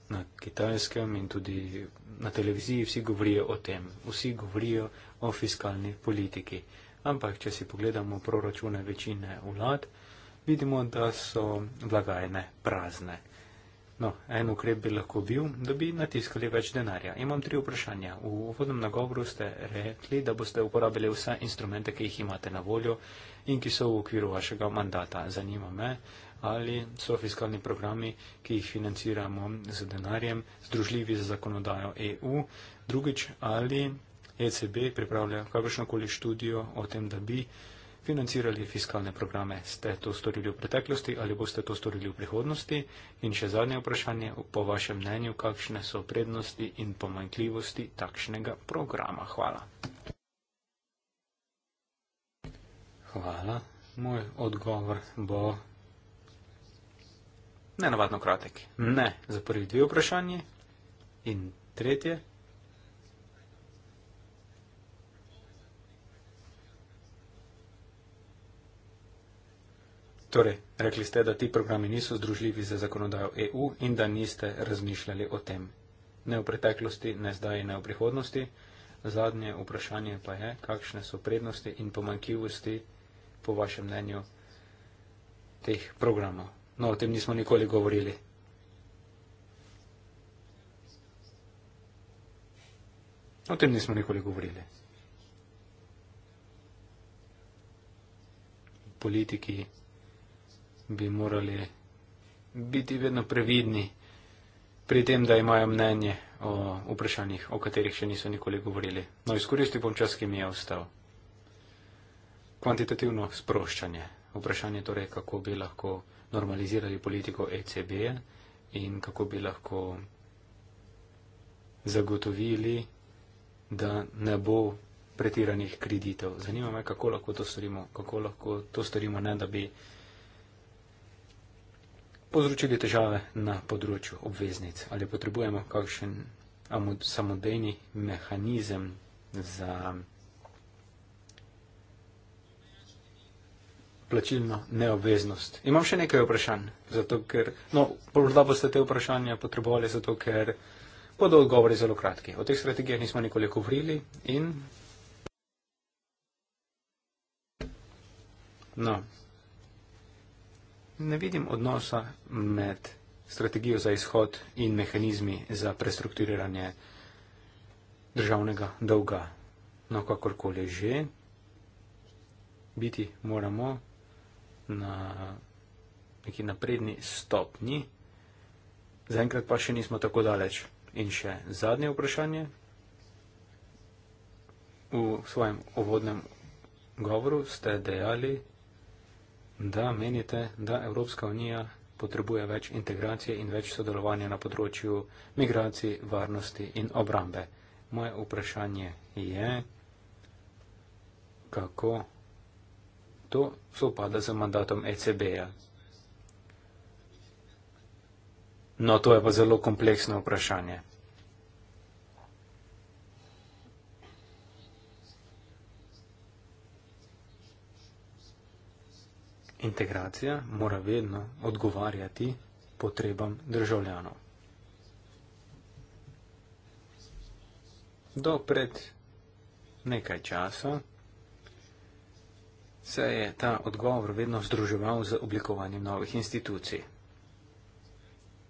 na kitajskem in tudi na televiziji, vsi govorijo o tem. Vsi govorijo o fiskalni politiki ampak če si pogledamo proračune večine vlad, vidimo, da so blagajne prazne. No, en ukrep bi lahko bil, da bi natiskali več denarja. Imam tri vprašanja. V uvodnem nagovoru ste rekli, da boste uporabili vse instrumente, ki jih imate na voljo in ki so v okviru vašega mandata. Zanima me, ali so fiskalni programi, ki jih financiramo z denarjem, združljivi z zakonodajo EU. Drugič, ali ECB pripravlja kakršnokoli študijo o tem, da bi financirali fiskalne programe. Ste to storili v preteklosti ali boste to storili v prihodnosti? In še zadnje vprašanje, po vašem mnenju, kakšne so prednosti in pomanjkljivosti takšnega programa? Hvala. Hvala. Moj odgovor bo nenavadno kratek. Ne, za prvi dve vprašanje in tretje. Torej, rekli ste, da ti programi niso združljivi za zakonodajo EU in da niste razmišljali o tem. Ne v preteklosti, ne zdaj, ne v prihodnosti. Zadnje vprašanje pa je, kakšne so prednosti in pomankljivosti, po vašem mnenju, teh programov. No, o tem nismo nikoli govorili. O tem nismo nikoli govorili. Politiki, bi morali biti vedno previdni pri tem, da imajo mnenje o vprašanjih, o katerih še niso nikoli govorili. No, izkoristil bom čas, ki mi je ostal. Kvantitativno sproščanje. Vprašanje torej, kako bi lahko normalizirali politiko ECB in kako bi lahko zagotovili, da ne bo pretiranih kreditev. Zanima me, kako lahko to storimo, kako lahko to storimo, ne da bi povzročili težave na področju obveznic? Ali potrebujemo kakšen samodejni mehanizem za plačilno neobveznost? Imam še nekaj vprašanj, zato ker, no, morda boste te vprašanja potrebovali, zato ker bodo odgovori zelo kratki. O teh strategijah nismo nikoli govorili in. No, Ne vidim odnosa med strategijo za izhod in mehanizmi za prestrukturiranje državnega dolga. No, kakorkoli že, biti moramo na neki napredni stopnji. Zaenkrat pa še nismo tako daleč. In še zadnje vprašanje. V svojem uvodnem govoru ste dejali, Da, menite, da Evropska unija potrebuje več integracije in več sodelovanja na področju migracij, varnosti in obrambe. Moje vprašanje je, kako to sopada z mandatom ECB-ja. No, to je pa zelo kompleksno vprašanje. Integracija mora vedno odgovarjati potrebam državljanov. Do pred nekaj časa se je ta odgovor vedno združeval z oblikovanjem novih institucij.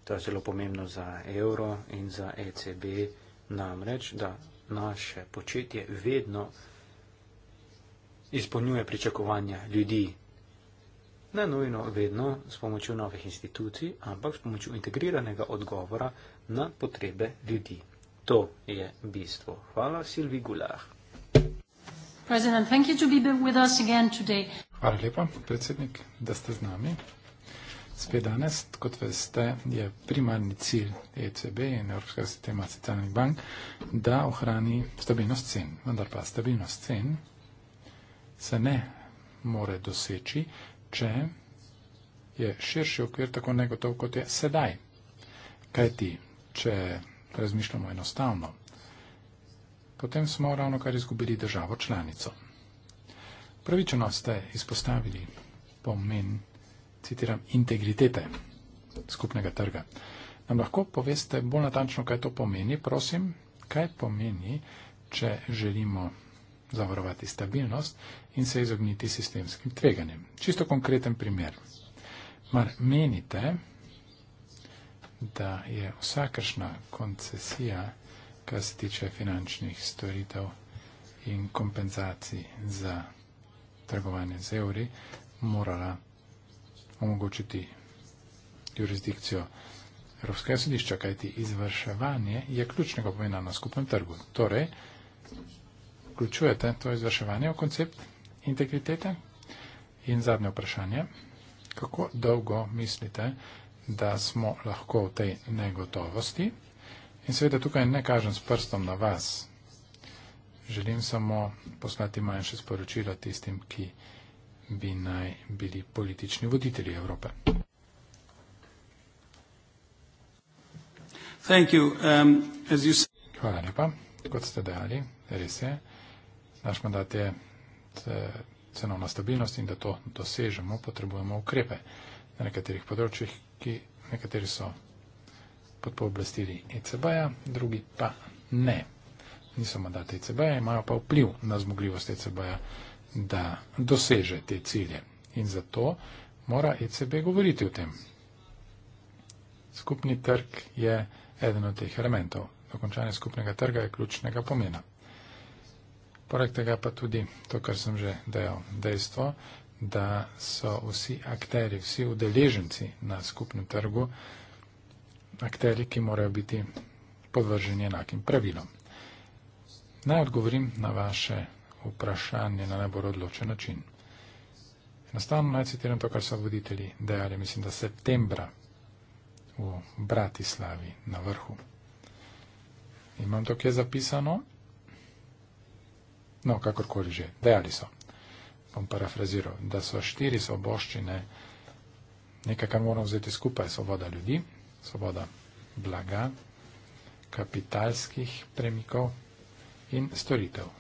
To je zelo pomembno za evro in za ECB, namreč, da naše početje vedno izpolnjuje pričakovanja ljudi ne nujno vedno s pomočjo novih institucij, ampak s pomočjo integriranega odgovora na potrebe ljudi. To je bistvo. Hvala, Silvi Gulah. Hvala
lepa, predsednik, da ste z nami. Spet danes, kot veste, je primarni cilj ECB in Evropskega sistema socialnih bank, da ohrani stabilnost cen. Vendar pa stabilnost cen se ne more doseči, če je širši okvir tako negotov, kot je sedaj. Kaj ti, če razmišljamo enostavno, potem smo ravno kar izgubili državo članico. Pravičeno ste izpostavili pomen, citiram, integritete skupnega trga. Nam lahko poveste bolj natančno, kaj to pomeni, prosim, kaj pomeni, če želimo zavarovati stabilnost in se izogniti sistemskim tveganjem. Čisto konkreten primer. Mar menite, da je vsakršna koncesija, kar se tiče finančnih storitev in kompenzacij za trgovanje z evri, morala omogočiti jurisdikcijo Evropskega sodišča, kajti izvrševanje je ključnega pomena na skupnem trgu. Torej, vključujete to izvrševanje v koncept integritete. In zadnje vprašanje. Kako dolgo mislite, da smo lahko v tej negotovosti? In seveda tukaj ne kažem s prstom na vas. Želim samo poslati manjše sporočilo tistim, ki bi naj bili politični voditelji Evrope. Um, Hvala lepa. Kot ste dejali, res je, naš mandat je Eh, cenovna stabilnost in da to dosežemo, potrebujemo ukrepe na nekaterih področjih, ki nekateri so pod pooblastili ECB-ja, drugi pa ne. Niso mandate ECB-ja, imajo pa vpliv na zmogljivost ECB-ja, da doseže te cilje. In zato mora ECB govoriti o tem. Skupni trg je eden od teh elementov. Dokončanje skupnega trga je ključnega pomena. Poleg tega pa tudi to, kar sem že dejal, dejstvo, da so vsi akteri, vsi udeleženci na skupnem trgu, akteri, ki morajo biti podvrženi enakim pravilom. Naj odgovorim na vaše vprašanje na najbolj odločen način. Enostavno naj citiram to, kar so voditelji dejali, mislim, da septembra v Bratislavi na vrhu. Imam to, kje zapisano, No, kakorkoli že, dejali so, bom parafraziral, da so štiri svoboščine nekaj, kar moramo vzeti skupaj, svoboda ljudi, svoboda blaga, kapitalskih premikov in storitev.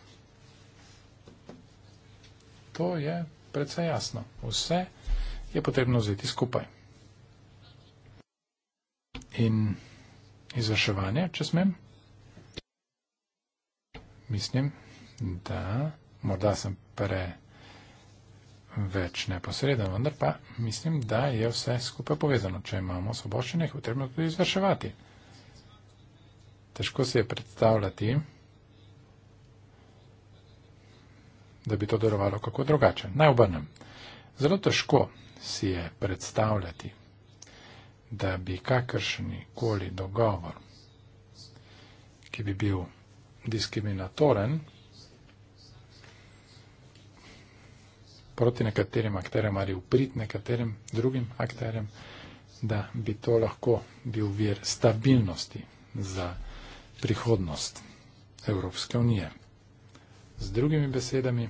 To je predvsej jasno. Vse je potrebno vzeti skupaj. In izvrševanje, če smem, mislim, da morda sem preveč neposreden, vendar pa mislim, da je vse skupaj povezano. Če imamo svoboščine, jih potrebno tudi izvrševati. Težko se je predstavljati, da bi to delovalo kako drugače. Naj obrnem. Zelo težko si je predstavljati, da bi kakršen koli dogovor, ki bi bil diskriminatoren, proti nekaterim akterjem ali uprit nekaterim drugim akterjem, da bi to lahko bil vir stabilnosti za prihodnost Evropske unije. Z drugimi besedami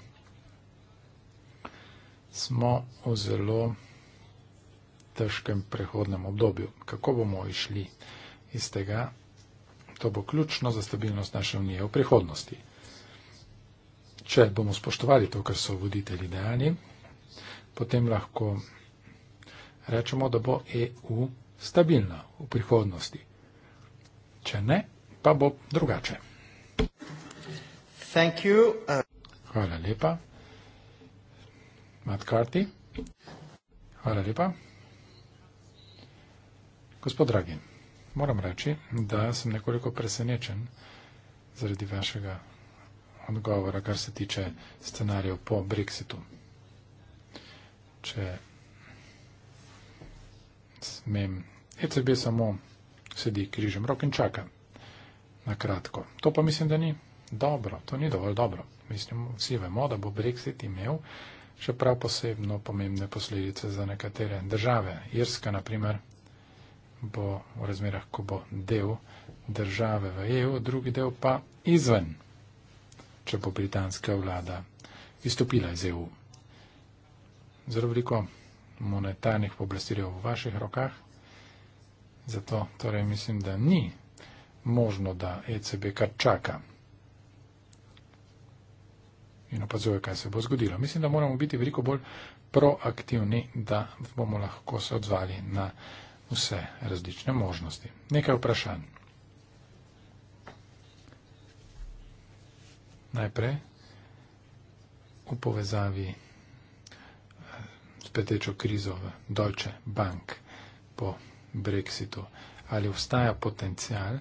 smo v zelo težkem prehodnem obdobju. Kako bomo išli iz tega? To bo ključno za stabilnost naše unije v prihodnosti če bomo spoštovali to, kar so voditelji dejani, potem lahko rečemo, da bo EU stabilna v prihodnosti. Če ne, pa bo drugače. You, uh... Hvala lepa. Matt Carty. Hvala lepa. Gospod Dragi, moram reči, da sem nekoliko presenečen zaradi vašega odgovora, kar se tiče scenarijev po Brexitu. Če smem, ECB samo sedi križem rok in čaka na kratko. To pa mislim, da ni dobro, to ni dovolj dobro. Mislim, vsi vemo, da bo Brexit imel še prav posebno pomembne posledice za nekatere države. Irska, na primer, bo v razmerah, ko bo del države v EU, drugi del pa izven če bo britanska vlada izstopila iz EU. Zelo veliko monetarnih poblastil je v vaših rokah, zato torej mislim, da ni možno, da ECB kar čaka in opazuje, kaj se bo zgodilo. Mislim, da moramo biti veliko bolj proaktivni, da bomo lahko se odzvali na vse različne možnosti. Nekaj vprašanj. najprej v povezavi eh, s petečo krizo v Deutsche Bank po Brexitu. Ali obstaja potencial,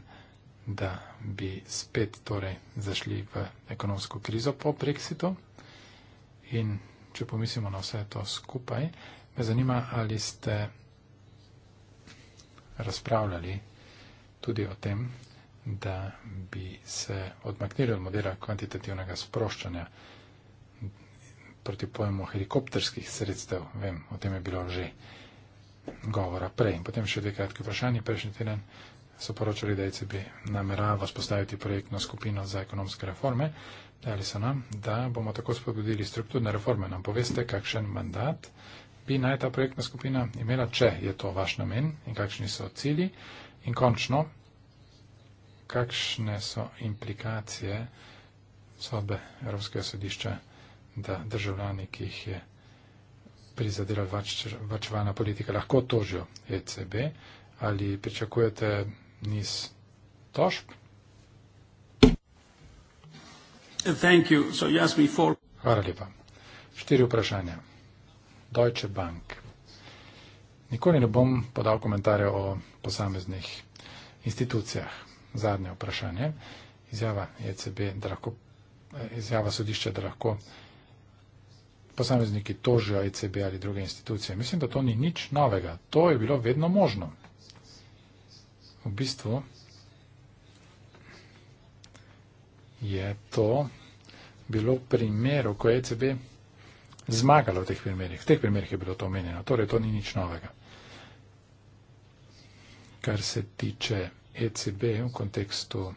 da bi spet torej zašli v ekonomsko krizo po Brexitu? In če pomislimo na vse to skupaj, me zanima, ali ste razpravljali tudi o tem, da bi se odmaknili od modela kvantitativnega sproščanja proti pojemu helikopterskih sredstev. Vem, o tem je bilo že govora prej. Potem še dve kratki vprašanji. Prejšnji teden so poročali, da ECB namerava vzpostaviti projektno skupino za ekonomske reforme. Dali so nam, da bomo tako spodbudili strukturne reforme. Nam poveste, kakšen mandat bi naj ta projektna skupina imela, če je to vaš namen in kakšni so cilji. In končno, kakšne so implikacije sodbe Evropskega sodišča, da državljani, ki jih je prizadela vačevalna politika, lahko tožijo ECB. Ali pričakujete niz tožb? Hvala lepa. Štiri vprašanja. Deutsche Bank. Nikoli ne bom podal komentarja o posameznih institucijah zadnje vprašanje. Izjava ECB, da lahko, eh, izjava sodišča, da lahko posamezniki tožijo ECB ali druge institucije. Mislim, da to ni nič novega. To je bilo vedno možno. V bistvu je to bilo v primeru, ko je ECB zmagalo v teh primerih. V teh primerih je bilo to omenjeno. Torej, to ni nič novega. Kar se tiče ECB v kontekstu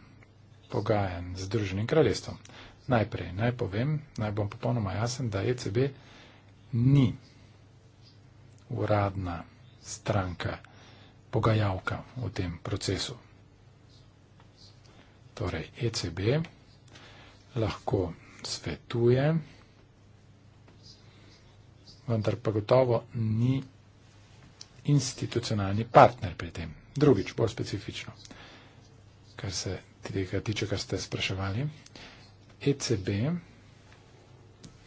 pogajanj z Združenim kraljestvom. Najprej naj povem, naj bom popolnoma jasen, da ECB ni uradna stranka, pogajalka v tem procesu. Torej, ECB lahko svetuje, vendar pa gotovo ni institucionalni partner pri tem drugič, bolj specifično, kar se tega tiče, kar ste spraševali. ECB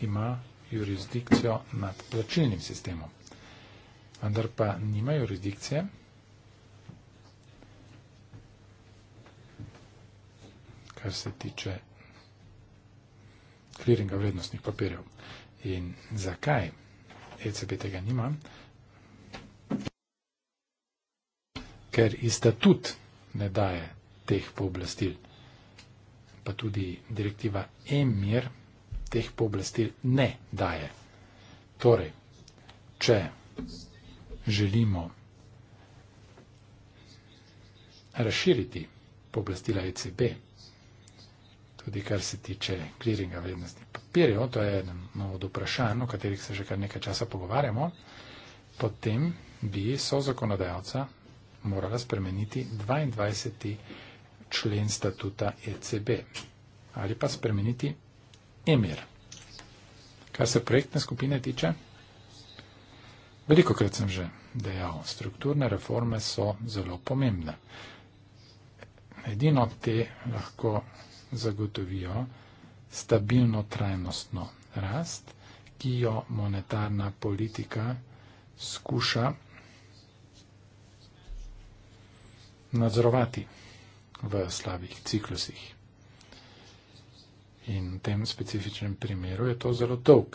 ima jurisdikcijo nad plačilnim sistemom, vendar pa nima jurisdikcije kar se tiče kliringa vrednostnih papirjev. In zakaj ECB tega nima? ker iz statut ne daje teh pooblastil, pa tudi direktiva emir teh pooblastil ne daje. Torej, če želimo razširiti pooblastila ECB, tudi kar se tiče kliringa vrednostnih papirjev, to je eno od vprašanj, o katerih se že kar nekaj časa pogovarjamo, potem bi so zakonodajalca morala spremeniti 22. člen statuta ECB ali pa spremeniti emir. Kar se projektne skupine tiče, veliko krat sem že dejal, strukturne reforme so zelo pomembne. Edino te lahko zagotovijo stabilno trajnostno rast, ki jo monetarna politika skuša nadzorovati v slabih ciklusih. In v tem specifičnem primeru je to zelo dolg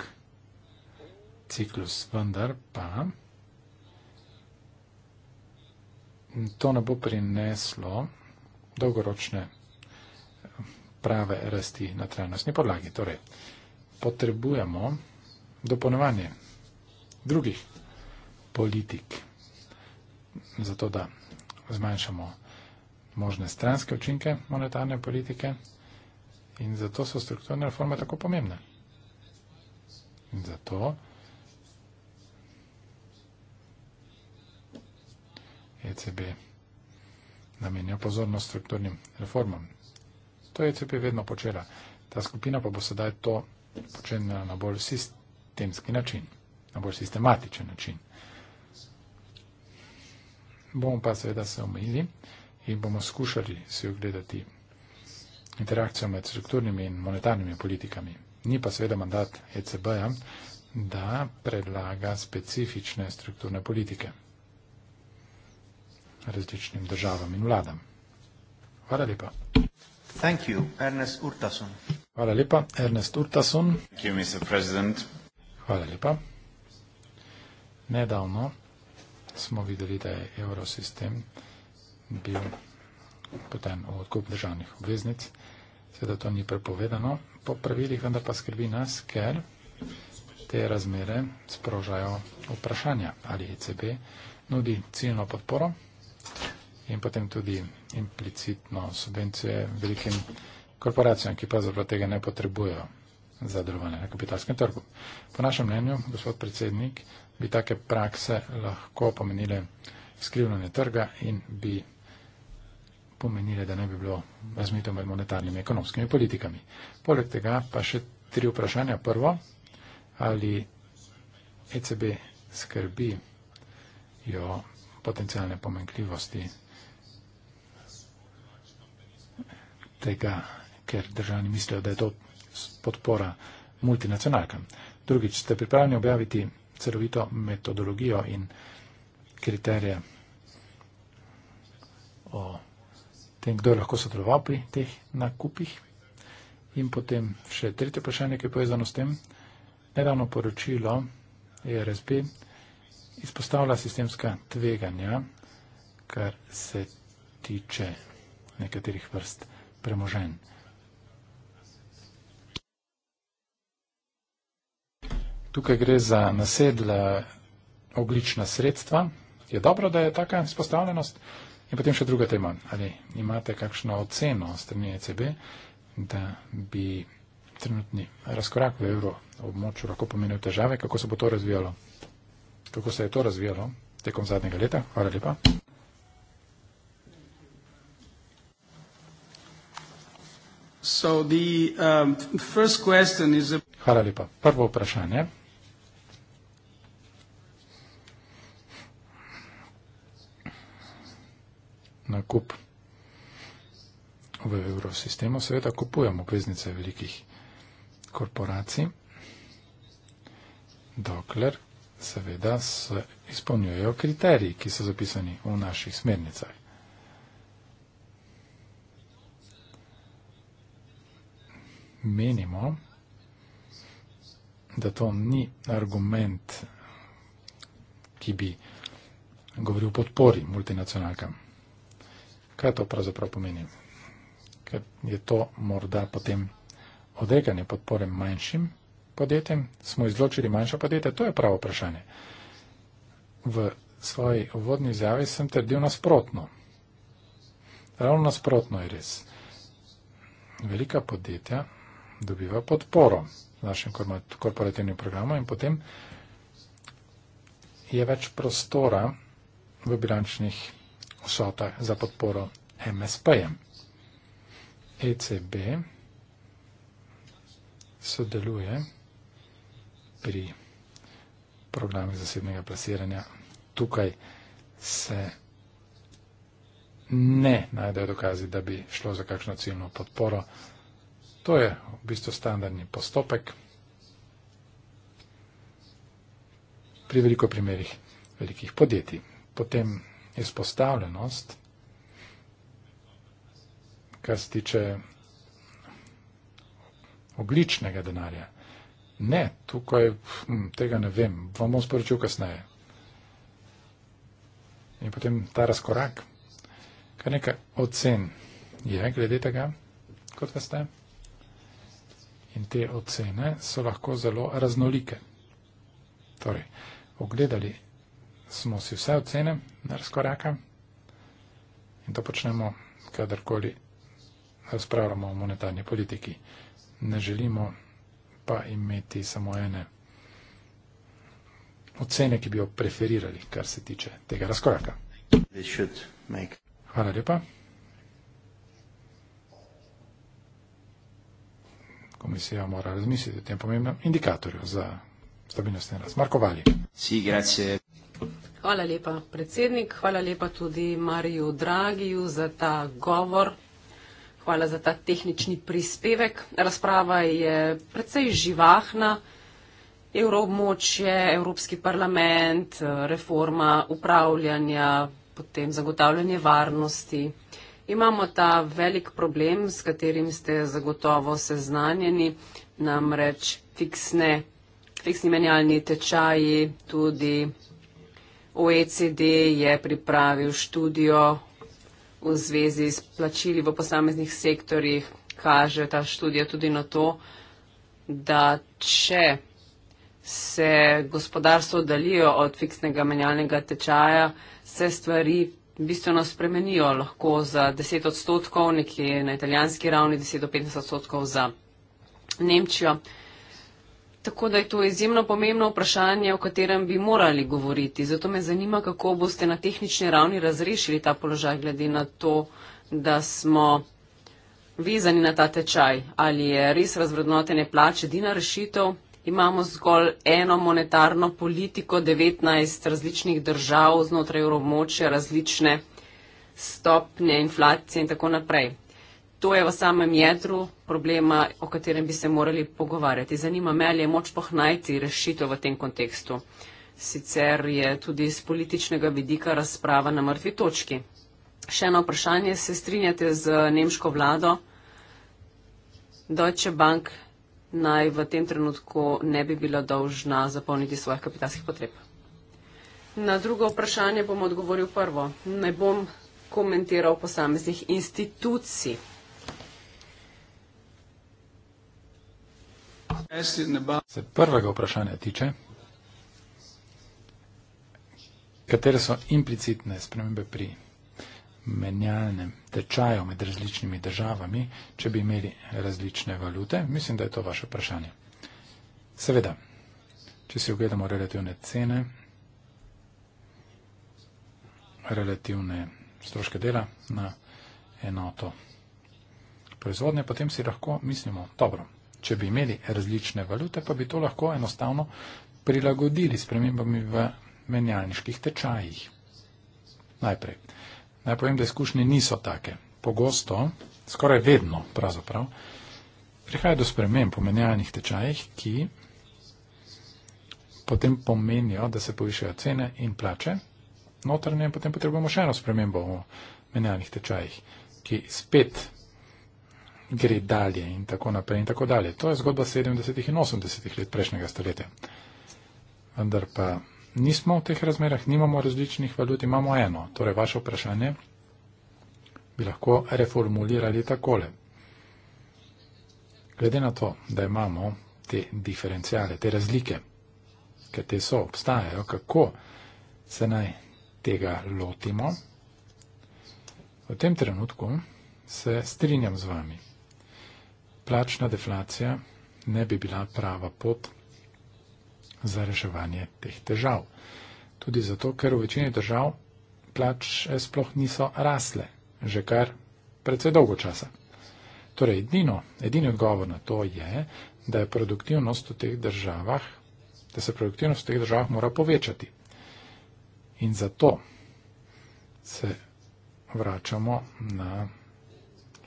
ciklus, vendar pa to ne bo prineslo dolgoročne prave rasti na trajnostni podlagi. Torej, potrebujemo dopolnjevanje drugih politik, zato da zmanjšamo možne stranske učinke monetarne politike in zato so strukturne reforme tako pomembne. In zato ECB namenja pozornost strukturnim reformam. To je ECB vedno počela. Ta skupina pa bo sedaj to počela na bolj sistemski način, na bolj sistematičen način bomo pa seveda se omejili in bomo skušali si ogledati interakcijo med strukturnimi in monetarnimi politikami. Ni pa seveda mandat ECB-ja, da predlaga specifične strukturne politike različnim državam in vladam.
Hvala lepa. Thank you, Ernest Urtasun.
Hvala lepa, Ernest Urtasun.
Thank you, Mr. President.
Hvala lepa. Nedavno smo videli, da je evrosistem bil poten v odkup državnih obveznic. Seveda to ni prepovedano po pravilih, vendar pa skrbi nas, ker te razmere sprožajo vprašanja, ali ECB nudi ciljno podporo in potem tudi implicitno subvencije velikim korporacijam, ki pa zaradi tega ne potrebujejo za delovanje na kapitalskem trgu. Po našem mnenju, gospod predsednik, bi take prakse lahko pomenile skrivnanje trga in bi pomenile, da ne bi bilo razmito med monetarnimi in ekonomskimi politikami. Poleg tega pa še tri vprašanja. Prvo, ali ECB skrbi jo potencijalne pomenkljivosti tega, ker državni mislijo, da je to podpora multinacionalkam. Drugič, ste pripravljeni objaviti celovito metodologijo in kriterije o tem, kdo lahko sodeloval pri teh nakupih. In potem še tretje vprašanje, ki je povezano s tem. Nedavno poročilo ERSB izpostavlja sistemska tveganja, kar se tiče nekaterih vrst premoženj. Tukaj gre za nasedla oglična sredstva. Je dobro, da je taka izpostavljenost. In potem še druga tema. Ali imate kakšno oceno strani ECB, da bi trenutni razkorak v evro območju lahko pomenil težave, kako se bo to razvijalo? Kako se je to razvijalo tekom zadnjega leta? Hvala lepa. So the, um, first question is a... Hvala lepa. Prvo vprašanje. nakup v evrosistemu, seveda kupujemo obveznice velikih korporacij, dokler seveda se izpolnjujejo kriteriji, ki so zapisani v naših smernicah. Menimo, da to ni argument, ki bi govoril o podpori multinacionalkam. Kaj to pravzaprav pomeni? Ker je to morda potem odreganje podpore manjšim podjetjem? Smo izločili manjša podjetja? To je pravo vprašanje. V svoji uvodni izjavi sem trdil nasprotno. Ravno nasprotno je res. Velika podjetja dobiva podporo v našem korporativnem programu in potem je več prostora v bilančnih vsotah za podporo MSP-jem. ECB sodeluje pri programih zasebnega plasiranja. Tukaj se ne najdejo dokazi, da bi šlo za kakšno ciljno podporo. To je v bistvu standardni postopek. Pri veliko primerih velikih podjetij. Potem izpostavljenost, kar se tiče ogličnega denarja. Ne, tukaj hm, tega ne vem, vam bom sporočil kasneje. In potem ta razkorak, kar nekaj ocen je glede tega, kot veste. In te ocene so lahko zelo raznolike. Torej, ogledali smo si vse ocene razkoraka in to počnemo, kadarkoli razpravljamo o monetarni politiki. Ne želimo pa imeti samo ene ocene, ki bi jo preferirali, kar se tiče tega razkoraka. Hvala lepa. Komisija mora razmisliti o tem pomembnem indikatorju za stabilnost in rast. Marko Vali.
Si, grazie.
Hvala lepa, predsednik. Hvala lepa tudi Mariju Dragiju za ta govor. Hvala za ta tehnični prispevek. Razprava je precej živahna. Evroobmočje, Evropski parlament, reforma upravljanja, potem zagotavljanje varnosti. Imamo ta velik problem, s katerim ste zagotovo seznanjeni, namreč fiksne, fiksni menjalni tečaji, tudi OECD je pripravil študijo v zvezi s plačili v posameznih sektorjih. Kaže ta študija tudi na to, da če se gospodarstvo oddaljijo od fiksnega menjalnega tečaja, se stvari bistveno spremenijo lahko za 10 odstotkov, nekje na italijanski ravni 10 do 15 odstotkov za Nemčijo. Tako da je to izjemno pomembno vprašanje, o katerem bi morali govoriti. Zato me zanima, kako boste na tehnični ravni razrešili ta položaj, glede na to, da smo vezani na ta tečaj. Ali je res razvrednotenje plač edina rešitev? Imamo zgolj eno monetarno politiko, 19 različnih držav znotraj evromočja, različne stopnje inflacije in tako naprej. To je v samem jedru problema, o katerem bi se morali pogovarjati. Zanima me, ali je moč pohnajti rešitev v tem kontekstu. Sicer je tudi iz političnega vidika razprava na mrtvi točki. Še eno vprašanje. Se strinjate z nemško vlado? Deutsche Bank naj v tem trenutku ne bi bila dolžna zapolniti svojih kapitalskih potreb. Na drugo vprašanje bom odgovoril prvo. Ne bom komentiral posameznih institucij.
Se prvega vprašanja tiče, katere so implicitne spremembe pri menjalnem tečaju med različnimi državami, če bi imeli različne valute? Mislim, da je to vaše vprašanje. Seveda, če si ogledamo relativne cene, relativne stroške dela na enoto proizvodnje, potem si lahko mislimo, dobro, če bi imeli različne valute, pa bi to lahko enostavno prilagodili s premembami v menjalniških tečajih. Najprej. Naj povem, da izkušnje niso take. Pogosto, skoraj vedno pravzaprav, prihaja do sprememb v menjalnih tečajih, ki potem pomenijo, da se povišajo cene in plače, notranje, potem potrebujemo še eno spremembo v menjalnih tečajih, ki spet gre dalje in tako naprej in tako dalje. To je zgodba 70 in 80 let prejšnjega stoletja. Vendar pa nismo v teh razmerah, nimamo različnih valut, imamo eno. Torej, vaše vprašanje bi lahko reformulirali takole. Glede na to, da imamo te diferencijale, te razlike, ker te so, obstajajo, kako se naj tega lotimo, v tem trenutku se strinjam z vami plačna deflacija ne bi bila prava pot za reševanje teh težav. Tudi zato, ker v večini držav plač sploh niso rasle, že kar predvsej dolgo časa. Torej, edino, edini odgovor na to je, da, je produktivnost v teh državah, da se produktivnost v teh državah mora povečati. In zato se vračamo na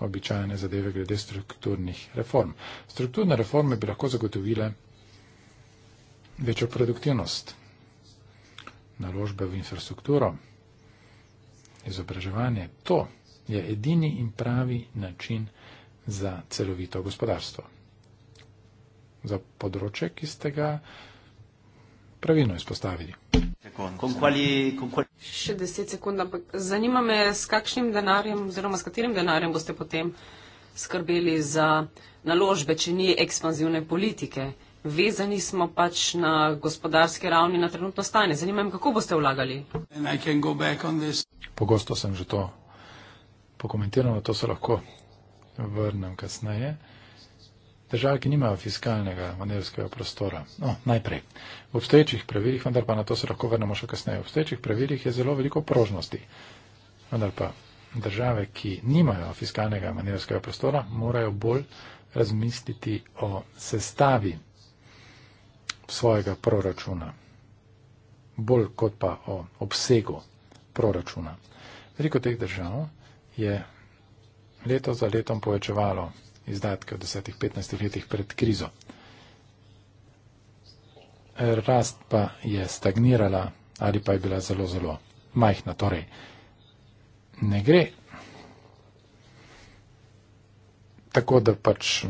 običajne zadeve glede strukturnih reform. Strukturne reforme bi lahko zagotovile večjo produktivnost, naložbe v infrastrukturo, izobraževanje. To je edini in pravi način za celovito gospodarstvo. Za področje, ki ste ga pravilno izpostavili.
Con quali, con quali... Še deset sekund, ampak zanima me, s kakšnim denarjem oziroma s katerim denarjem boste potem skrbeli za naložbe, če ni ekspanzivne politike. Vezani smo pač na gospodarske ravni, na trenutno stanje. Zanima me, kako boste vlagali.
Pogosto sem že to pokomentiral, to se lahko vrnem kasneje. Države, ki nimajo fiskalnega manevrskega prostora, no, najprej. V obstoječih pravilih, vendar pa na to se lahko vrnemo še kasneje, v obstoječih pravilih je zelo veliko prožnosti. Vendar pa države, ki nimajo fiskalnega manevrskega prostora, morajo bolj razmisliti o sestavi svojega proračuna, bolj kot pa o obsegu proračuna. Veliko teh držav je leto za letom povečevalo izdatke v desetih, petnajstih letih pred krizo. Rast pa je stagnirala ali pa je bila zelo, zelo majhna. Torej, ne gre tako, da pač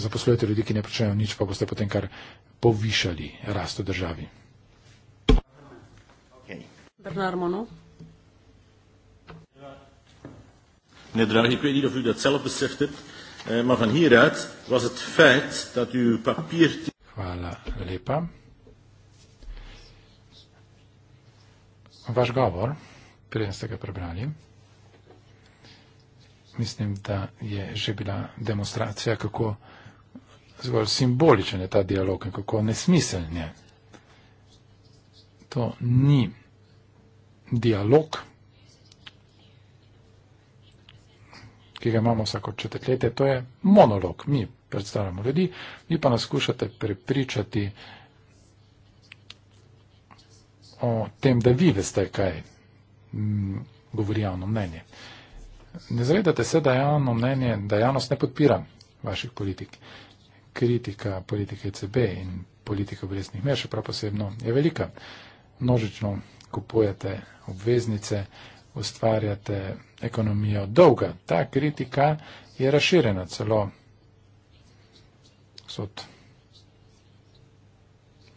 zaposlujete ljudi, ki ne počnejo nič, pa boste potem kar povišali rast v državi.
Okay. Bernard Monod.
Ja. Eh, maar van hieruit was het feit dat uw papier. Voilà, lepa. Vaš govor, preden ste ga prebrali, mislim, da je že bila demonstracija, kako zgolj simboličen je ta dialog in kako nesmiseln je. To ni dialog. ki ga imamo vsako četrtletje, to je monolog. Mi predstavljamo ljudi, vi pa nas skušate prepričati o tem, da vi veste, kaj mm, govori javno mnenje. Ne zavedate se, da javno mnenje, da javnost ne podpira vaših politik. Kritika politike ECB in politika obrestnih mer, še prav posebno, je velika. Množično kupujete obveznice, ustvarjate ekonomijo dolga. Ta kritika je razširjena celo sod.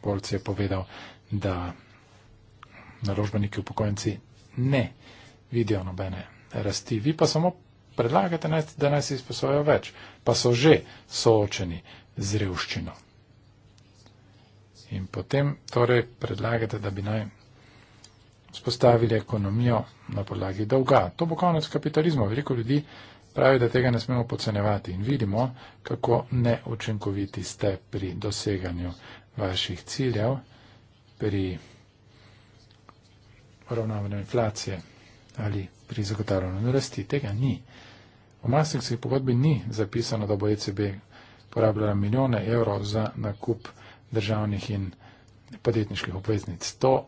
Polc je povedal, da naložbeniki upokojenci ne vidijo nobene rasti. Vi pa samo predlagate, da naj se izposojo več, pa so že soočeni z revščino. In potem torej predlagate, da bi naj spostavili ekonomijo na podlagi dolga. To bo konec kapitalizma. Veliko ljudi pravi, da tega ne smemo podcenevati in vidimo, kako neučinkoviti ste pri doseganju vaših ciljev, pri uravnavanju inflacije ali pri zagotavljanju rasti. Tega ni. V Maastrichtski pogodbi ni zapisano, da bo ECB porabljala milijone evrov za nakup državnih in podjetniških obveznic. To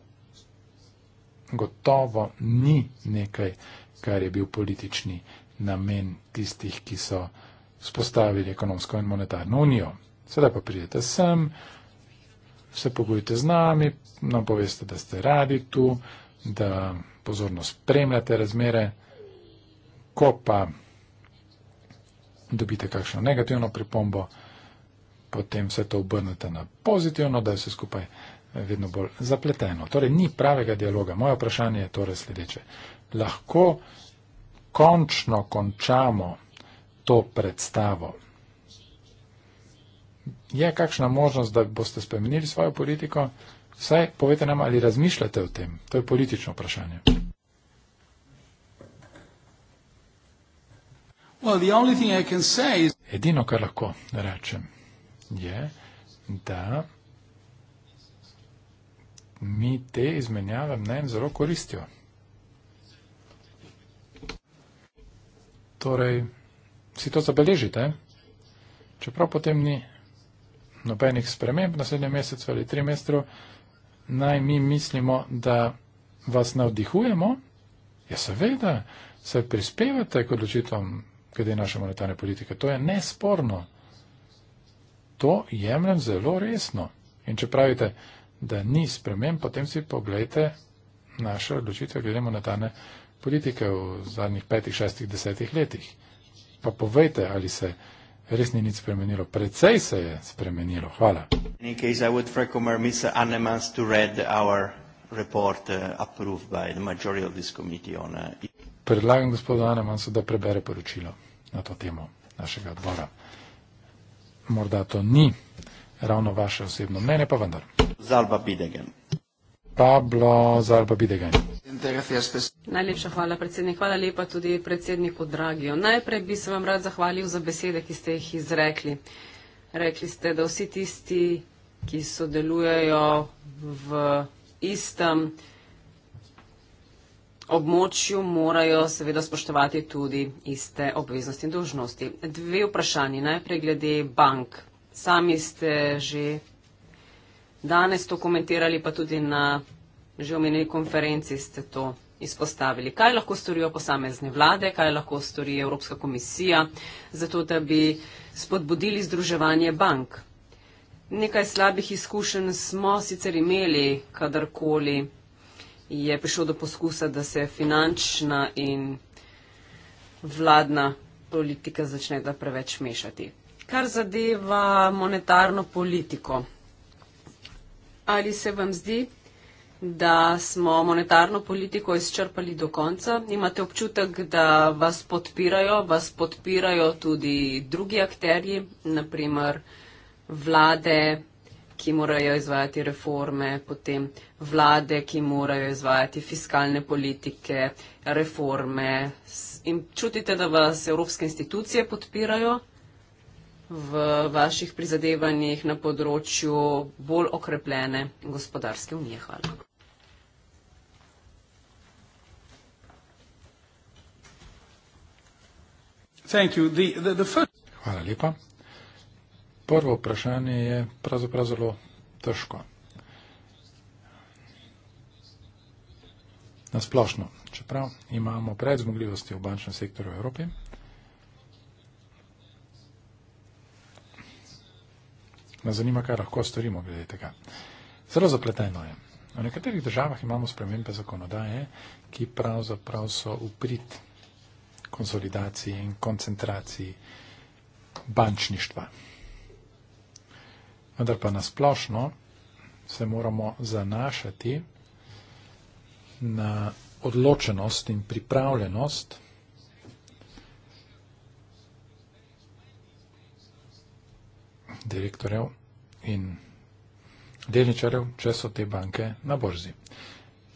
gotovo ni nekaj, kar je bil politični namen tistih, ki so spostavili ekonomsko in monetarno unijo. Sedaj pa pridete sem, se pogojite z nami, nam poveste, da ste radi tu, da pozorno spremljate razmere, ko pa dobite kakšno negativno pripombo, potem vse to obrnete na pozitivno, da se skupaj vedno bolj zapleteno. Torej, ni pravega dialoga. Moje vprašanje je torej sledeče. Lahko končno končamo to predstavo. Je kakšna možnost, da boste spremenili svojo politiko? Vsaj povete nam, ali razmišljate o tem. To je politično vprašanje. Well, the only thing I can say is... Edino, kar lahko rečem, je, da mi te izmenjave mnen zelo koristijo. Torej, si to zabeležite, čeprav potem ni nobenih sprememb naslednjem mesecu ali tri mesecu, naj mi mislimo, da vas navdihujemo, ja seveda, se prispevate k odločitvam, glede naše monetarne politike. To je nesporno. To jemljem zelo resno. In če pravite, da ni sprememb, potem si pogledajte naše odločitve, glede monetarne politike v zadnjih petih, šestih, desetih letih. Pa povejte, ali se res ni nič spremenilo. Predvsej se je spremenilo. Hvala.
Uh, uh,
Predlagam gospodu Anemansu, da prebere poročilo na to temo našega odbora. Morda to ni ravno vaše osebno mnenje, pa vendar.
Zalba Bidegen.
Pablo Zalba Bidegen.
Najlepša hvala, predsednik. Hvala lepa tudi predsedniku Dragijo. Najprej bi se vam rad zahvalil za besede, ki ste jih izrekli. Rekli ste, da vsi tisti, ki sodelujejo v istem območju, morajo seveda spoštovati tudi iste obveznosti in dožnosti. Dve vprašanje. Najprej glede bank. Sami ste že danes to komentirali, pa tudi na že omenjeni konferenci ste to izpostavili. Kaj lahko storijo posamezne vlade, kaj lahko stori Evropska komisija, zato da bi spodbudili združevanje bank? Nekaj slabih izkušenj smo sicer imeli, kadarkoli je prišlo do poskusa, da se finančna in vladna politika začne da preveč mešati kar zadeva monetarno politiko. Ali se vam zdi, da smo monetarno politiko izčrpali do konca? Imate občutek, da vas podpirajo, vas podpirajo tudi drugi akterji, naprimer vlade, ki morajo izvajati reforme, potem vlade, ki morajo izvajati fiskalne politike, reforme. In čutite, da vas evropske institucije podpirajo? v vaših prizadevanjih na področju bolj okrepljene gospodarske unije. Hvala.
Hvala lepa. Prvo vprašanje je pravzaprav zelo težko. Nasplošno, čeprav imamo pred zmogljivosti v bančnem sektorju v Evropi, Me zanima, kaj lahko storimo glede tega. Zelo zapleteno je. V nekaterih državah imamo spremembe zakonodaje, ki pravzaprav so uprit konsolidaciji in koncentraciji bančništva. Vendar pa nasplošno se moramo zanašati na odločenost in pripravljenost direktorjev in delničarjev, če so te banke na borzi.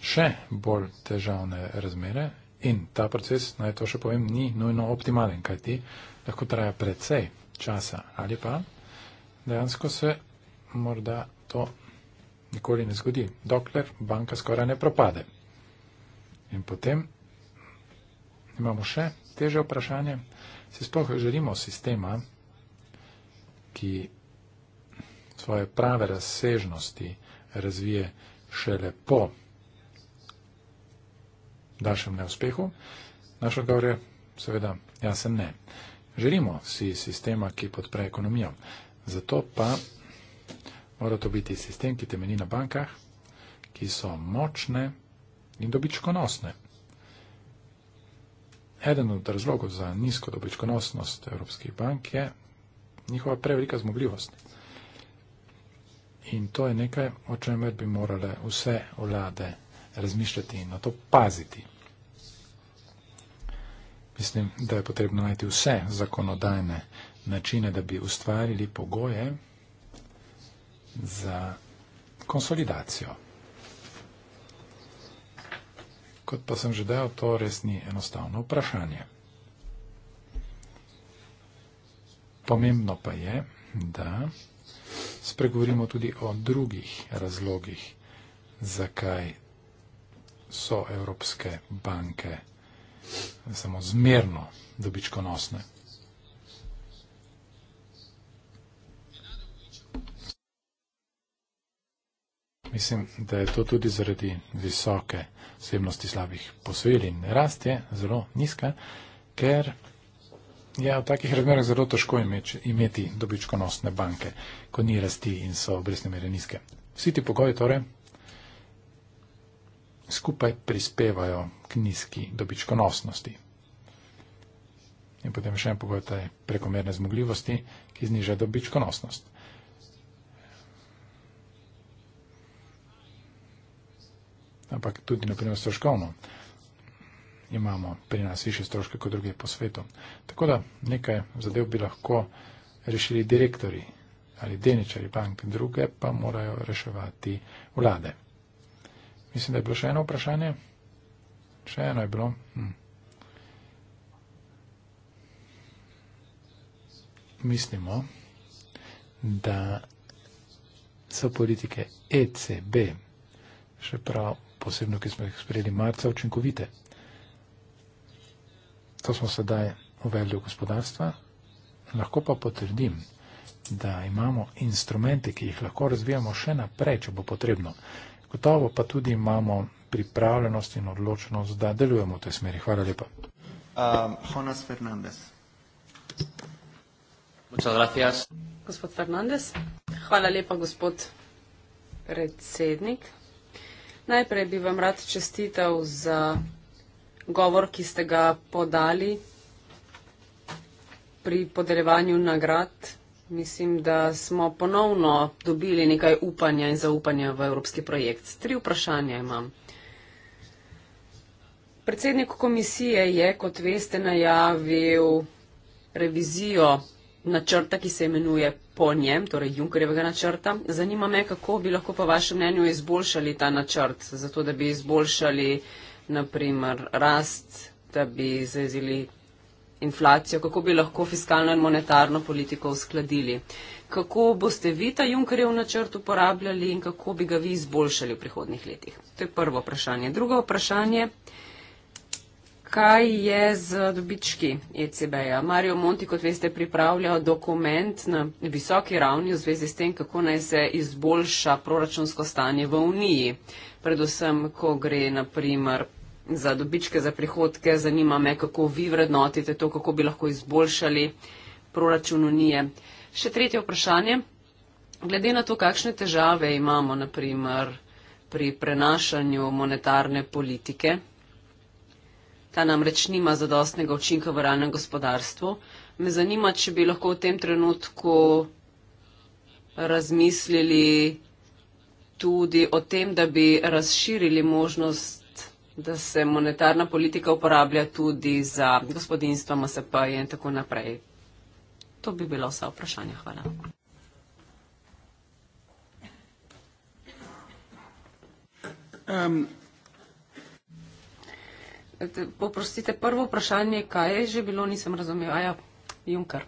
Še bolj težavne razmere in ta proces, naj to še povem, ni nujno optimalen, kajti lahko traja precej časa ali pa dejansko se morda to nikoli ne zgodi, dokler banka skoraj ne propade. In potem imamo še teže vprašanje, si sploh želimo sistema, ki svoje prave razsežnosti razvije šele po daljšem neuspehu. Naš odgovor je seveda jasen ne. Želimo si sistema, ki podpre ekonomijo. Zato pa mora to biti sistem, ki temeni na bankah, ki so močne in dobičkonosne. Eden od razlogov za nizko dobičkonosnost evropskih bank je njihova prevelika zmogljivost. In to je nekaj, o čemer bi morale vse vlade razmišljati in na to paziti. Mislim, da je potrebno najti vse zakonodajne načine, da bi ustvarili pogoje za konsolidacijo. Kot pa sem že dejal, to res ni enostavno vprašanje. Pomembno pa je, da spregovorimo tudi o drugih razlogih, zakaj so evropske banke samo zmerno dobičkonosne. Mislim, da je to tudi zaradi visoke vsebnosti slabih posojil in rast je zelo nizka, ker Ja, v takih razmerah zelo težko imeti, imeti dobičkonosne banke, ko ni rasti in so obresne mere nizke. Vsi ti pogoji torej skupaj prispevajo k nizki dobičkonosnosti. In potem še en pogoj, to je prekomerne zmogljivosti, ki zniža dobičkonosnost. Ampak tudi, naprimer, stroškovno imamo pri nas više stroške kot druge po svetu. Tako da nekaj zadev bi lahko rešili direktori ali deničari bank, druge pa morajo reševati vlade. Mislim, da je bilo še eno vprašanje. Še eno je bilo. Hm. Mislimo, da so politike ECB, še prav posebno, ki smo jih sprejeli marca, učinkovite. To smo sedaj uvedli v gospodarstva. Lahko pa potrdim, da imamo instrumente, ki jih lahko razvijamo še naprej, če bo potrebno. Gotovo pa tudi imamo pripravljenost in odločnost, da delujemo v tej smeri. Hvala lepa.
Um, Jonas Fernandez. Gospod Fernandez, hvala lepa, gospod predsednik. Najprej bi vam rad čestitev za govor, ki ste ga podali pri podeljevanju nagrad. Mislim, da smo ponovno dobili nekaj upanja in zaupanja v evropski projekt. Tri vprašanja imam. Predsednik komisije je, kot veste, najavil revizijo načrta, ki se imenuje po njem, torej Junkerjevega načrta. Zanima me, kako bi lahko po vašem mnenju izboljšali ta načrt, zato da bi izboljšali uh, naprimer rast, da bi zaezili inflacijo, kako bi lahko fiskalno in monetarno politiko uskladili. Kako boste vi ta Junkerjev načrt uporabljali in kako bi ga vi izboljšali v prihodnih letih? To je prvo vprašanje. Drugo vprašanje. Kaj je z dobički ECB-ja? Mario Monti, kot veste, pripravlja dokument na visoki ravni v zvezi s tem, kako naj se izboljša proračunsko stanje v Uniji. Predvsem, ko gre naprimer za dobičke, za prihodke. Zanima me, kako vi vrednotite to, kako bi lahko izboljšali proračun unije. Še tretje vprašanje. Glede na to, kakšne težave imamo, naprimer, pri prenašanju monetarne politike, ta namreč nima zadostnega učinka v realnem gospodarstvu, me zanima, če bi lahko v tem trenutku razmislili tudi o tem, da bi razširili možnost da se monetarna politika uporablja tudi za gospodinstva, MSP in tako naprej. To bi bilo vse vprašanje. Hvala. Um. Poprostite, prvo vprašanje, kaj je že bilo, nisem razumel. Aja, Junker.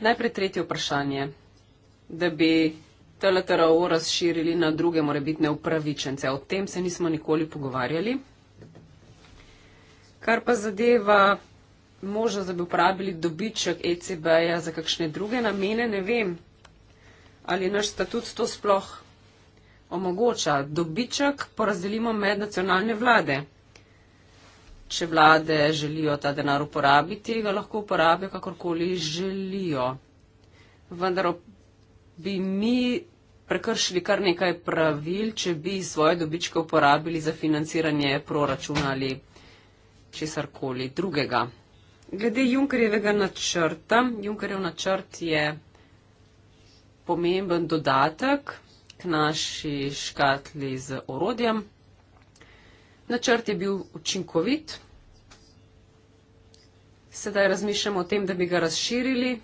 Najprej tretje vprašanje da bi TLTRO razširili na druge morebitne upravičence. O tem se nismo nikoli pogovarjali. Kar pa zadeva možnost, da bi uporabili dobiček ECB-ja za kakšne druge namene, ne vem, ali naš statut to sploh omogoča. Dobiček porazdelimo med nacionalne vlade. Če vlade želijo ta denar uporabiti, ga lahko uporabijo kakorkoli želijo. Vendar bi mi prekršili kar nekaj pravil, če bi svoje dobičke uporabili za financiranje proračuna ali česar koli drugega. Glede Junkerjevega načrta, Junkerjev načrt je pomemben dodatek k naši škatli z orodjem. Načrt je bil učinkovit. Sedaj razmišljamo o tem, da bi ga razširili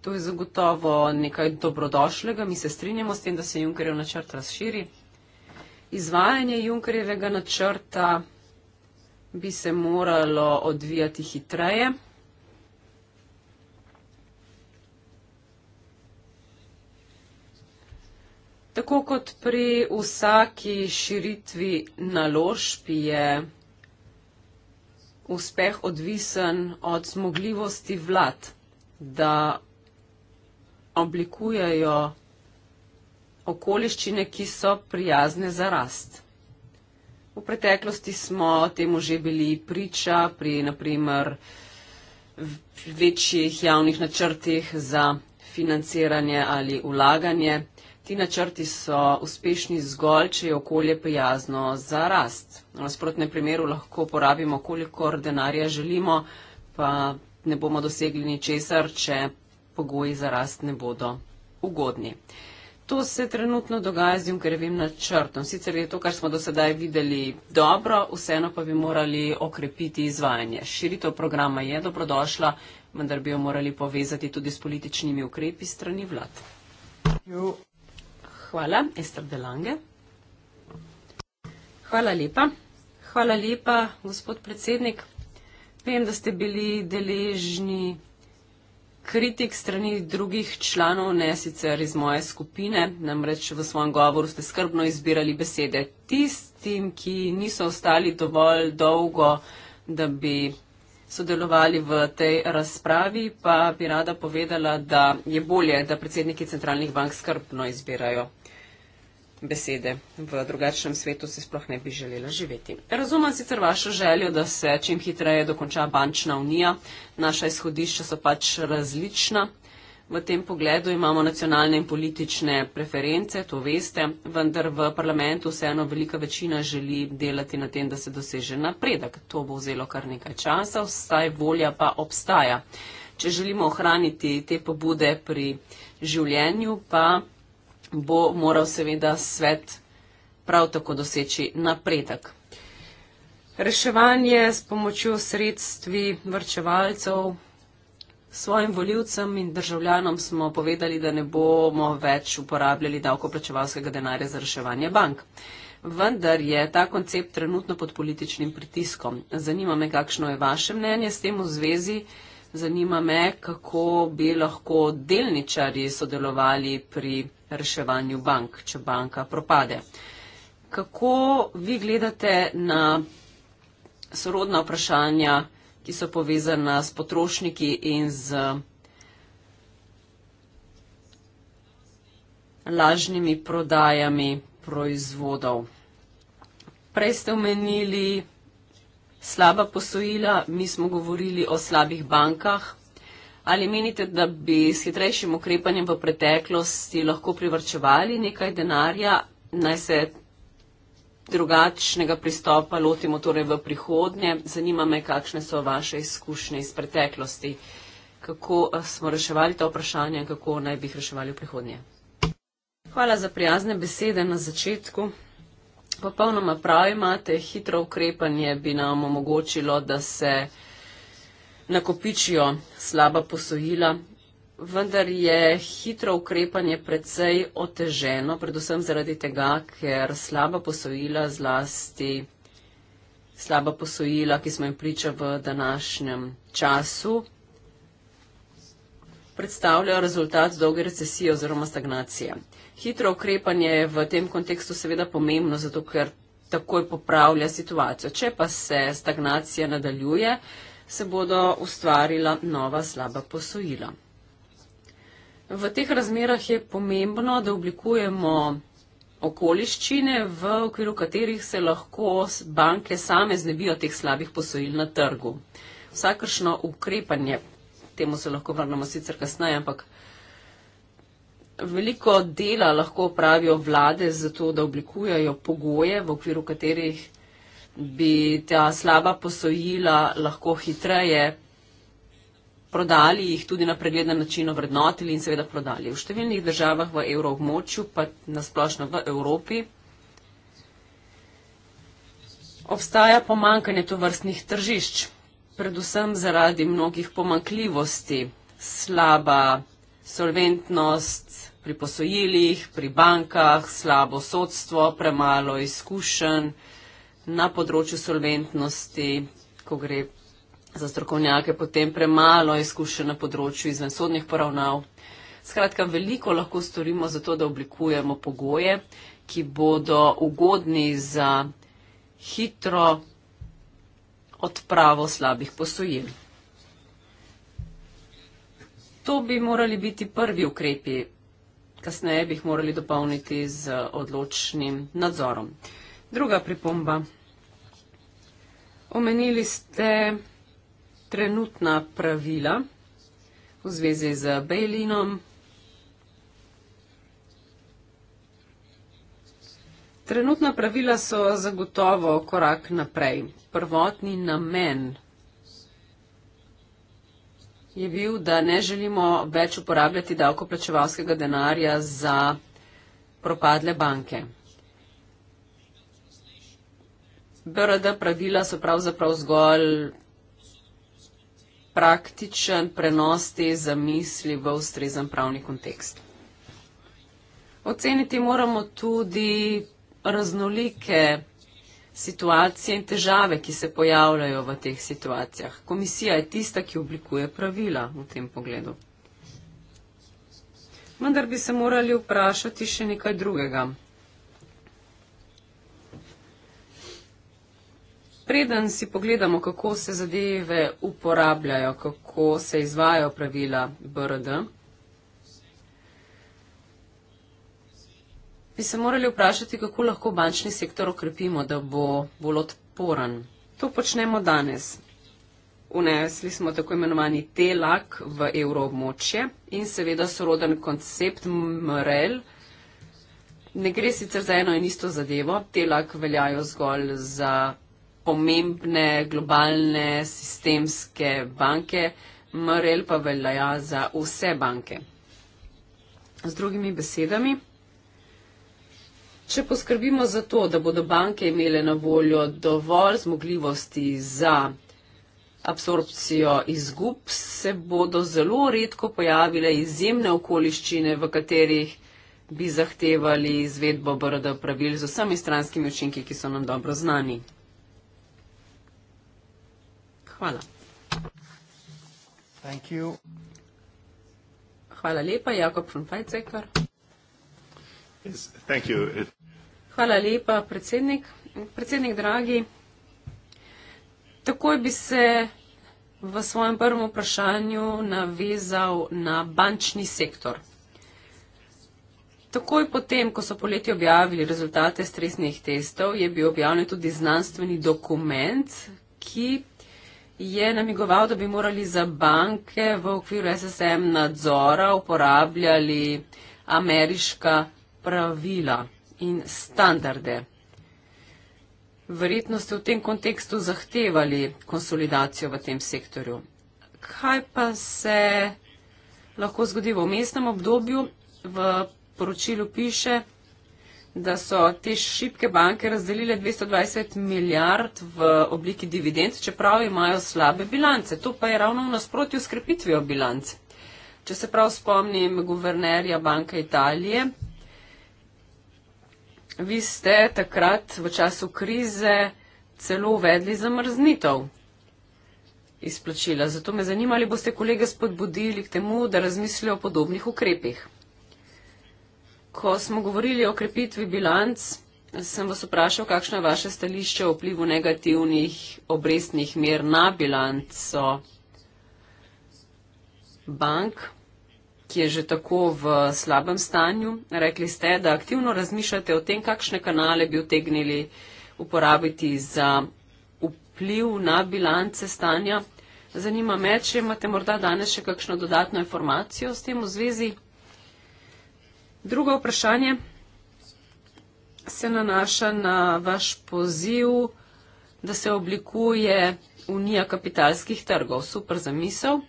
To je zagotovo nekaj dobrodošlega, mi se strinjamo s tem, da se Junkerjev načrt razširi. Izvajanje Junkerjevega načrta bi se moralo odvijati hitreje. Tako kot pri vsaki širitvi naložb je uspeh odvisen od zmogljivosti vlad, da oblikujejo okoliščine, ki so prijazne za rast. V preteklosti smo temu že bili priča pri naprimer večjih javnih načrtih za financiranje ali ulaganje. Ti načrti so uspešni zgolj, če je okolje prijazno za rast. V nasprotnem primeru lahko porabimo, kolikor denarja želimo, pa ne bomo dosegli ničesar, če pogoji za rast ne bodo ugodni. To se trenutno dogaja z Junkerjevim načrtom. Sicer je to, kar smo do sedaj videli, dobro, vseeno pa bi morali okrepiti izvajanje. Širitev programa je dobrodošla, vendar bi jo morali povezati tudi s političnimi ukrepi strani vlad. Hvala, Ester Delange. Hvala lepa. Hvala lepa, gospod predsednik. Vem, da ste bili deležni kritik strani drugih članov, ne sicer iz moje skupine, namreč v svojem govoru ste skrbno izbirali besede tistim, ki niso ostali dovolj dolgo, da bi sodelovali v tej razpravi, pa bi rada povedala, da je bolje, da predsedniki centralnih bank skrbno izbirajo besede. V drugačnem svetu si sploh ne bi želela živeti. Razumem sicer vašo željo, da se čim hitreje dokonča bančna unija. Naša izhodišča so pač različna. V tem pogledu imamo nacionalne in politične preference, to veste, vendar v parlamentu vseeno velika večina želi delati na tem, da se doseže napredek. To bo vzelo kar nekaj časa, vsaj volja pa obstaja. Če želimo ohraniti te pobude pri življenju, pa bo moral seveda svet prav tako doseči napredek. Reševanje s pomočjo sredstvi vrčevalcev svojim voljivcem in državljanom smo povedali, da ne bomo več uporabljali davkoplačevalskega denarja za reševanje bank. Vendar je ta koncept trenutno pod političnim pritiskom. Zanima me, kakšno je vaše mnenje s tem v zvezi. Zanima me, kako bi lahko delničari sodelovali pri reševanju bank, če banka propade. Kako vi gledate na sorodna vprašanja, ki so povezana s potrošniki in z lažnimi prodajami proizvodov? Prej ste omenili slaba posojila, mi smo govorili o slabih bankah. Ali menite, da bi s hitrejšim ukrepanjem v preteklosti lahko privrčevali nekaj denarja, naj se drugačnega pristopa lotimo torej v prihodnje? Zanima me, kakšne so vaše izkušnje iz preteklosti, kako eh, smo reševali ta vprašanja in kako naj bi jih reševali v prihodnje. Hvala za prijazne besede na začetku popolnoma prav imate, hitro ukrepanje bi nam omogočilo, da se nakopičijo slaba posojila, vendar je hitro ukrepanje precej oteženo, predvsem zaradi tega, ker slaba posojila zlasti, slaba posojila, ki smo jim priča v današnjem času, predstavlja rezultat dolge recesije oziroma stagnacije. Hitro ukrepanje je v tem kontekstu seveda pomembno, zato ker takoj popravlja situacijo. Če pa se stagnacija nadaljuje, se bodo ustvarila nova slaba posojila. V teh razmerah je pomembno, da oblikujemo okoliščine, v okviru katerih se lahko banke same znebijo teh slabih posojil na trgu. Vsakršno ukrepanje temu se lahko vrnemo sicer kasneje, ampak veliko dela lahko pravijo vlade za to, da oblikujejo pogoje, v okviru katerih bi ta slaba posojila lahko hitreje prodali, jih tudi na pregleden način ovrednotili in seveda prodali. V številnih državah v evroobmočju, pa nasplošno v Evropi, obstaja pomankanje tovrstnih tržišč predvsem zaradi mnogih pomankljivosti, slaba solventnost pri posojilih, pri bankah, slabo sodstvo, premalo izkušenj na področju solventnosti, ko gre za strokovnjake, potem premalo izkušenj na področju izvensodnih poravnav. Skratka, veliko lahko storimo za to, da oblikujemo pogoje, ki bodo ugodni za hitro odpravo slabih posojil. To bi morali biti prvi ukrepi, kasneje bi jih morali dopolniti z odločnim nadzorom. Druga pripomba. Omenili ste trenutna pravila v zvezi z Bejlinom, Trenutna pravila so zagotovo korak naprej. Prvotni namen je bil, da ne želimo več uporabljati davkoplačevalskega denarja za propadle banke. BRD pravila so pravzaprav zgolj praktičen prenos te zamisli v ustrezen pravni kontekst. Oceniti moramo tudi raznolike situacije in težave, ki se pojavljajo v teh situacijah. Komisija je tista, ki oblikuje pravila v tem pogledu. Vendar bi se morali vprašati še nekaj drugega. Preden si pogledamo, kako se zadeve uporabljajo, kako se izvajo pravila BRD, bi se morali vprašati, kako lahko bančni sektor okrepimo, da bo bolj odporen. To počnemo danes. Unesli smo tako imenovani telak v evroobmočje in seveda soroden koncept MREL. Ne gre sicer za eno in isto zadevo. Telak veljajo zgolj za pomembne globalne sistemske banke, MREL pa velja za vse banke. Z drugimi besedami. Če poskrbimo za to, da bodo banke imele na voljo dovolj zmogljivosti za absorpcijo izgub, se bodo zelo redko pojavile izjemne okoliščine, v katerih bi zahtevali izvedbo BRD pravil z vsemi stranskimi učinki, ki so nam dobro znani. Hvala. Thank you. Hvala lepa, Jakob von Feitzekar. Yes, thank you. It Hvala lepa, predsednik. Predsednik, dragi, takoj bi se v svojem prvem vprašanju navezal na bančni sektor. Takoj potem, ko so poleti objavili rezultate stresnih testov, je bil objavljen tudi znanstveni dokument, ki je namigoval, da bi morali za banke v okviru SSM nadzora uporabljali ameriška pravila in standarde. Verjetno ste v tem kontekstu zahtevali konsolidacijo v tem sektorju. Kaj pa se lahko zgodi v mestnem obdobju? V poročilu piše, da so te šipke banke razdelile 220 milijard v obliki dividend, čeprav imajo slabe bilance. To pa je ravno v nasprotju s krepitvijo bilance. Če se prav spomnim, guvernerja Banka Italije vi ste takrat v času krize celo uvedli zamrznitev izplačila. Zato me zanima, ali boste kolege spodbudili k temu, da razmislijo o podobnih ukrepih. Ko smo govorili o krepitvi bilanc, sem vas vprašal, kakšno je vaše stališče o vplivu negativnih obrestnih mer na bilanco bank ki je že tako v slabem stanju. Rekli ste, da aktivno razmišljate o tem, kakšne kanale bi utegnili uporabiti za vpliv na bilance stanja. Zanima me, če imate morda danes še kakšno dodatno informacijo s tem v zvezi. Drugo vprašanje se nanaša na vaš poziv, da se oblikuje unija kapitalskih trgov. Super zamisel.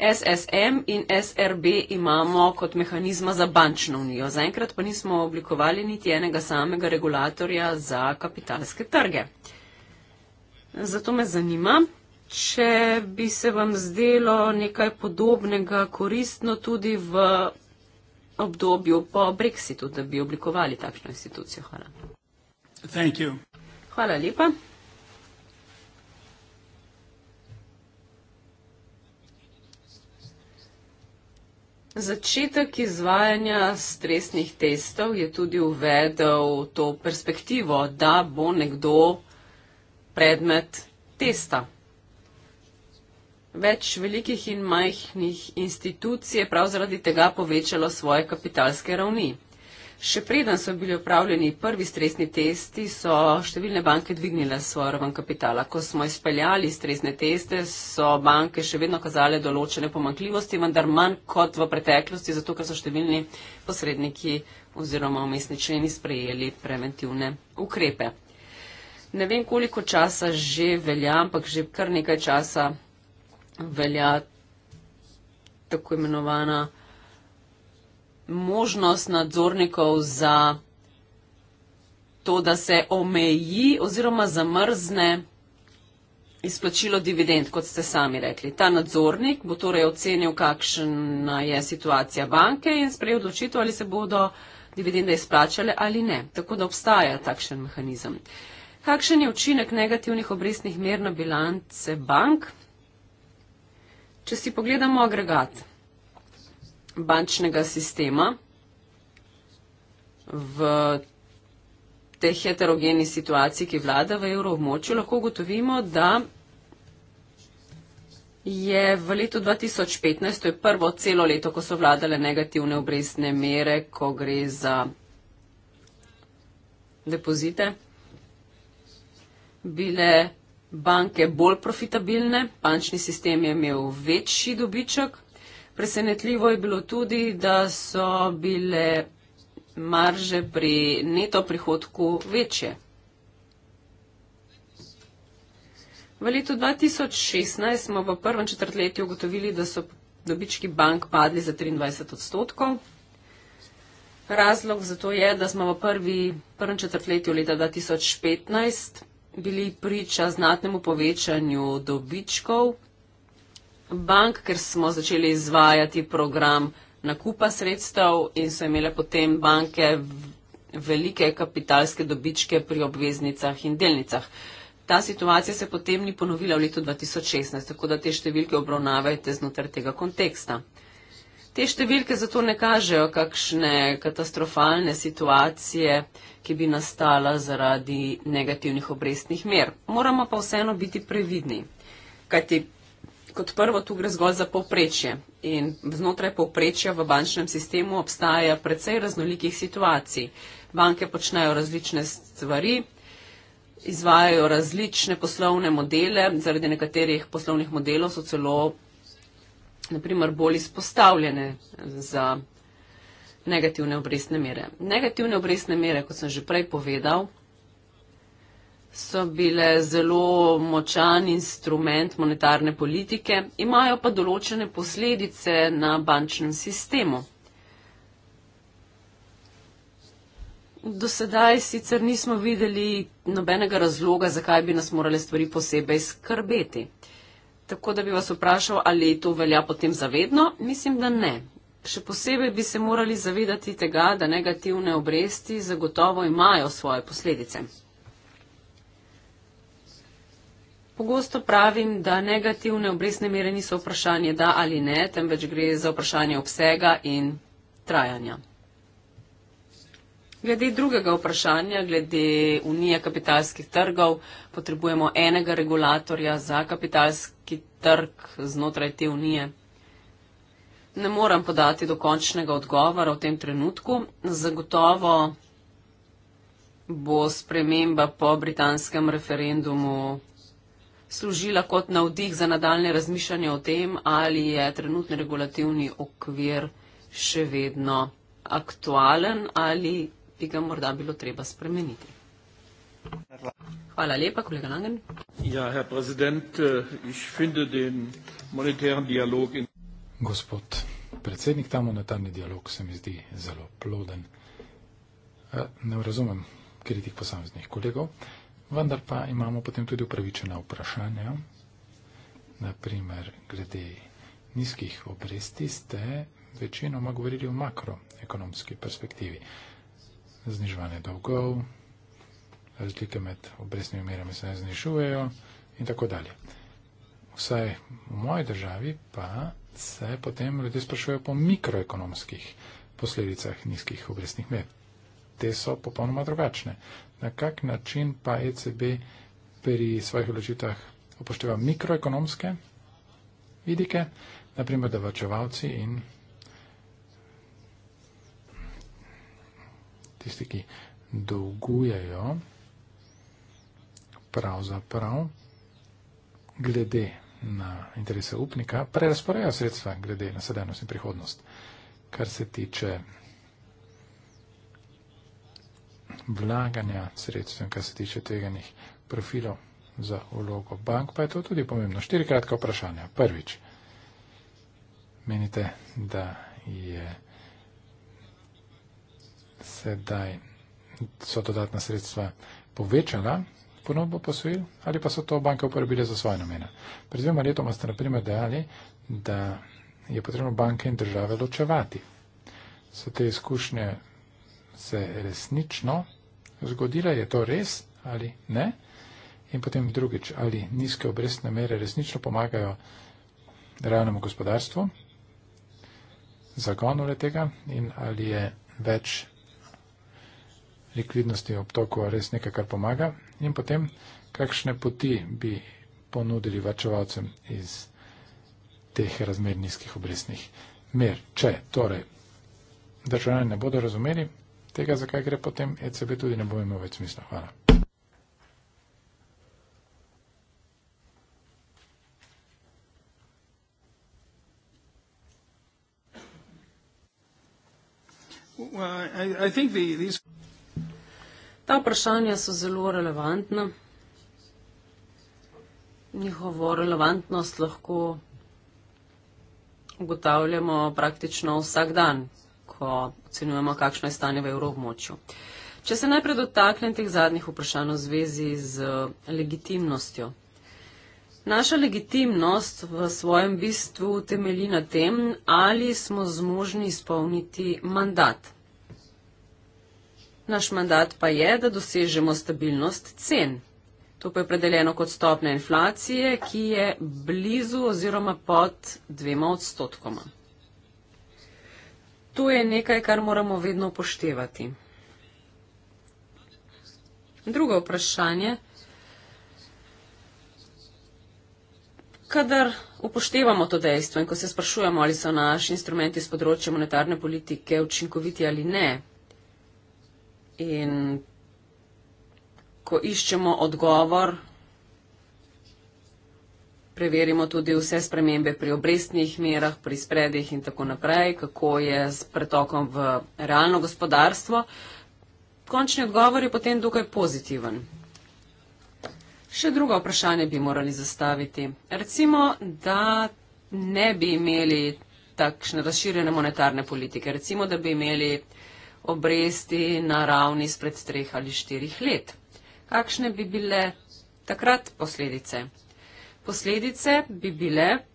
SSM in SRB imamo kot mehanizma za bančno unijo. Zaenkrat pa nismo oblikovali niti enega samega regulatorja za kapitalske trge. Zato me zanima, če bi se vam zdelo nekaj podobnega koristno tudi v obdobju po Brexitu, da bi oblikovali takšno institucijo. Hvala. Hvala lepa. Začetek izvajanja stresnih testov je tudi uvedel to perspektivo, da bo nekdo predmet testa. Več velikih in majhnih institucij je prav zaradi tega povečalo svoje kapitalske ravni. Še preden so bili upravljeni prvi stresni testi, so številne banke dvignile svojo raven kapitala. Ko smo izpeljali stresne teste, so banke še vedno kazale določene pomankljivosti, vendar manj kot v preteklosti, zato ker so številni posredniki oziroma omestničeni sprejeli preventivne ukrepe. Ne vem, koliko časa že velja, ampak že kar nekaj časa velja tako imenovana možnost nadzornikov za to, da se omeji oziroma zamrzne izplačilo dividend, kot ste sami rekli. Ta nadzornik bo torej ocenil, kakšna je situacija banke in sprejel odločitev, ali se bodo dividende izplačale ali ne. Tako da obstaja takšen mehanizem. Kakšen je učinek negativnih obrestnih mer na bilance bank? Če si pogledamo agregat bančnega sistema v tej heterogeni situaciji, ki vlada v evroobmočju, lahko ugotovimo, da je v letu 2015, to je prvo celo leto, ko so vladale negativne obrestne mere, ko gre za depozite, bile banke bolj profitabilne, bančni sistem je imel večji dobiček Presenetljivo je bilo tudi, da so bile marže pri neto prihodku večje. V letu 2016 smo v prvem četrtletju ugotovili, da so dobički bank padli za 23 odstotkov. Razlog za to je, da smo v prvi, prvem četrtletju leta 2015 bili priča znatnemu povečanju dobičkov bank, ker smo začeli izvajati program nakupa sredstev in so imele potem banke velike kapitalske dobičke pri obveznicah in delnicah. Ta situacija se potem ni ponovila v letu 2016, tako da te številke obravnavajte znotraj tega konteksta. Te številke zato ne kažejo kakšne katastrofalne situacije, ki bi nastala zaradi negativnih obrestnih mer. Moramo pa vseeno biti previdni, kajti kot prvo tu gre zgolj za povprečje in znotraj povprečja v bančnem sistemu obstajajo precej raznolikih situacij. Banke počnejo različne stvari, izvajajo različne poslovne modele, zaradi nekaterih poslovnih modelov so celo naprimer bolj izpostavljene za negativne obrestne mere. Negativne obrestne mere, kot sem že prej povedal, so bile zelo močan instrument monetarne politike, imajo pa določene posledice na bančnem sistemu. Do sedaj sicer nismo videli nobenega razloga, zakaj bi nas morali stvari posebej skrbeti. Tako da bi vas vprašal, ali to velja potem zavedno? Mislim, da ne. Še posebej bi se morali zavedati tega, da negativne obresti zagotovo imajo svoje posledice. Pogosto pravim, da negativne obrestne mere niso vprašanje da ali ne, temveč gre za vprašanje obsega in trajanja. Glede drugega vprašanja, glede unije kapitalskih trgov, potrebujemo enega regulatorja za kapitalski trg znotraj te unije. Ne moram podati dokončnega odgovora v tem trenutku. Zagotovo bo sprememba po britanskem referendumu služila kot navdih za nadaljne razmišljanje o tem, ali je trenutni regulativni okvir še vedno aktualen ali bi ga morda bilo treba spremeniti. Hvala lepa, kolega Langen.
Ja, herr Präsident, äh, ich finde den monetären Dialog in. Gospod predsednik, ta monetarni dialog se mi zdi zelo ploden. Äh, ne razumem kritik posameznih kolegov vendar pa imamo potem tudi upravičena vprašanja. Naprimer, glede nizkih obresti ste večinoma govorili o makroekonomski perspektivi. Zniževanje dolgov, razlike med obrestnimi merami se ne znižujejo in tako dalje. Vsaj v moji državi pa se potem ljudje sprašujejo po mikroekonomskih posledicah nizkih obrestnih mer. Te so popolnoma drugačne na kak način pa ECB pri svojih odločitvah upošteva mikroekonomske vidike, naprimer davačevalci in tisti, ki dolgujejo pravzaprav glede na interese upnika, prerasporejo sredstva glede na sedajnost in prihodnost. Kar se tiče vlaganja sredstev, kar se tiče teganih profilov za vlogo bank, pa je to tudi pomembno. Štiri kratka vprašanja. Prvič, menite, da je sedaj so dodatna sredstva povečala ponudbo posojil ali pa so to banke uporabile za svoje namene. Pred dvema letoma ste naprimer dejali, da je potrebno banke in države ločevati. So te izkušnje se resnično zgodila, je to res ali ne. In potem drugič, ali nizke obrestne mere resnično pomagajo realnemu gospodarstvu, zagonu le tega in ali je več likvidnosti v obtoku res nekaj, kar pomaga. In potem, kakšne poti bi ponudili vačevalcem iz teh razmer nizkih obrestnih mer. Če torej državljani ne bodo razumeli, tega, zakaj gre potem ECB, tudi ne bo imel več smisla. Hvala.
Ta vprašanja so zelo relevantna. Njihovo relevantnost lahko ugotavljamo praktično vsak dan, ko ocenjujemo, kakšno je stanje v evroobmočju. Če se najprej dotaknem teh zadnjih vprašanj v zvezi z eh, legitimnostjo. Naša legitimnost v svojem bistvu temelji na tem, ali smo zmožni izpolniti mandat. Naš mandat pa je, da dosežemo stabilnost cen. To pa je predeljeno kot stopna inflacije, ki je blizu oziroma pod dvema odstotkoma to je nekaj, kar moramo vedno upoštevati. Drugo vprašanje. Kadar upoštevamo to dejstvo in ko se sprašujemo, ali so naši instrumenti z področja monetarne politike učinkoviti ali ne, in ko iščemo odgovor preverimo tudi vse spremembe pri obrestnih merah, pri spredih in tako naprej, kako je s pretokom v realno gospodarstvo. Končni odgovor je potem dokaj pozitiven. Še drugo vprašanje bi morali zastaviti. Recimo, da ne bi imeli takšne razširjene monetarne politike. Recimo, da bi imeli obresti na ravni spred treh ali štirih let. Kakšne bi bile takrat posledice? Posledice bi bile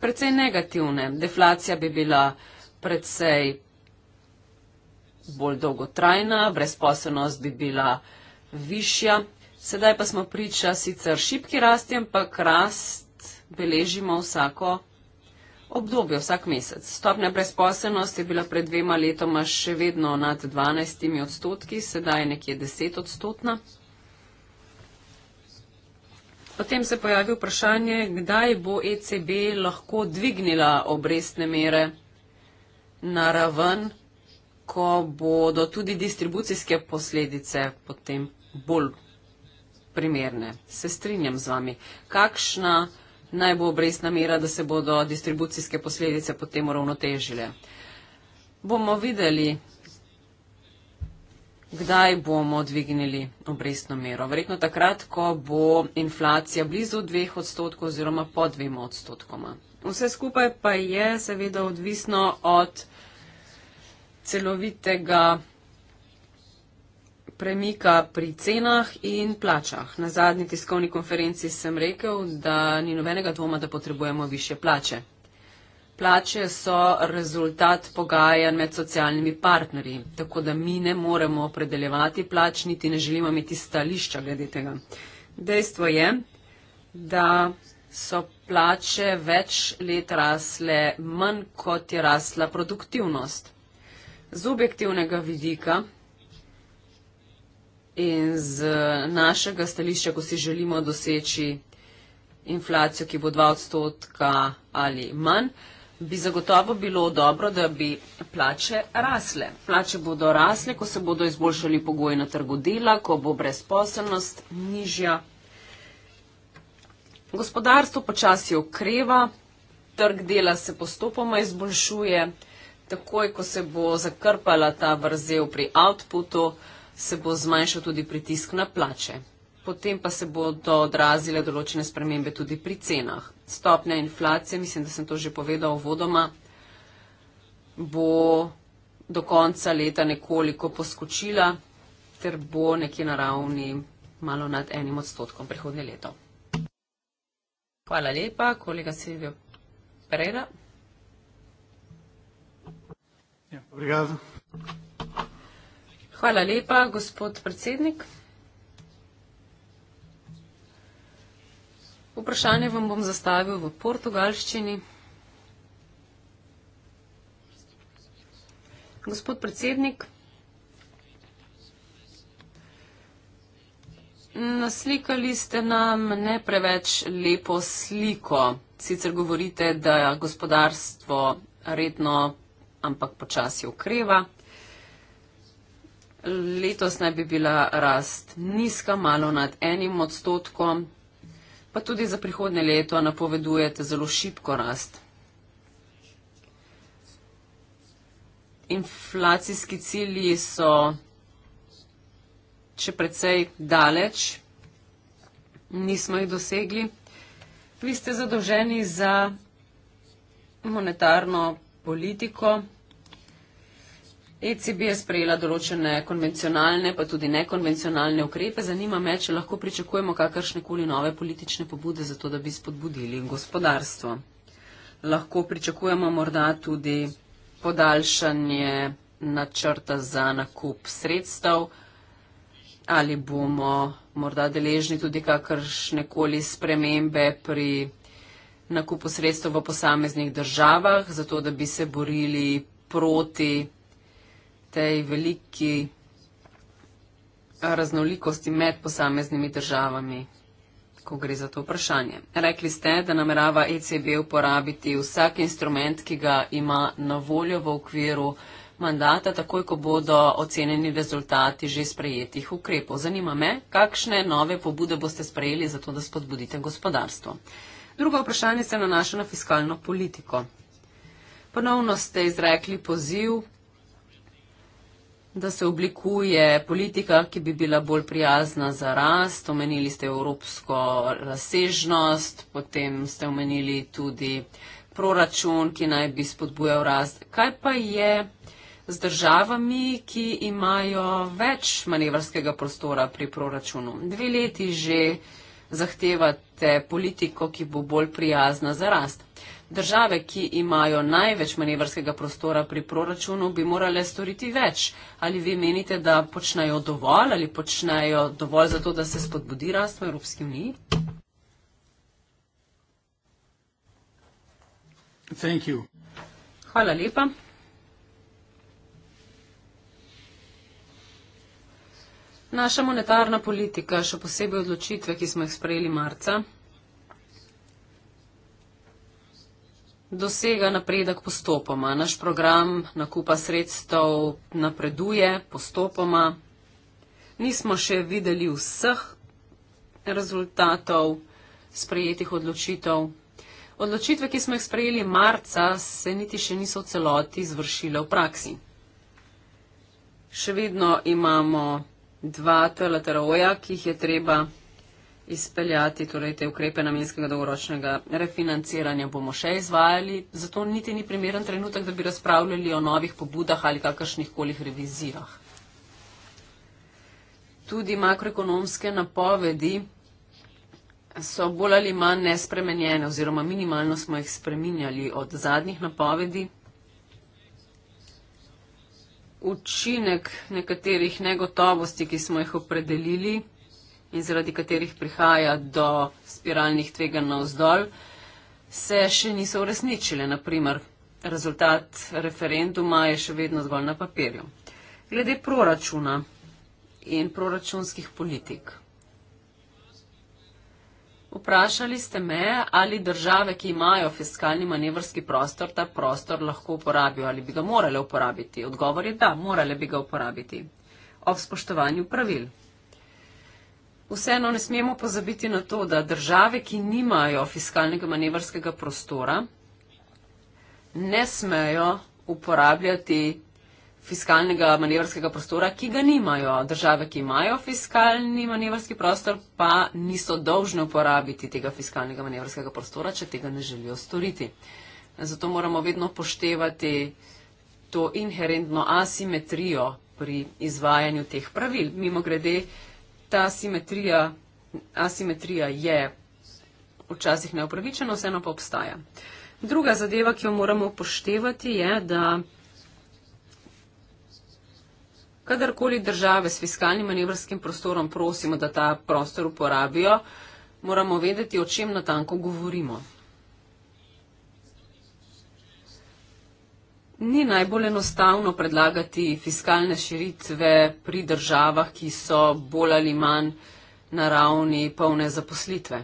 precej negativne. Deflacija bi bila precej bolj dolgotrajna, brezposobnost bi bila višja. Sedaj pa smo priča sicer šipki rasti, ampak rast beležimo vsako leto obdobje, vsak mesec. Stopnja brezposelnosti je bila pred dvema letoma še vedno nad 12 odstotki, sedaj je nekje 10 odstotna. Potem se pojavi vprašanje, kdaj bo ECB lahko dvignila obrestne mere na raven, ko bodo tudi distribucijske posledice potem bolj primerne. Se strinjam z vami. Kakšna naj bo obrestna mera, da se bodo distribucijske posledice potem uravnotežile. Bomo videli, kdaj bomo dvignili obrestno mero. Verjetno takrat, ko bo inflacija blizu dveh odstotkov oziroma pod dvema odstotkoma. Vse skupaj pa je seveda odvisno od celovitega premika pri cenah in plačah. Na zadnji tiskovni konferenci sem rekel, da ni nobenega dvoma, da potrebujemo više plače. Plače so rezultat pogajanj med socialnimi partnerji, tako da mi ne moremo opredeljevati plač, niti ne želimo imeti stališča glede tega. Dejstvo je, da so plače več let rasle manj, kot je rasla produktivnost. Z objektivnega vidika in z našega stališča, ko si želimo doseči inflacijo, ki bo 2 odstotka ali manj, bi zagotovo bilo dobro, da bi plače rasle. Plače bodo rasle, ko se bodo izboljšali pogoji na trgu dela, ko bo brezposelnost nižja. Gospodarstvo počasi okreva, trg dela se postopoma izboljšuje, takoj, ko se bo zakrpala ta vrzel pri outputu, uh, se bo zmanjšal tudi pritisk na plače. Potem pa se bodo odrazile določene spremembe tudi pri cenah. Stopnja inflacije, mislim, da sem to že povedal vodoma, bo do konca leta nekoliko poskočila, ter bo nekje na ravni malo nad enim odstotkom prihodnje leto. Hvala lepa, kolega Silvio Pereira.
Ja, obrigado.
Hvala lepa, gospod predsednik. Vprašanje vam bom zastavil v portugalščini. Gospod predsednik, naslikali ste nam ne preveč lepo sliko. Sicer govorite, da gospodarstvo redno, ampak počasi okreva. Letos naj bi bila rast nizka, malo nad enim odstotkom, pa tudi za prihodne leto napovedujete zelo šipko rast. Inflacijski cilji so še precej daleč, nismo jih dosegli. Vi ste zadolženi za monetarno politiko. ECB je sprejela določene konvencionalne, pa tudi nekonvencionalne ukrepe. Zanima me, če lahko pričakujemo kakršne koli nove politične pobude za to, da bi spodbudili gospodarstvo. Lahko pričakujemo morda tudi podaljšanje načrta za nakup sredstev ali bomo morda deležni tudi kakršne koli spremembe pri nakupu sredstev v posameznih državah, zato da bi se borili proti tej veliki raznolikosti med posameznimi državami, ko gre za to vprašanje. Rekli ste, da namerava ECB uporabiti vsak instrument, ki ga ima na voljo v okviru mandata, takoj ko bodo ocenjeni rezultati že sprejetih ukrepov. Zanima me, kakšne nove pobude boste sprejeli za to, da spodbudite gospodarstvo. Drugo vprašanje se nanaša na fiskalno politiko. Ponovno ste izrekli poziv da se oblikuje politika, ki bi bila bolj prijazna za rast. Omenili ste evropsko razsežnost, potem ste omenili tudi proračun, ki naj bi spodbujal rast. Kaj pa je z državami, ki imajo več manevrskega prostora pri proračunu? Dve leti že zahtevate politiko, ki bo bolj prijazna za rast. Države, ki imajo največ manevrskega prostora pri proračunu, bi morale storiti več. Ali vi menite, da počnejo dovolj ali počnejo dovolj za to, da se spodbudi rast v Evropski uniji? Hvala lepa. Naša monetarna politika, še posebej odločitve, ki smo jih sprejeli marca, dosega napredek postopoma. Naš program nakupa sredstev napreduje postopoma. Nismo še videli vseh rezultatov sprejetih odločitev. Odločitve, ki smo jih sprejeli marca, se niti še niso v celoti izvršile v praksi. Še vedno imamo dva TLTRO-ja, ki jih je treba izpeljati, torej te ukrepe namenskega dolgoročnega refinanciranja bomo še izvajali. Zato niti ni primeren trenutek, da bi razpravljali o novih pobudah ali kakršnih kolih revizijah. Tudi makroekonomske napovedi so bolj ali manj nespremenjene oziroma minimalno smo jih spreminjali od zadnjih napovedi. Učinek nekaterih negotovosti, ki smo jih opredelili, in zaradi katerih prihaja do spiralnih tvega na vzdolj, se še niso uresničile. Naprimer, rezultat referenduma je še vedno zgolj na papirju. Glede proračuna in proračunskih politik. Vprašali ste me, ali države, ki imajo fiskalni manevrski prostor, ta prostor lahko uporabijo ali bi ga morale uporabiti. Odgovor je da, morale bi ga uporabiti. Ob spoštovanju pravil vseeno ne smemo pozabiti na to, da države, ki nimajo fiskalnega manevrskega prostora, ne smejo uporabljati fiskalnega manevrskega prostora, ki ga nimajo. Države, ki imajo fiskalni manevrski prostor, pa niso dolžne uporabiti tega fiskalnega manevrskega prostora, če tega ne želijo storiti. Zato moramo vedno poštevati to inherentno asimetrijo pri izvajanju teh pravil. Mimo grede, ta asimetrija, asimetrija je včasih neupravičena, vseeno pa obstaja. Druga zadeva, ki jo moramo upoštevati, je, da kadarkoli države s fiskalnim manevrskim prostorom prosimo, da ta prostor uporabijo, moramo vedeti, o čem natanko govorimo. Ni najbolj enostavno predlagati fiskalne širitve pri državah, ki so bolj ali manj na ravni polne zaposlitve.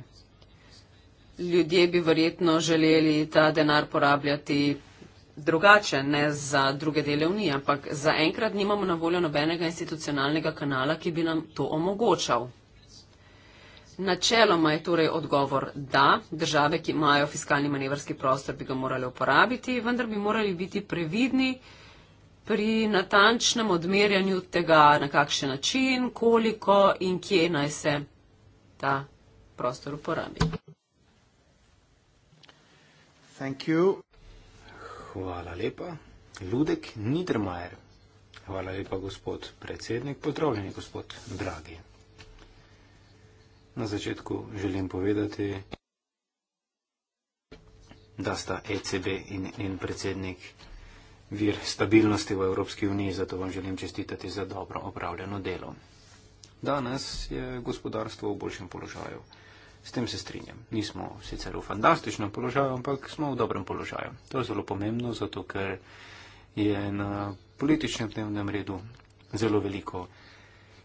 Ljudje bi verjetno želeli ta denar porabljati drugače, ne za druge dele unije, ampak zaenkrat nimamo na voljo nobenega institucionalnega kanala, ki bi nam to omogočal. Načeloma je torej odgovor da, države, ki imajo fiskalni manevrski prostor, bi ga morali uporabiti, vendar bi morali biti previdni pri natančnem odmerjanju tega, na kakšen način, koliko in kje naj se ta prostor uporabi.
Hvala lepa. Ludek Niedermayer. Hvala lepa, gospod predsednik. Pozdravljeni, gospod Dragi. Na začetku želim povedati, da sta ECB in njen predsednik vir stabilnosti v Evropski uniji, zato vam želim čestitati za dobro opravljeno delo. Danes je gospodarstvo v boljšem položaju. S tem se strinjam. Nismo sicer v fantastičnem položaju, ampak smo v dobrem položaju. To je zelo pomembno, zato ker je na političnem dnevnem redu zelo veliko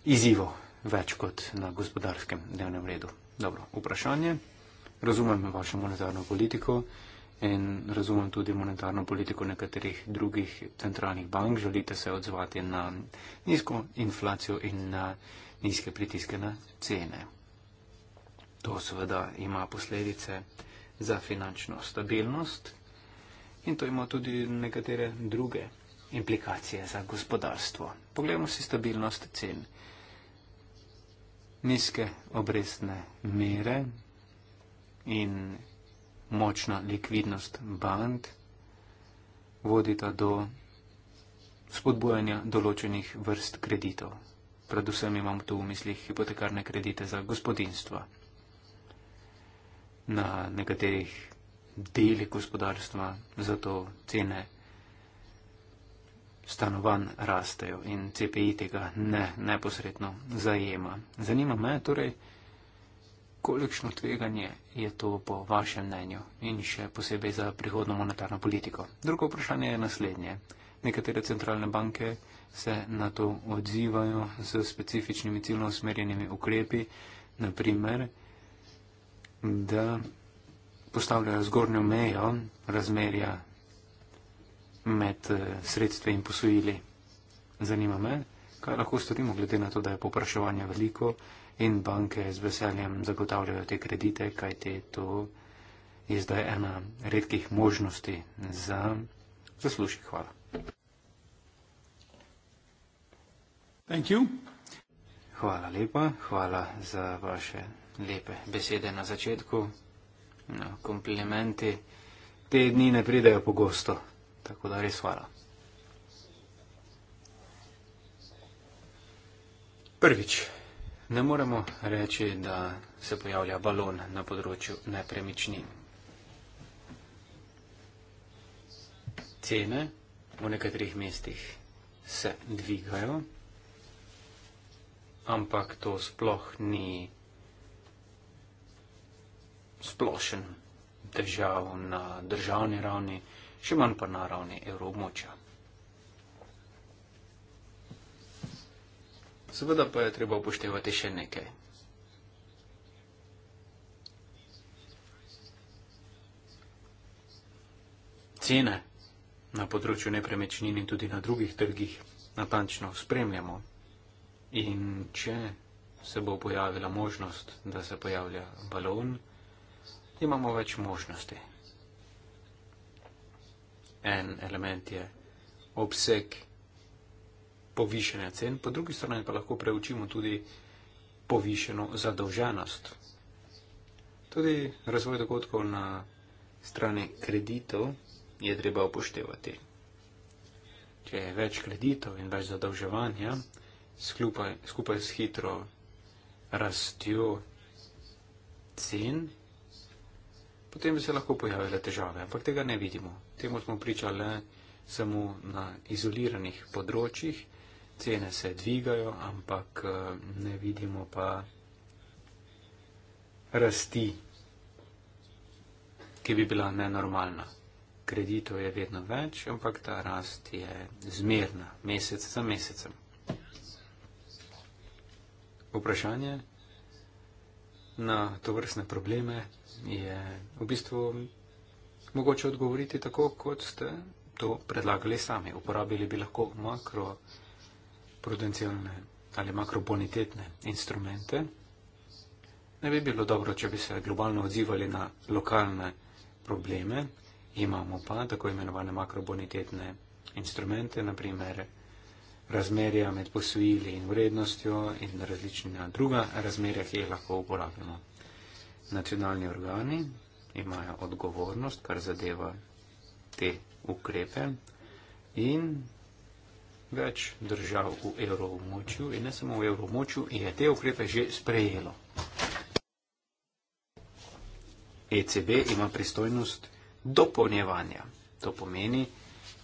izzivov več kot na gospodarskem dnevnem redu. Dobro, vprašanje. Razumem vašo monetarno politiko in razumem tudi monetarno politiko nekaterih drugih centralnih bank. Želite se odzvati na nizko inflacijo in na nizke pritiske na cene. To seveda ima posledice za finančno stabilnost in to ima tudi nekatere druge implikacije za gospodarstvo. Poglejmo si stabilnost cen nizke obrestne mere in močna likvidnost bank vodita do spodbujanja določenih vrst kreditov. Predvsem imamo tu v mislih hipotekarne kredite za gospodinstva. Na nekaterih delih gospodarstva zato cene stanovanj rastejo in CPI tega ne neposredno zajema. Zanima me torej, kolikšno tveganje je to po vašem mnenju in še posebej za prihodno monetarno politiko. Drugo vprašanje je naslednje. Nekatere centralne banke se na to odzivajo z specifičnimi ciljno usmerjenimi ukrepi, naprimer, da postavljajo zgornjo mejo razmerja med eh, sredstvi in posojili. Zanima me, kaj lahko storimo, glede na to, da je popraševanje veliko in banke z veseljem zagotavljajo te kredite, kaj te to je zdaj ena redkih možnosti za zaslužek. Hvala. Hvala lepa, hvala za vaše lepe besede na začetku. No, komplimenti. Te dni ne pridejo pogosto. Tako da res hvala. Prvič, ne moremo reči, da se pojavlja balon na področju nepremičnin. Cene v nekaterih mestih se dvigajo, ampak to sploh ni splošen težav na državni ravni še manj pa na ravni evroobmočja. Seveda pa je treba upoštevati še nekaj. Cene na področju nepremičnin in tudi na drugih trgih natančno spremljamo. In če se bo pojavila možnost, da se pojavlja balon, imamo več možnosti en element je obseg povišene cen, po drugi strani pa lahko preučimo tudi povišeno zadolženost. Tudi razvoj dogodkov na strani kreditov je treba upoštevati. Če je več kreditov in več zadolževanja, skupaj, skupaj s hitro rastjo cen potem bi se lahko pojavile težave, ampak tega ne vidimo. Temu smo pričali samo na izoliranih področjih, cene se dvigajo, ampak eh, ne vidimo pa rasti, ki bi bila nenormalna. Kreditov je vedno več, ampak ta rast je zmerna, mesec za mesecem. Vprašanje? na to vrstne probleme, je v bistvu mogoče odgovoriti tako, kot ste to predlagali sami. Uporabili bi lahko makroprudencialne ali makrobonitetne instrumente. Ne bi bilo dobro, če bi se globalno odzivali na lokalne probleme, imamo pa tako imenovane makrobonitetne instrumente, naprimer razmerja med posojili in vrednostjo in različna druga razmerja, ki jih lahko uporabimo. Nacionalni organi imajo odgovornost, kar zadeva te ukrepe in več držav v evroomočju in ne samo v evroomočju je te ukrepe že sprejelo. ECB ima pristojnost dopolnjevanja. To pomeni,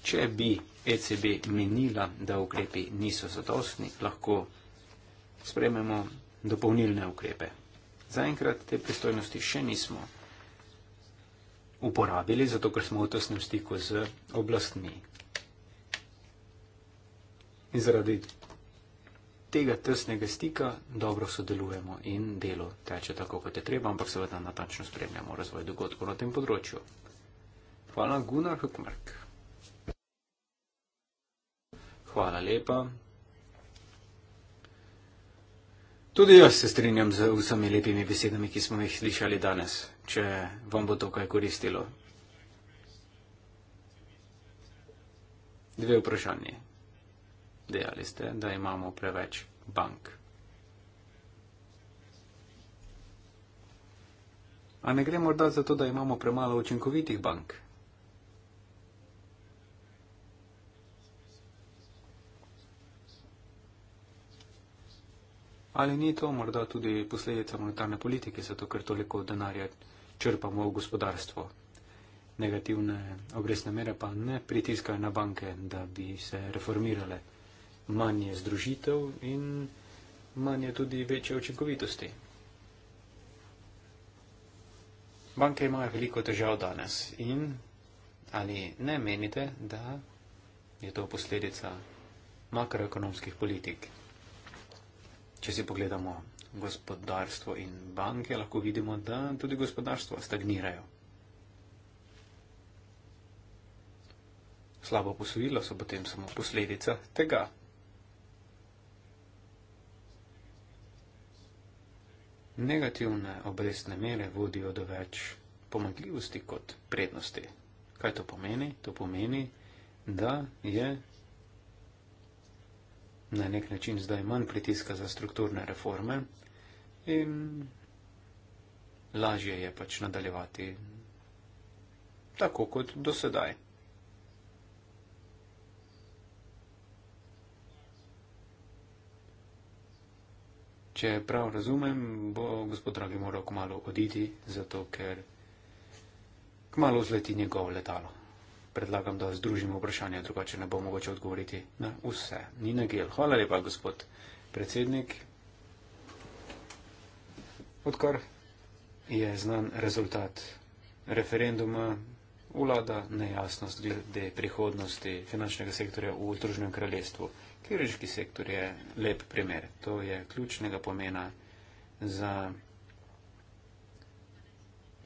če bi ECB menila, da ukrepi niso zadostni, lahko sprememo dopolnilne ukrepe. Zaenkrat te pristojnosti še nismo uporabili, zato ker smo v tesnem stiku z oblastmi. In zaradi tega tesnega stika dobro sodelujemo in delo teče tako, kot je treba, ampak seveda natančno spremljamo razvoj dogodkov na tem področju. Hvala, Gunnar Hukmark. Hvala lepa. Tudi jaz se strinjam z vsemi lepimi besedami, ki smo jih slišali danes, če vam bo to kaj koristilo. Dve vprašanje. Dejali ste, da imamo preveč bank. A ne gre morda zato, da imamo premalo učinkovitih bank? Ali ni to morda tudi posledica monetarne politike, zato ker toliko denarja črpamo v gospodarstvo? Negativne obresne mere pa ne pritiskajo na banke, da bi se reformirale. Manj je združitev in manj je tudi večje učinkovitosti. Banke imajo veliko težav danes in ali ne menite, da je to posledica makroekonomskih politik? Če si pogledamo gospodarstvo in banke, lahko vidimo, da tudi gospodarstvo stagnirajo. Slabo posojilo so potem samo posledica tega. Negativne obrestne mere vodijo do več pomagljivosti kot prednosti. Kaj to pomeni? To pomeni, da je na nek način zdaj manj pritiska za strukturne reforme in lažje je pač nadaljevati tako kot do sedaj. Če prav razumem, bo gospod Dragi moral kmalo oditi, zato ker kmalo vzleti njegovo letalo predlagam, da združimo vprašanje, drugače ne bo mogoče odgovoriti na vse. Nina Gel, hvala lepa, gospod predsednik. Odkar je znan rezultat referenduma, vlada nejasnost glede prihodnosti finančnega sektorja v Združenem kraljestvu. Kiriški sektor je lep primer. To je ključnega pomena za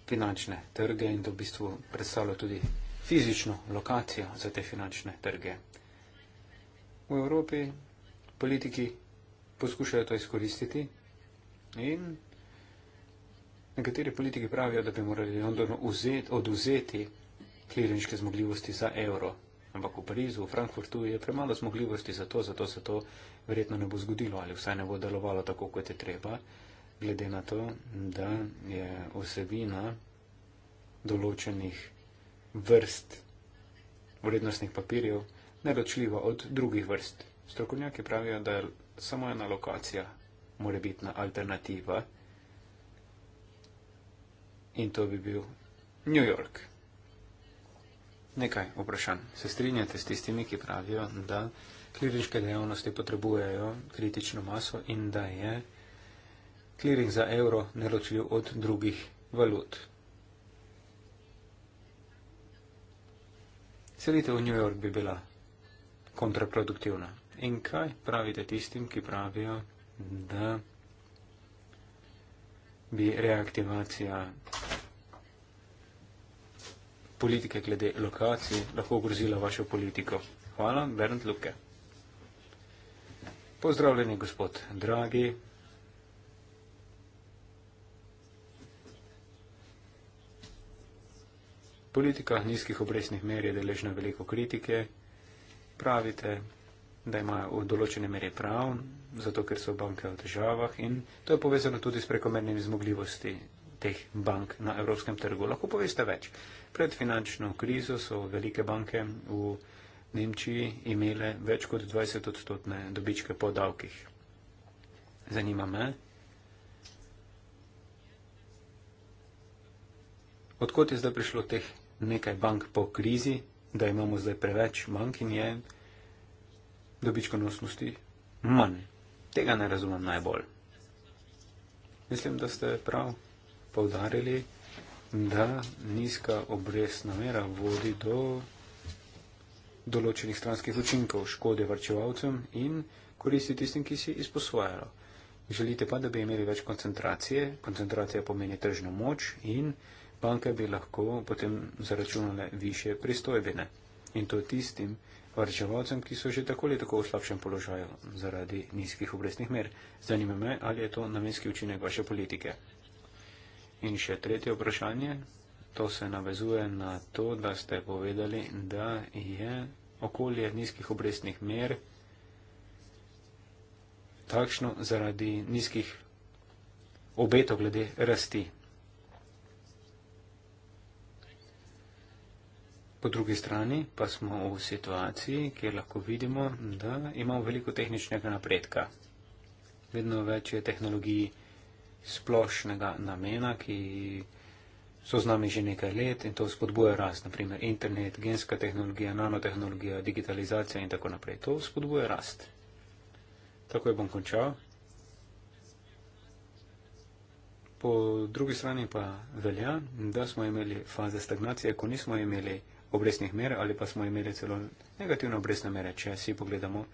finančne trge in to v bistvu predstavlja tudi fizično lokacijo za te finančne trge. V Evropi politiki poskušajo to izkoristiti in nekateri politiki pravijo, da bi morali Londonu oduzeti klirinške zmogljivosti za evro. Ampak v Parizu, v Frankfurtu je premalo zmogljivosti za to, zato se to verjetno ne bo zgodilo ali vsaj ne bo delovalo tako, kot je treba, glede na to, da je osebina določenih vrst vrednostnih papirjev neločljiva od drugih vrst. Strokovnjaki pravijo, da je samo ena lokacija morebitna alternativa in to bi bil New York. Nekaj vprašanj. Se strinjate s tistimi, ki pravijo, da kliriške dejavnosti potrebujejo kritično maso in da je kliring za evro neločljiv od drugih valut? selitev v New York bi bila kontraproduktivna. In kaj pravite tistim, ki pravijo, da bi reaktivacija politike glede lokacij lahko ogrozila vašo politiko? Hvala, Bernd Luke. Pozdravljeni, gospod Dragi. Politika nizkih obresnih mer je deležna veliko kritike. Pravite, da imajo v določene mere prav, zato ker so banke v državah in to je povezano tudi s prekomernimi zmogljivosti teh bank na evropskem trgu. Lahko poveste več. Pred finančno krizo so velike banke v Nemčiji imele več kot 20 odstotne dobičke po davkih. Zanima me, Odkot je zdaj prišlo teh nekaj bank po krizi, da imamo zdaj preveč bank in je dobičkonosnosti manj. Tega ne razumem najbolj. Mislim, da ste prav povdarili, da nizka obrestna mera vodi do določenih stranskih učinkov, škode varčevalcem in koristi tistim, ki si izposvajajo. Želite pa, da bi imeli več koncentracije, koncentracija pomeni tržno moč in banke bi lahko potem zaračunale više pristojbine. In to tistim varčevalcem, ki so že tako ali tako v slabšem položaju zaradi nizkih obrestnih mer. Zanima me, ali je to namenski učinek vaše politike. In še tretje vprašanje, to se navezuje na to, da ste povedali, da je okolje nizkih obrestnih mer takšno zaradi nizkih obetov glede rasti Po drugi strani pa smo v situaciji, kjer lahko vidimo, da imamo veliko tehničnega napredka. Vedno več je tehnologij splošnega namena, ki so z nami že nekaj let in to spodbuja rast. Naprimer, internet, genska tehnologija, nanotehnologija, digitalizacija in tako naprej. To spodbuja rast. Tako je bom končal. Po drugi strani pa velja, da smo imeli faze stagnacije, ko nismo imeli obresnih mer ali pa smo imeli celo negativne obresne mere. Če si pogledamo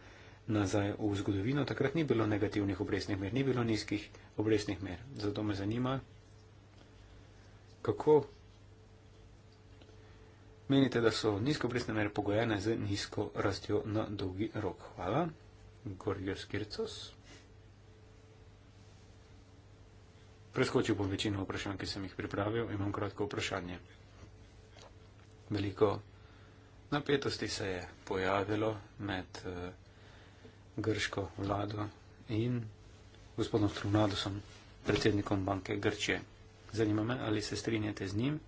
nazaj v zgodovino, takrat ni bilo negativnih obresnih mer, ni bilo nizkih obresnih mer. Zato me zanima, kako menite, da so nizke obresne mere pogojene z nizko rastjo na dolgi rok. Hvala. Gorgios Kircos. Preskočil bom večino vprašanj, ki sem jih pripravil, imam kratko vprašanje veliko napetosti se je pojavilo med uh, grško vlado in gospodom Strunadosom, predsednikom banke Grče. Zanima me, ali se strinjate z njim,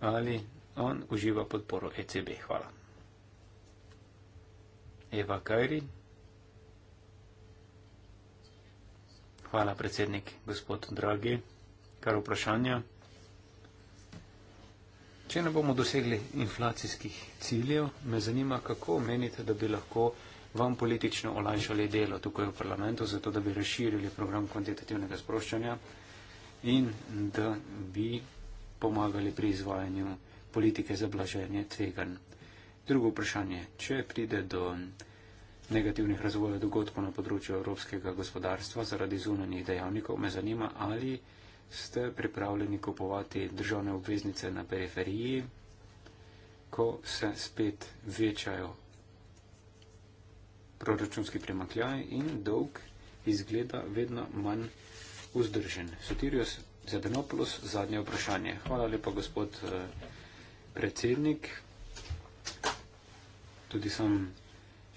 ali on uživa podporo ECB. Hvala. Eva Kajri. Hvala, predsednik, gospod Dragi. Kar vprašanja? Če ne bomo dosegli inflacijskih ciljev, me zanima, kako menite, da bi lahko vam politično olajšali delo tukaj v parlamentu, zato da bi razširili program kvantitativnega sproščanja in da bi pomagali pri izvajanju politike za blaženje tveganj. Drugo vprašanje. Če pride do negativnih razvojev dogodkov na področju evropskega gospodarstva zaradi zunanjih dejavnikov, me zanima, ali ste pripravljeni kupovati državne obveznice na periferiji, ko se spet večajo proračunski premakljaj in dolg izgleda vedno manj vzdržen. Sotirios Zadenopoulos, zadnje vprašanje. Hvala lepa, gospod eh, predsednik. Tudi sam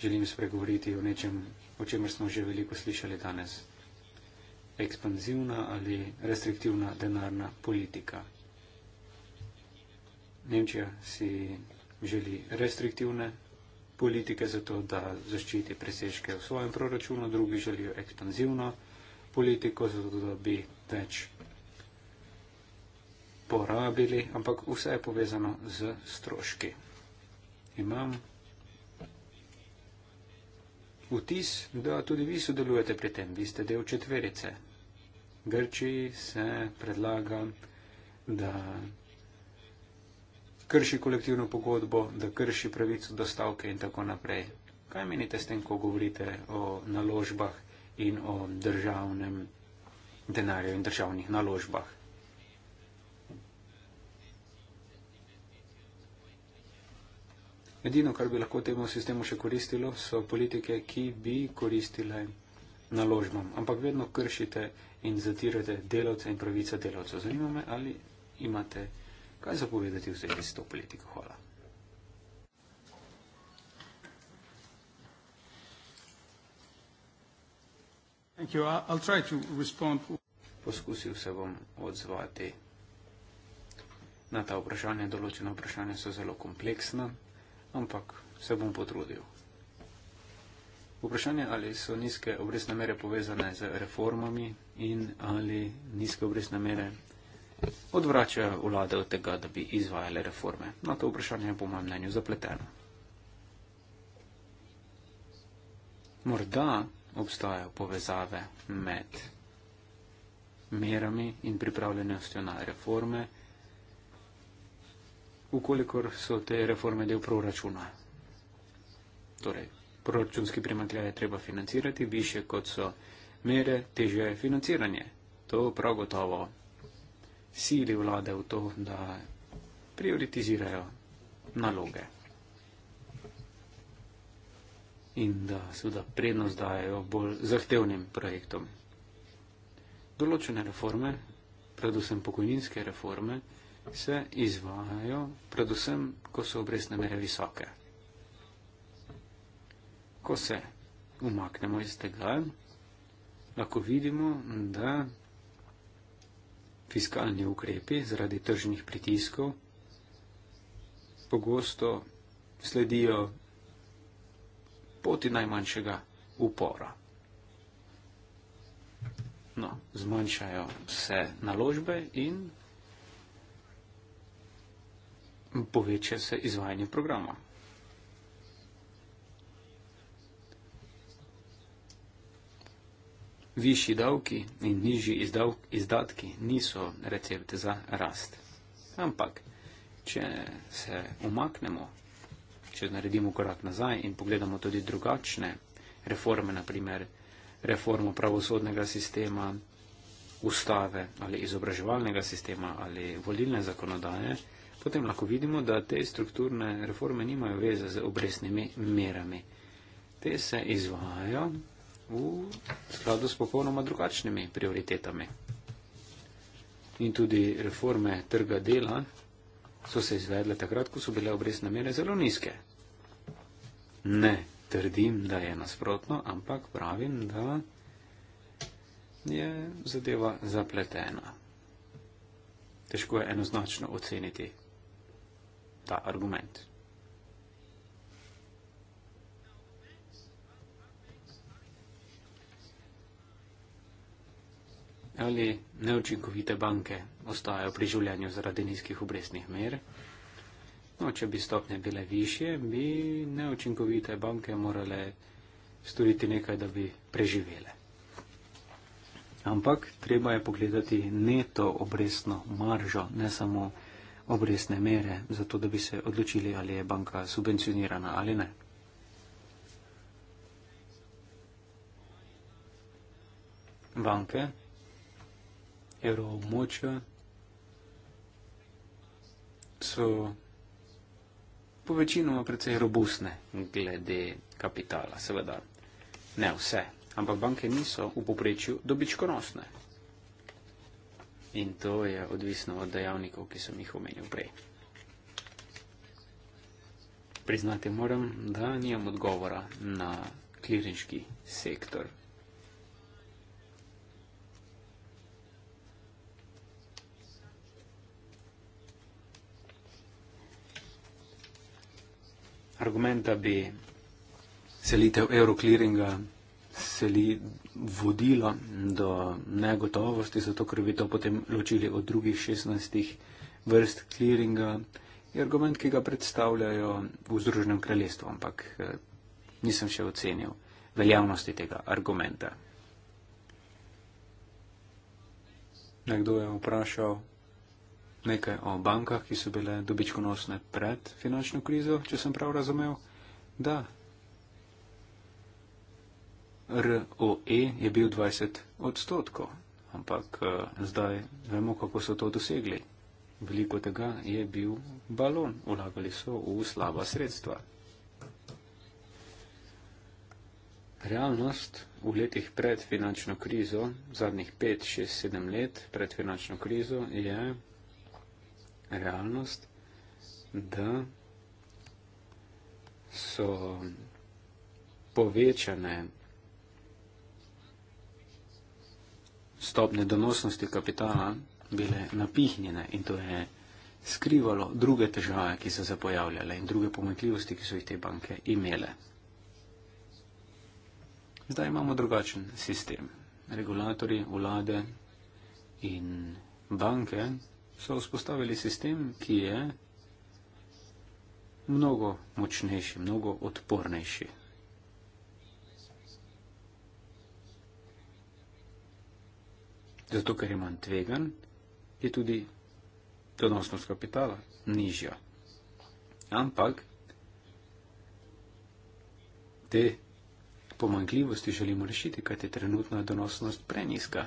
želim spregovoriti o nečem, o čemer smo že veliko slišali danes ekspanzivna ali restriktivna denarna politika. Nemčija si želi restriktivne politike zato, da zaščiti presežke v svojem proračunu, drugi želijo ekspanzivno politiko zato, da bi več porabili, ampak vse je povezano z stroški. Imam vtis, da tudi vi sodelujete pri tem, vi ste del četverice. Grčiji se predlaga, da krši kolektivno pogodbo, da krši pravico do stavke in tako naprej. Kaj menite s tem, ko govorite o naložbah in o državnem denarju in državnih naložbah? Edino, kar bi lahko temu sistemu še koristilo, so politike, ki bi koristile naložbam. Ampak vedno kršite in zatirate delavce in pravice delavcev. Zanima me, ali imate kaj zapovedati v zvezi s to politiko. Hvala. Poskusil se bom odzvati na ta vprašanja. Določena vprašanja so zelo kompleksna ampak se bom potrudil. Vprašanje, ali so nizke obrestne mere povezane z reformami in ali nizke obrestne mere odvračajo vlade od tega, da bi izvajale reforme. Na to vprašanje je po mojem mnenju zapleteno. Morda obstajajo povezave med merami in pripravljenostjo na reforme ukolikor so te reforme del proračuna. Torej, proračunski primankljaj je treba financirati, više kot so mere, teže je financiranje. To prav gotovo sili vlade v to, da prioritizirajo naloge. In da seveda prednost dajo bolj zahtevnim projektom. Določene reforme, predvsem pokojninske reforme, se izvajajo, predvsem, ko so obrestne mere visoke. Ko se umaknemo iz tega, lahko vidimo, da fiskalni ukrepi zaradi tržnih pritiskov pogosto sledijo poti najmanjšega upora. No, zmanjšajo se naložbe in poveća se izvajanje programa. Višji davki in nižji izdatki niso recept za rast. Ampak, če se umaknemo, če naredimo korak nazaj in pogledamo tudi drugačne reforme, naprimer reformo pravosodnega sistema, ustave ali izobraževalnega sistema ali volilne zakonodaje, potem lahko vidimo, da te strukturne reforme nimajo veze z obresnimi merami. Te se izvajajo v skladu s popolnoma drugačnimi prioritetami. In tudi reforme trga dela so se izvedle takrat, ko so bile obresne mere zelo nizke. Ne trdim, da je nasprotno, ampak pravim, da je zadeva zapletena. Težko je enoznačno oceniti ta argument. Ali neučinkovite banke ostajajo pri življenju zaradi nizkih obrestnih mer? No, če bi stopnje bile više, bi neučinkovite banke morale storiti nekaj, da bi preživele. Ampak treba je pogledati neto obrestno maržo, ne samo obrestno maržo obrestne mere, zato da bi se odločili, ali je banka subvencionirana ali ne. Banke, evroobmočja so po večinoma precej robustne glede kapitala, seveda. Ne vse, ampak banke niso v poprečju dobičkonosne in to je odvisno od dejavnikov, ki sem jih omenil prej. Priznati moram, da nijem odgovora na klirinški sektor. Argument, da bi selitev euroklearinga seli, vodila do negotovosti, zato ker bi to potem ločili od drugih 16 vrst kliringa, je argument, ki ga predstavljajo v Združenem kraljestvu, ampak eh, nisem še ocenil veljavnosti tega argumenta. Nekdo je vprašal nekaj o bankah, ki so bile dobičkonosne pred finančno krizo, če sem prav razumel. Da, ROE je bil 20 odstotkov, ampak eh, zdaj vemo, kako so to dosegli. Veliko tega je bil balon, vlagali so v slaba sredstva. Realnost v letih pred finančno krizo, zadnjih 5, 6, 7 let pred finančno krizo, je realnost, da so povečane stopne donosnosti kapitala bile napihnjene in to je skrivalo druge težave, ki so se pojavljale in druge pomakljivosti, ki so jih te banke imele. Zdaj imamo drugačen sistem. Regulatori, vlade in banke so vzpostavili sistem, ki je mnogo močnejši, mnogo odpornejši zato ker je manj tvegan, je tudi donosnost kapitala nižja. Ampak te pomankljivosti želimo rešiti, kaj je trenutna donosnost preniska.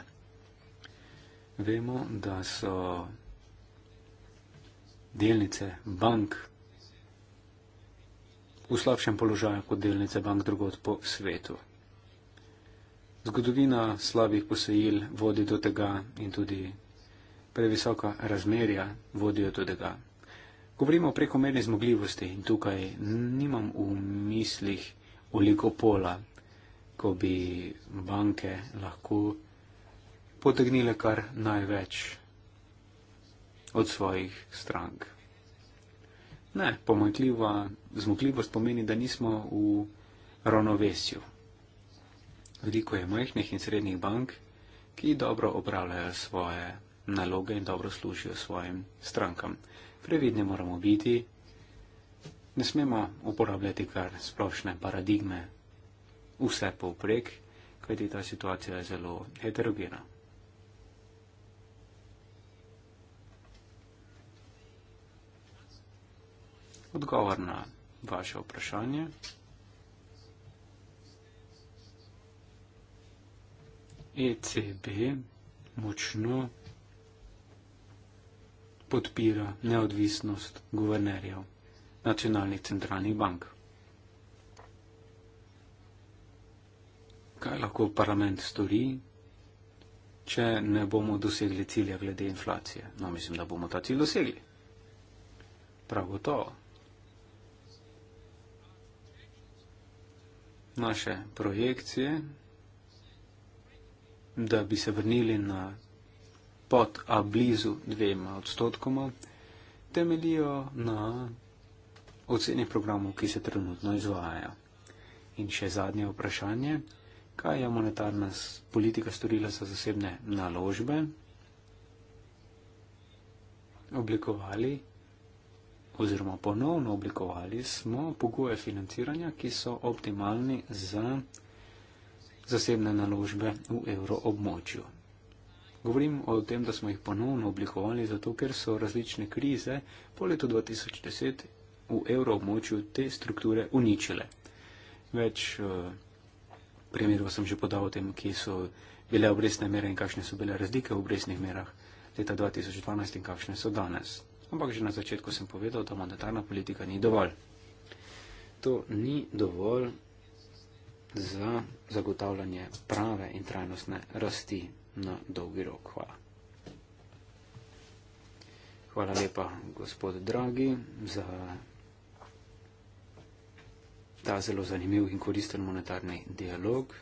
Vemo, da so
delnice bank
v slabšem položaju kot delnice bank drugot po svetu. Zgodovina slabih posojil vodi do tega in tudi previsoka razmerja vodijo do tega. Govorimo o prekomerni zmogljivosti in tukaj nimam v mislih oligopola, ko bi banke lahko potegnile kar največ od svojih strank. Ne, pomankljiva zmogljivost pomeni, da nismo v ravnovesju. Veliko je majhnih in srednjih bank, ki dobro opravljajo svoje naloge in dobro služijo svojim strankam. Previdni moramo biti, ne smemo uporabljati kar splošne paradigme, vse povprek, kajti ta situacija je zelo heterogena. Odgovor na vaše vprašanje. ECB močno podpira neodvisnost guvernerjev nacionalnih centralnih bank. Kaj lahko parlament stori, če ne bomo dosegli cilja glede inflacije? No, mislim, da bomo ta cilj dosegli. Prav gotovo. Naše projekcije da bi se vrnili na pod a blizu dvema odstotkoma, temeljijo na oceni programov, ki se trenutno izvajajo. In še zadnje vprašanje, kaj je monetarna politika storila za zasebne naložbe? Oblikovali oziroma ponovno oblikovali smo pogoje financiranja, ki so optimalni za zasebne naložbe v evroobmočju. Govorim o tem, da smo jih ponovno oblikovali, zato ker so različne krize po letu 2010 v evroobmočju te strukture uničile. Več eh, primerov sem že podal o tem, kje so bile obresne mere in kakšne so bile razlike v obresnih merah leta 2012 in kakšne so danes. Ampak že na začetku sem povedal, da monetarna politika ni dovolj. To ni dovolj, za zagotavljanje prave in trajnostne rasti na dolgi rok. Hvala. Hvala lepa, gospod Dragi, za ta zelo zanimiv in koristen monetarni dialog.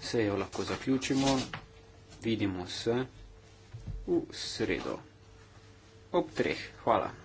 Sejo lahko zaključimo. Vidimo se v sredo. Ob treh. Hvala.